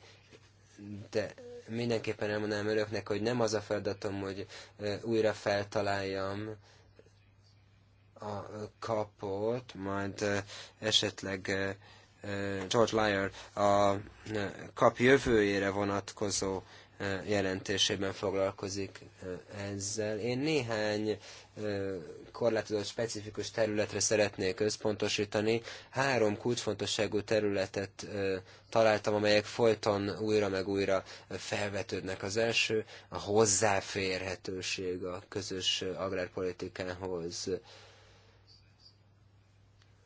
de mindenképpen elmondanám önöknek, hogy nem az a feladatom, hogy újra feltaláljam a kapot, majd esetleg George Lyer a kap jövőjére vonatkozó jelentésében foglalkozik ezzel. Én néhány korlátozott specifikus területre szeretnék összpontosítani. Három kulcsfontosságú területet találtam, amelyek folyton újra meg újra felvetődnek. Az első a hozzáférhetőség a közös agrárpolitikához.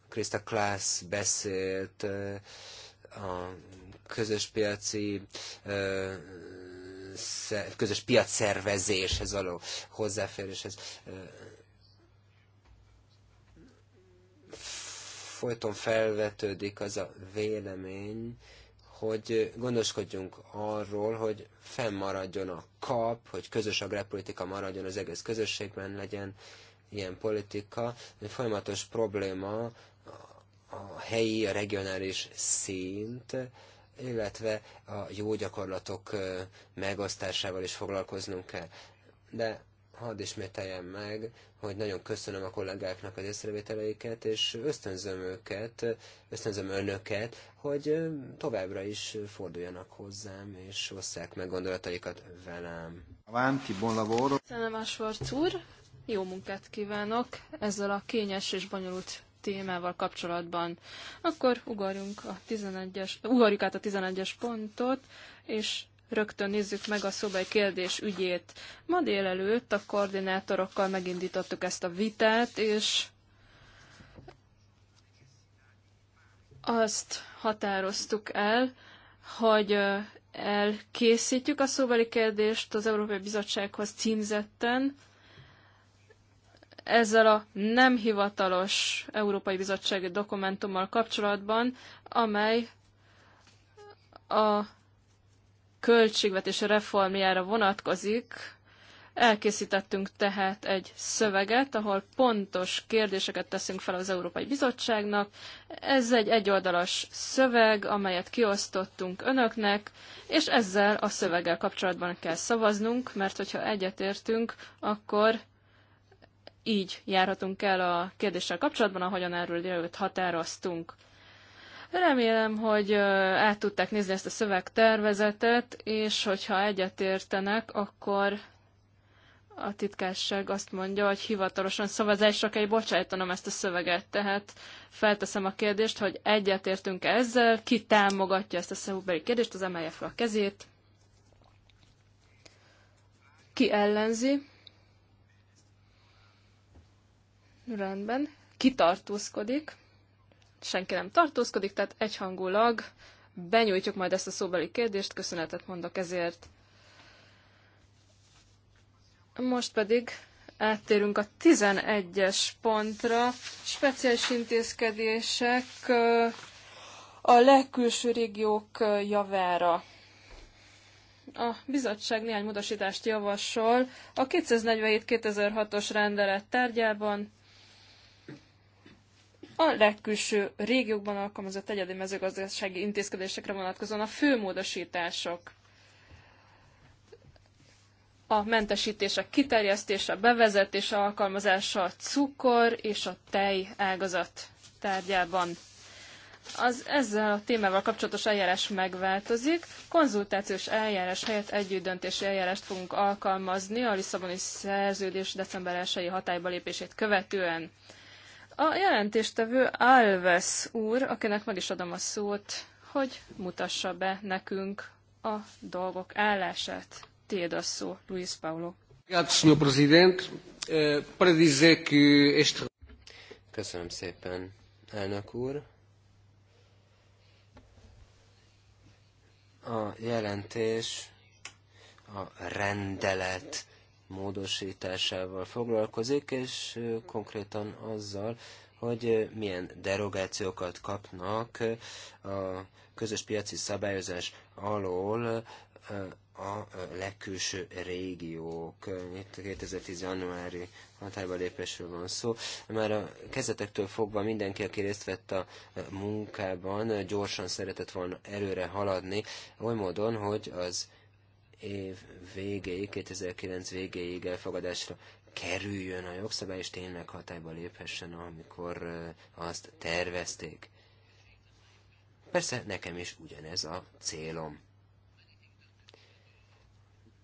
Krista Klaas beszélt a közös piaci közös piac szervezéshez való hozzáféréshez folyton felvetődik az a vélemény, hogy gondoskodjunk arról, hogy fennmaradjon a kap, hogy közös agrárpolitika maradjon az egész közösségben, legyen ilyen politika. Egy folyamatos probléma a helyi, a regionális szint, illetve a jó gyakorlatok megosztásával is foglalkoznunk kell. De hadd ismételjem meg, hogy nagyon köszönöm a kollégáknak az észrevételeiket, és ösztönzöm őket, ösztönzöm önöket, hogy továbbra is forduljanak hozzám, és osszák meg gondolataikat velem. Avanti, buon lavoro! Köszönöm, Asvarc úr! Jó munkát kívánok ezzel a kényes és bonyolult témával kapcsolatban. Akkor ugorjunk, a 11-es, ugorjuk át a 11-es pontot, és rögtön nézzük meg a szobai kérdés ügyét. Ma délelőtt a koordinátorokkal megindítottuk ezt a vitát, és azt határoztuk el, hogy elkészítjük a szóbeli kérdést az Európai Bizottsághoz címzetten, ezzel a nem hivatalos Európai Bizottsági dokumentummal kapcsolatban, amely a költségvetési reformjára vonatkozik. Elkészítettünk tehát egy szöveget, ahol pontos kérdéseket teszünk fel az Európai Bizottságnak. Ez egy egyoldalas szöveg, amelyet kiosztottunk önöknek, és ezzel a szöveggel kapcsolatban kell szavaznunk, mert hogyha egyetértünk, akkor így járhatunk el a kérdéssel kapcsolatban, ahogyan erről előtt határoztunk. Remélem, hogy át tudták nézni ezt a szövegtervezetet, és hogyha egyetértenek, akkor a titkárság azt mondja, hogy hivatalosan szavazásra kell bocsájtanom ezt a szöveget. Tehát felteszem a kérdést, hogy egyetértünk -e ezzel, ki támogatja ezt a szövegbeli kérdést, az emelje fel a kezét. Ki ellenzi? Rendben. Kitartózkodik. Senki nem tartózkodik, tehát egyhangulag benyújtjuk majd ezt a szóbeli kérdést. Köszönetet mondok ezért. Most pedig áttérünk a 11-es pontra. Speciális intézkedések a legkülső régiók javára. A bizottság néhány módosítást javasol a 247-2006-os rendelet tárgyában, a legkülső régiókban alkalmazott egyedi mezőgazdasági intézkedésekre vonatkozóan a fő módosítások a mentesítések kiterjesztése, bevezetése, alkalmazása a cukor és a tej ágazat tárgyában. Az ezzel a témával kapcsolatos eljárás megváltozik. Konzultációs eljárás helyett együttdöntési eljárást fogunk alkalmazni a Lisszaboni szerződés december 1-i hatályba lépését követően. A jelentéstevő Alves úr, akinek meg is adom a szót, hogy mutassa be nekünk a dolgok állását. Tiéd a szó, Luis Paulo. Eh, Köszönöm szépen, elnök úr. A jelentés a rendelet módosításával foglalkozik, és konkrétan azzal, hogy milyen derogációkat kapnak a közös piaci szabályozás alól a legkülső régiók. Itt 2010. januári hatályba lépésről van szó. Már a kezetektől fogva mindenki, aki részt vett a munkában, gyorsan szeretett volna előre haladni, oly módon, hogy az év végéig, 2009 végéig elfogadásra kerüljön a jogszabály, és tényleg hatályba léphessen, amikor azt tervezték. Persze nekem is ugyanez a célom.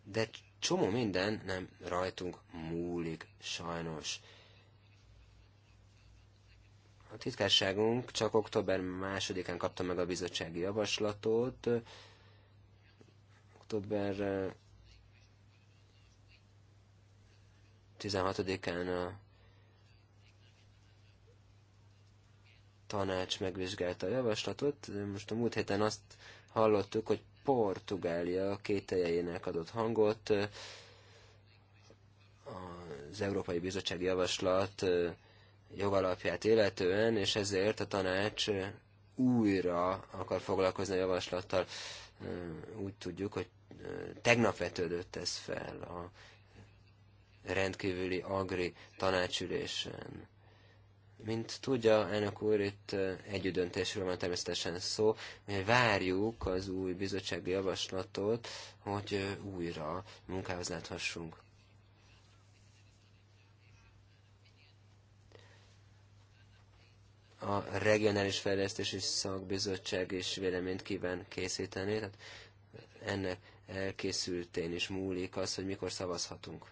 De csomó minden nem rajtunk múlik, sajnos. A titkárságunk csak október másodikán kapta meg a bizottsági javaslatot, Október 16-án a tanács megvizsgálta a javaslatot. Most a múlt héten azt hallottuk, hogy Portugália kételjeinek adott hangot. Az Európai Bizottság javaslat jogalapját illetően, és ezért a tanács újra akar foglalkozni a javaslattal. Úgy tudjuk, hogy tegnap vetődött ez fel a rendkívüli agri tanácsülésen. Mint tudja, elnök úr, itt együttdöntésről van természetesen szó, hogy várjuk az új bizottsági javaslatot, hogy újra munkához láthassunk. A regionális fejlesztési szakbizottság is véleményt kíván készíteni, tehát ennek elkészültén is múlik az, hogy mikor szavazhatunk.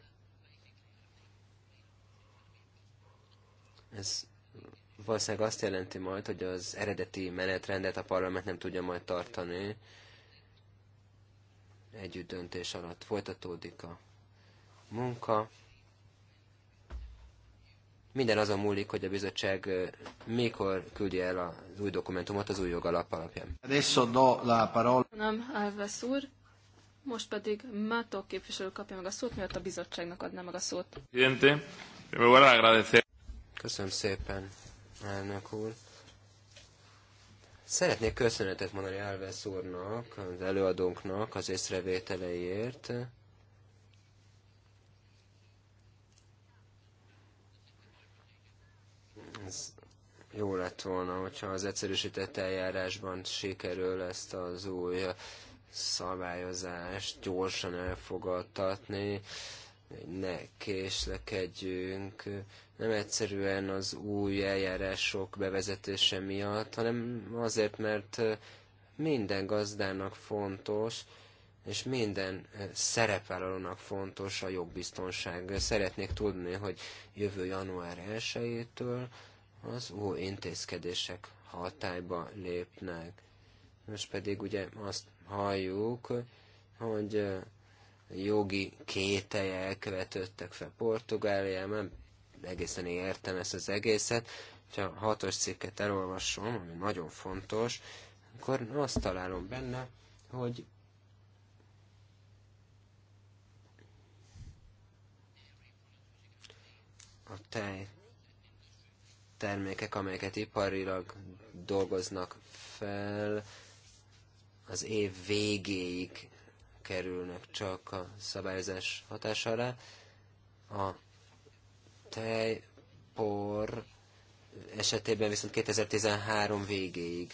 Ez valószínűleg azt jelenti majd, hogy az eredeti menetrendet a parlament nem tudja majd tartani. Együtt döntés alatt folytatódik a munka. Minden azon múlik, hogy a bizottság mikor küldi el az új dokumentumot az új jogalap alapján. Adesso do la parola. Nem, Alves úr, most pedig Mato képviselő kapja meg a szót, mielőtt a bizottságnak adná meg a szót. Köszönöm szépen, elnök úr. Szeretnék köszönetet mondani Elvesz úrnak, az előadónknak az észrevételeiért. Ez jó lett volna, hogyha az egyszerűsített eljárásban sikerül ezt az új szabályozást gyorsan elfogadtatni, hogy ne késlekedjünk, nem egyszerűen az új eljárások bevezetése miatt, hanem azért, mert minden gazdának fontos, és minden szerepvállalónak fontos a jogbiztonság. Szeretnék tudni, hogy jövő január 1-től az új intézkedések hatályba lépnek. Most pedig ugye azt halljuk, hogy jogi kételyek vetődtek fel Portugáliában, egészen értem ezt az egészet, ha a hatos cikket elolvasom, ami nagyon fontos, akkor azt találom benne, hogy a tej termékek, amelyeket iparilag dolgoznak fel, az év végéig kerülnek csak a szabályozás hatására. A tejpor esetében viszont 2013 végéig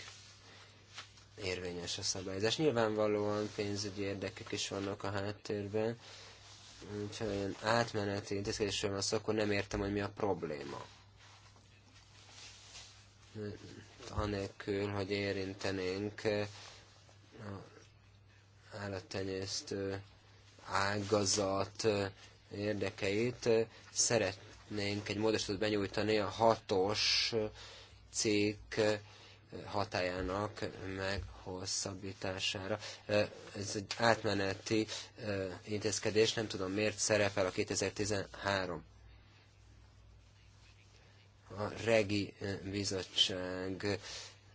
érvényes a szabályozás. Nyilvánvalóan pénzügyi érdekek is vannak a háttérben, úgyhogy olyan átmeneti intézkedésről van szó, akkor nem értem, hogy mi a probléma. Anélkül, hogy érintenénk állattenyésztő ágazat érdekeit szeretnénk egy módosítót benyújtani a hatos cikk hatájának meghosszabbítására. Ez egy átmeneti intézkedés, nem tudom miért szerepel a 2013 a Regi Bizottság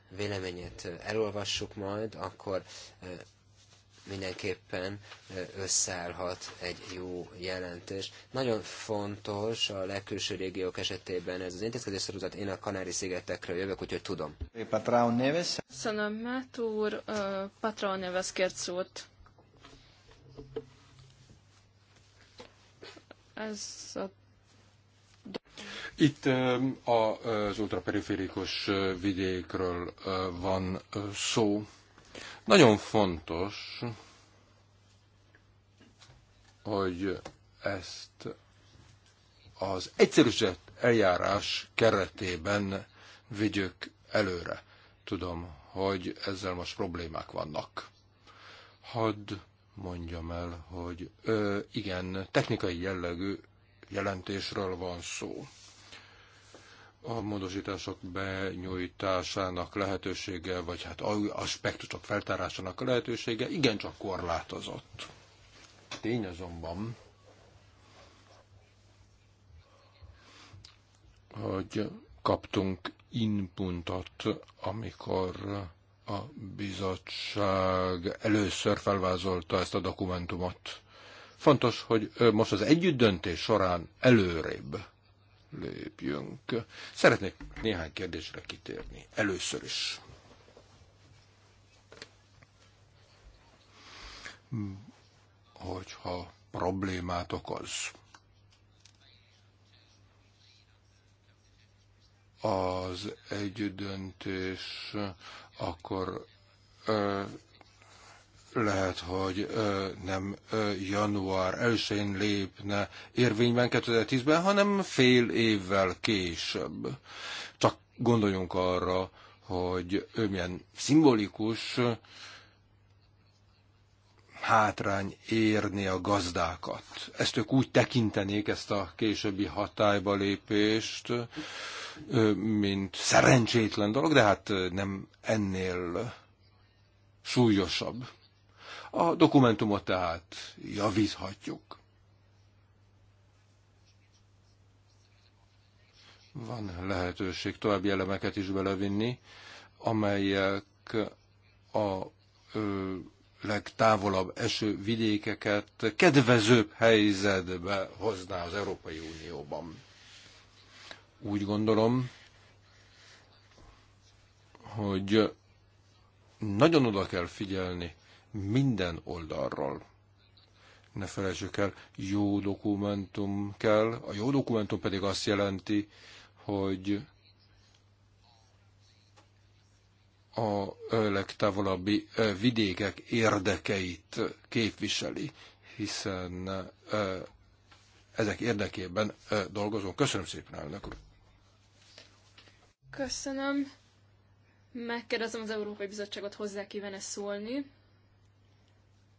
véleményét elolvassuk majd, akkor mindenképpen összeállhat egy jó jelentés. Nagyon fontos a legkülső régiók esetében ez az intézkedés sorozat. Én a Kanári-szigetekről jövök, úgyhogy tudom. Patrão Neves. Köszönöm, Mát úr. Patrão Neves kért szót. Ez a itt az ultraperiférikus vidékről van szó nagyon fontos, hogy ezt az egyszerűsített eljárás keretében vigyük előre. Tudom, hogy ezzel most problémák vannak. Hadd mondjam el, hogy ö, igen, technikai jellegű jelentésről van szó a módosítások benyújtásának lehetősége, vagy hát aspektusok feltárásának lehetősége igencsak korlátozott. Tény azonban, hogy kaptunk inputot, amikor a bizottság először felvázolta ezt a dokumentumot. Fontos, hogy most az együttdöntés során előrébb lépjünk. Szeretnék néhány kérdésre kitérni. Először is. Hogyha problémát okoz, az döntés, akkor lehet, hogy nem január 1-én lépne érvényben 2010-ben, hanem fél évvel később. Csak gondoljunk arra, hogy ő milyen szimbolikus hátrány érni a gazdákat. Ezt ők úgy tekintenék, ezt a későbbi hatályba lépést, mint szerencsétlen dolog, de hát nem ennél súlyosabb. A dokumentumot tehát javízhatjuk. Van lehetőség további elemeket is belevinni, amelyek a ö, legtávolabb eső vidékeket kedvezőbb helyzetbe hozná az Európai Unióban. Úgy gondolom, hogy nagyon oda kell figyelni minden oldalról. Ne felejtsük el, jó dokumentum kell, a jó dokumentum pedig azt jelenti, hogy a legtávolabbi vidékek érdekeit képviseli, hiszen ezek érdekében dolgozom. Köszönöm szépen, elnök úr! Köszönöm. Megkérdezem az Európai Bizottságot hozzá kívánne szólni.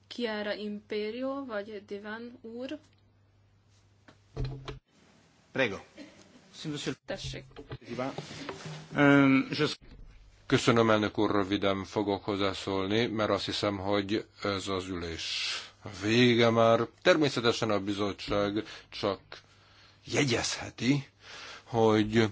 Chiara Imperio, vagy Divan úr. Prego. Tessék. Ehm, Köszönöm, elnök úr, röviden fogok hozzászólni, mert azt hiszem, hogy ez az ülés vége már. Természetesen a bizottság csak jegyezheti, hogy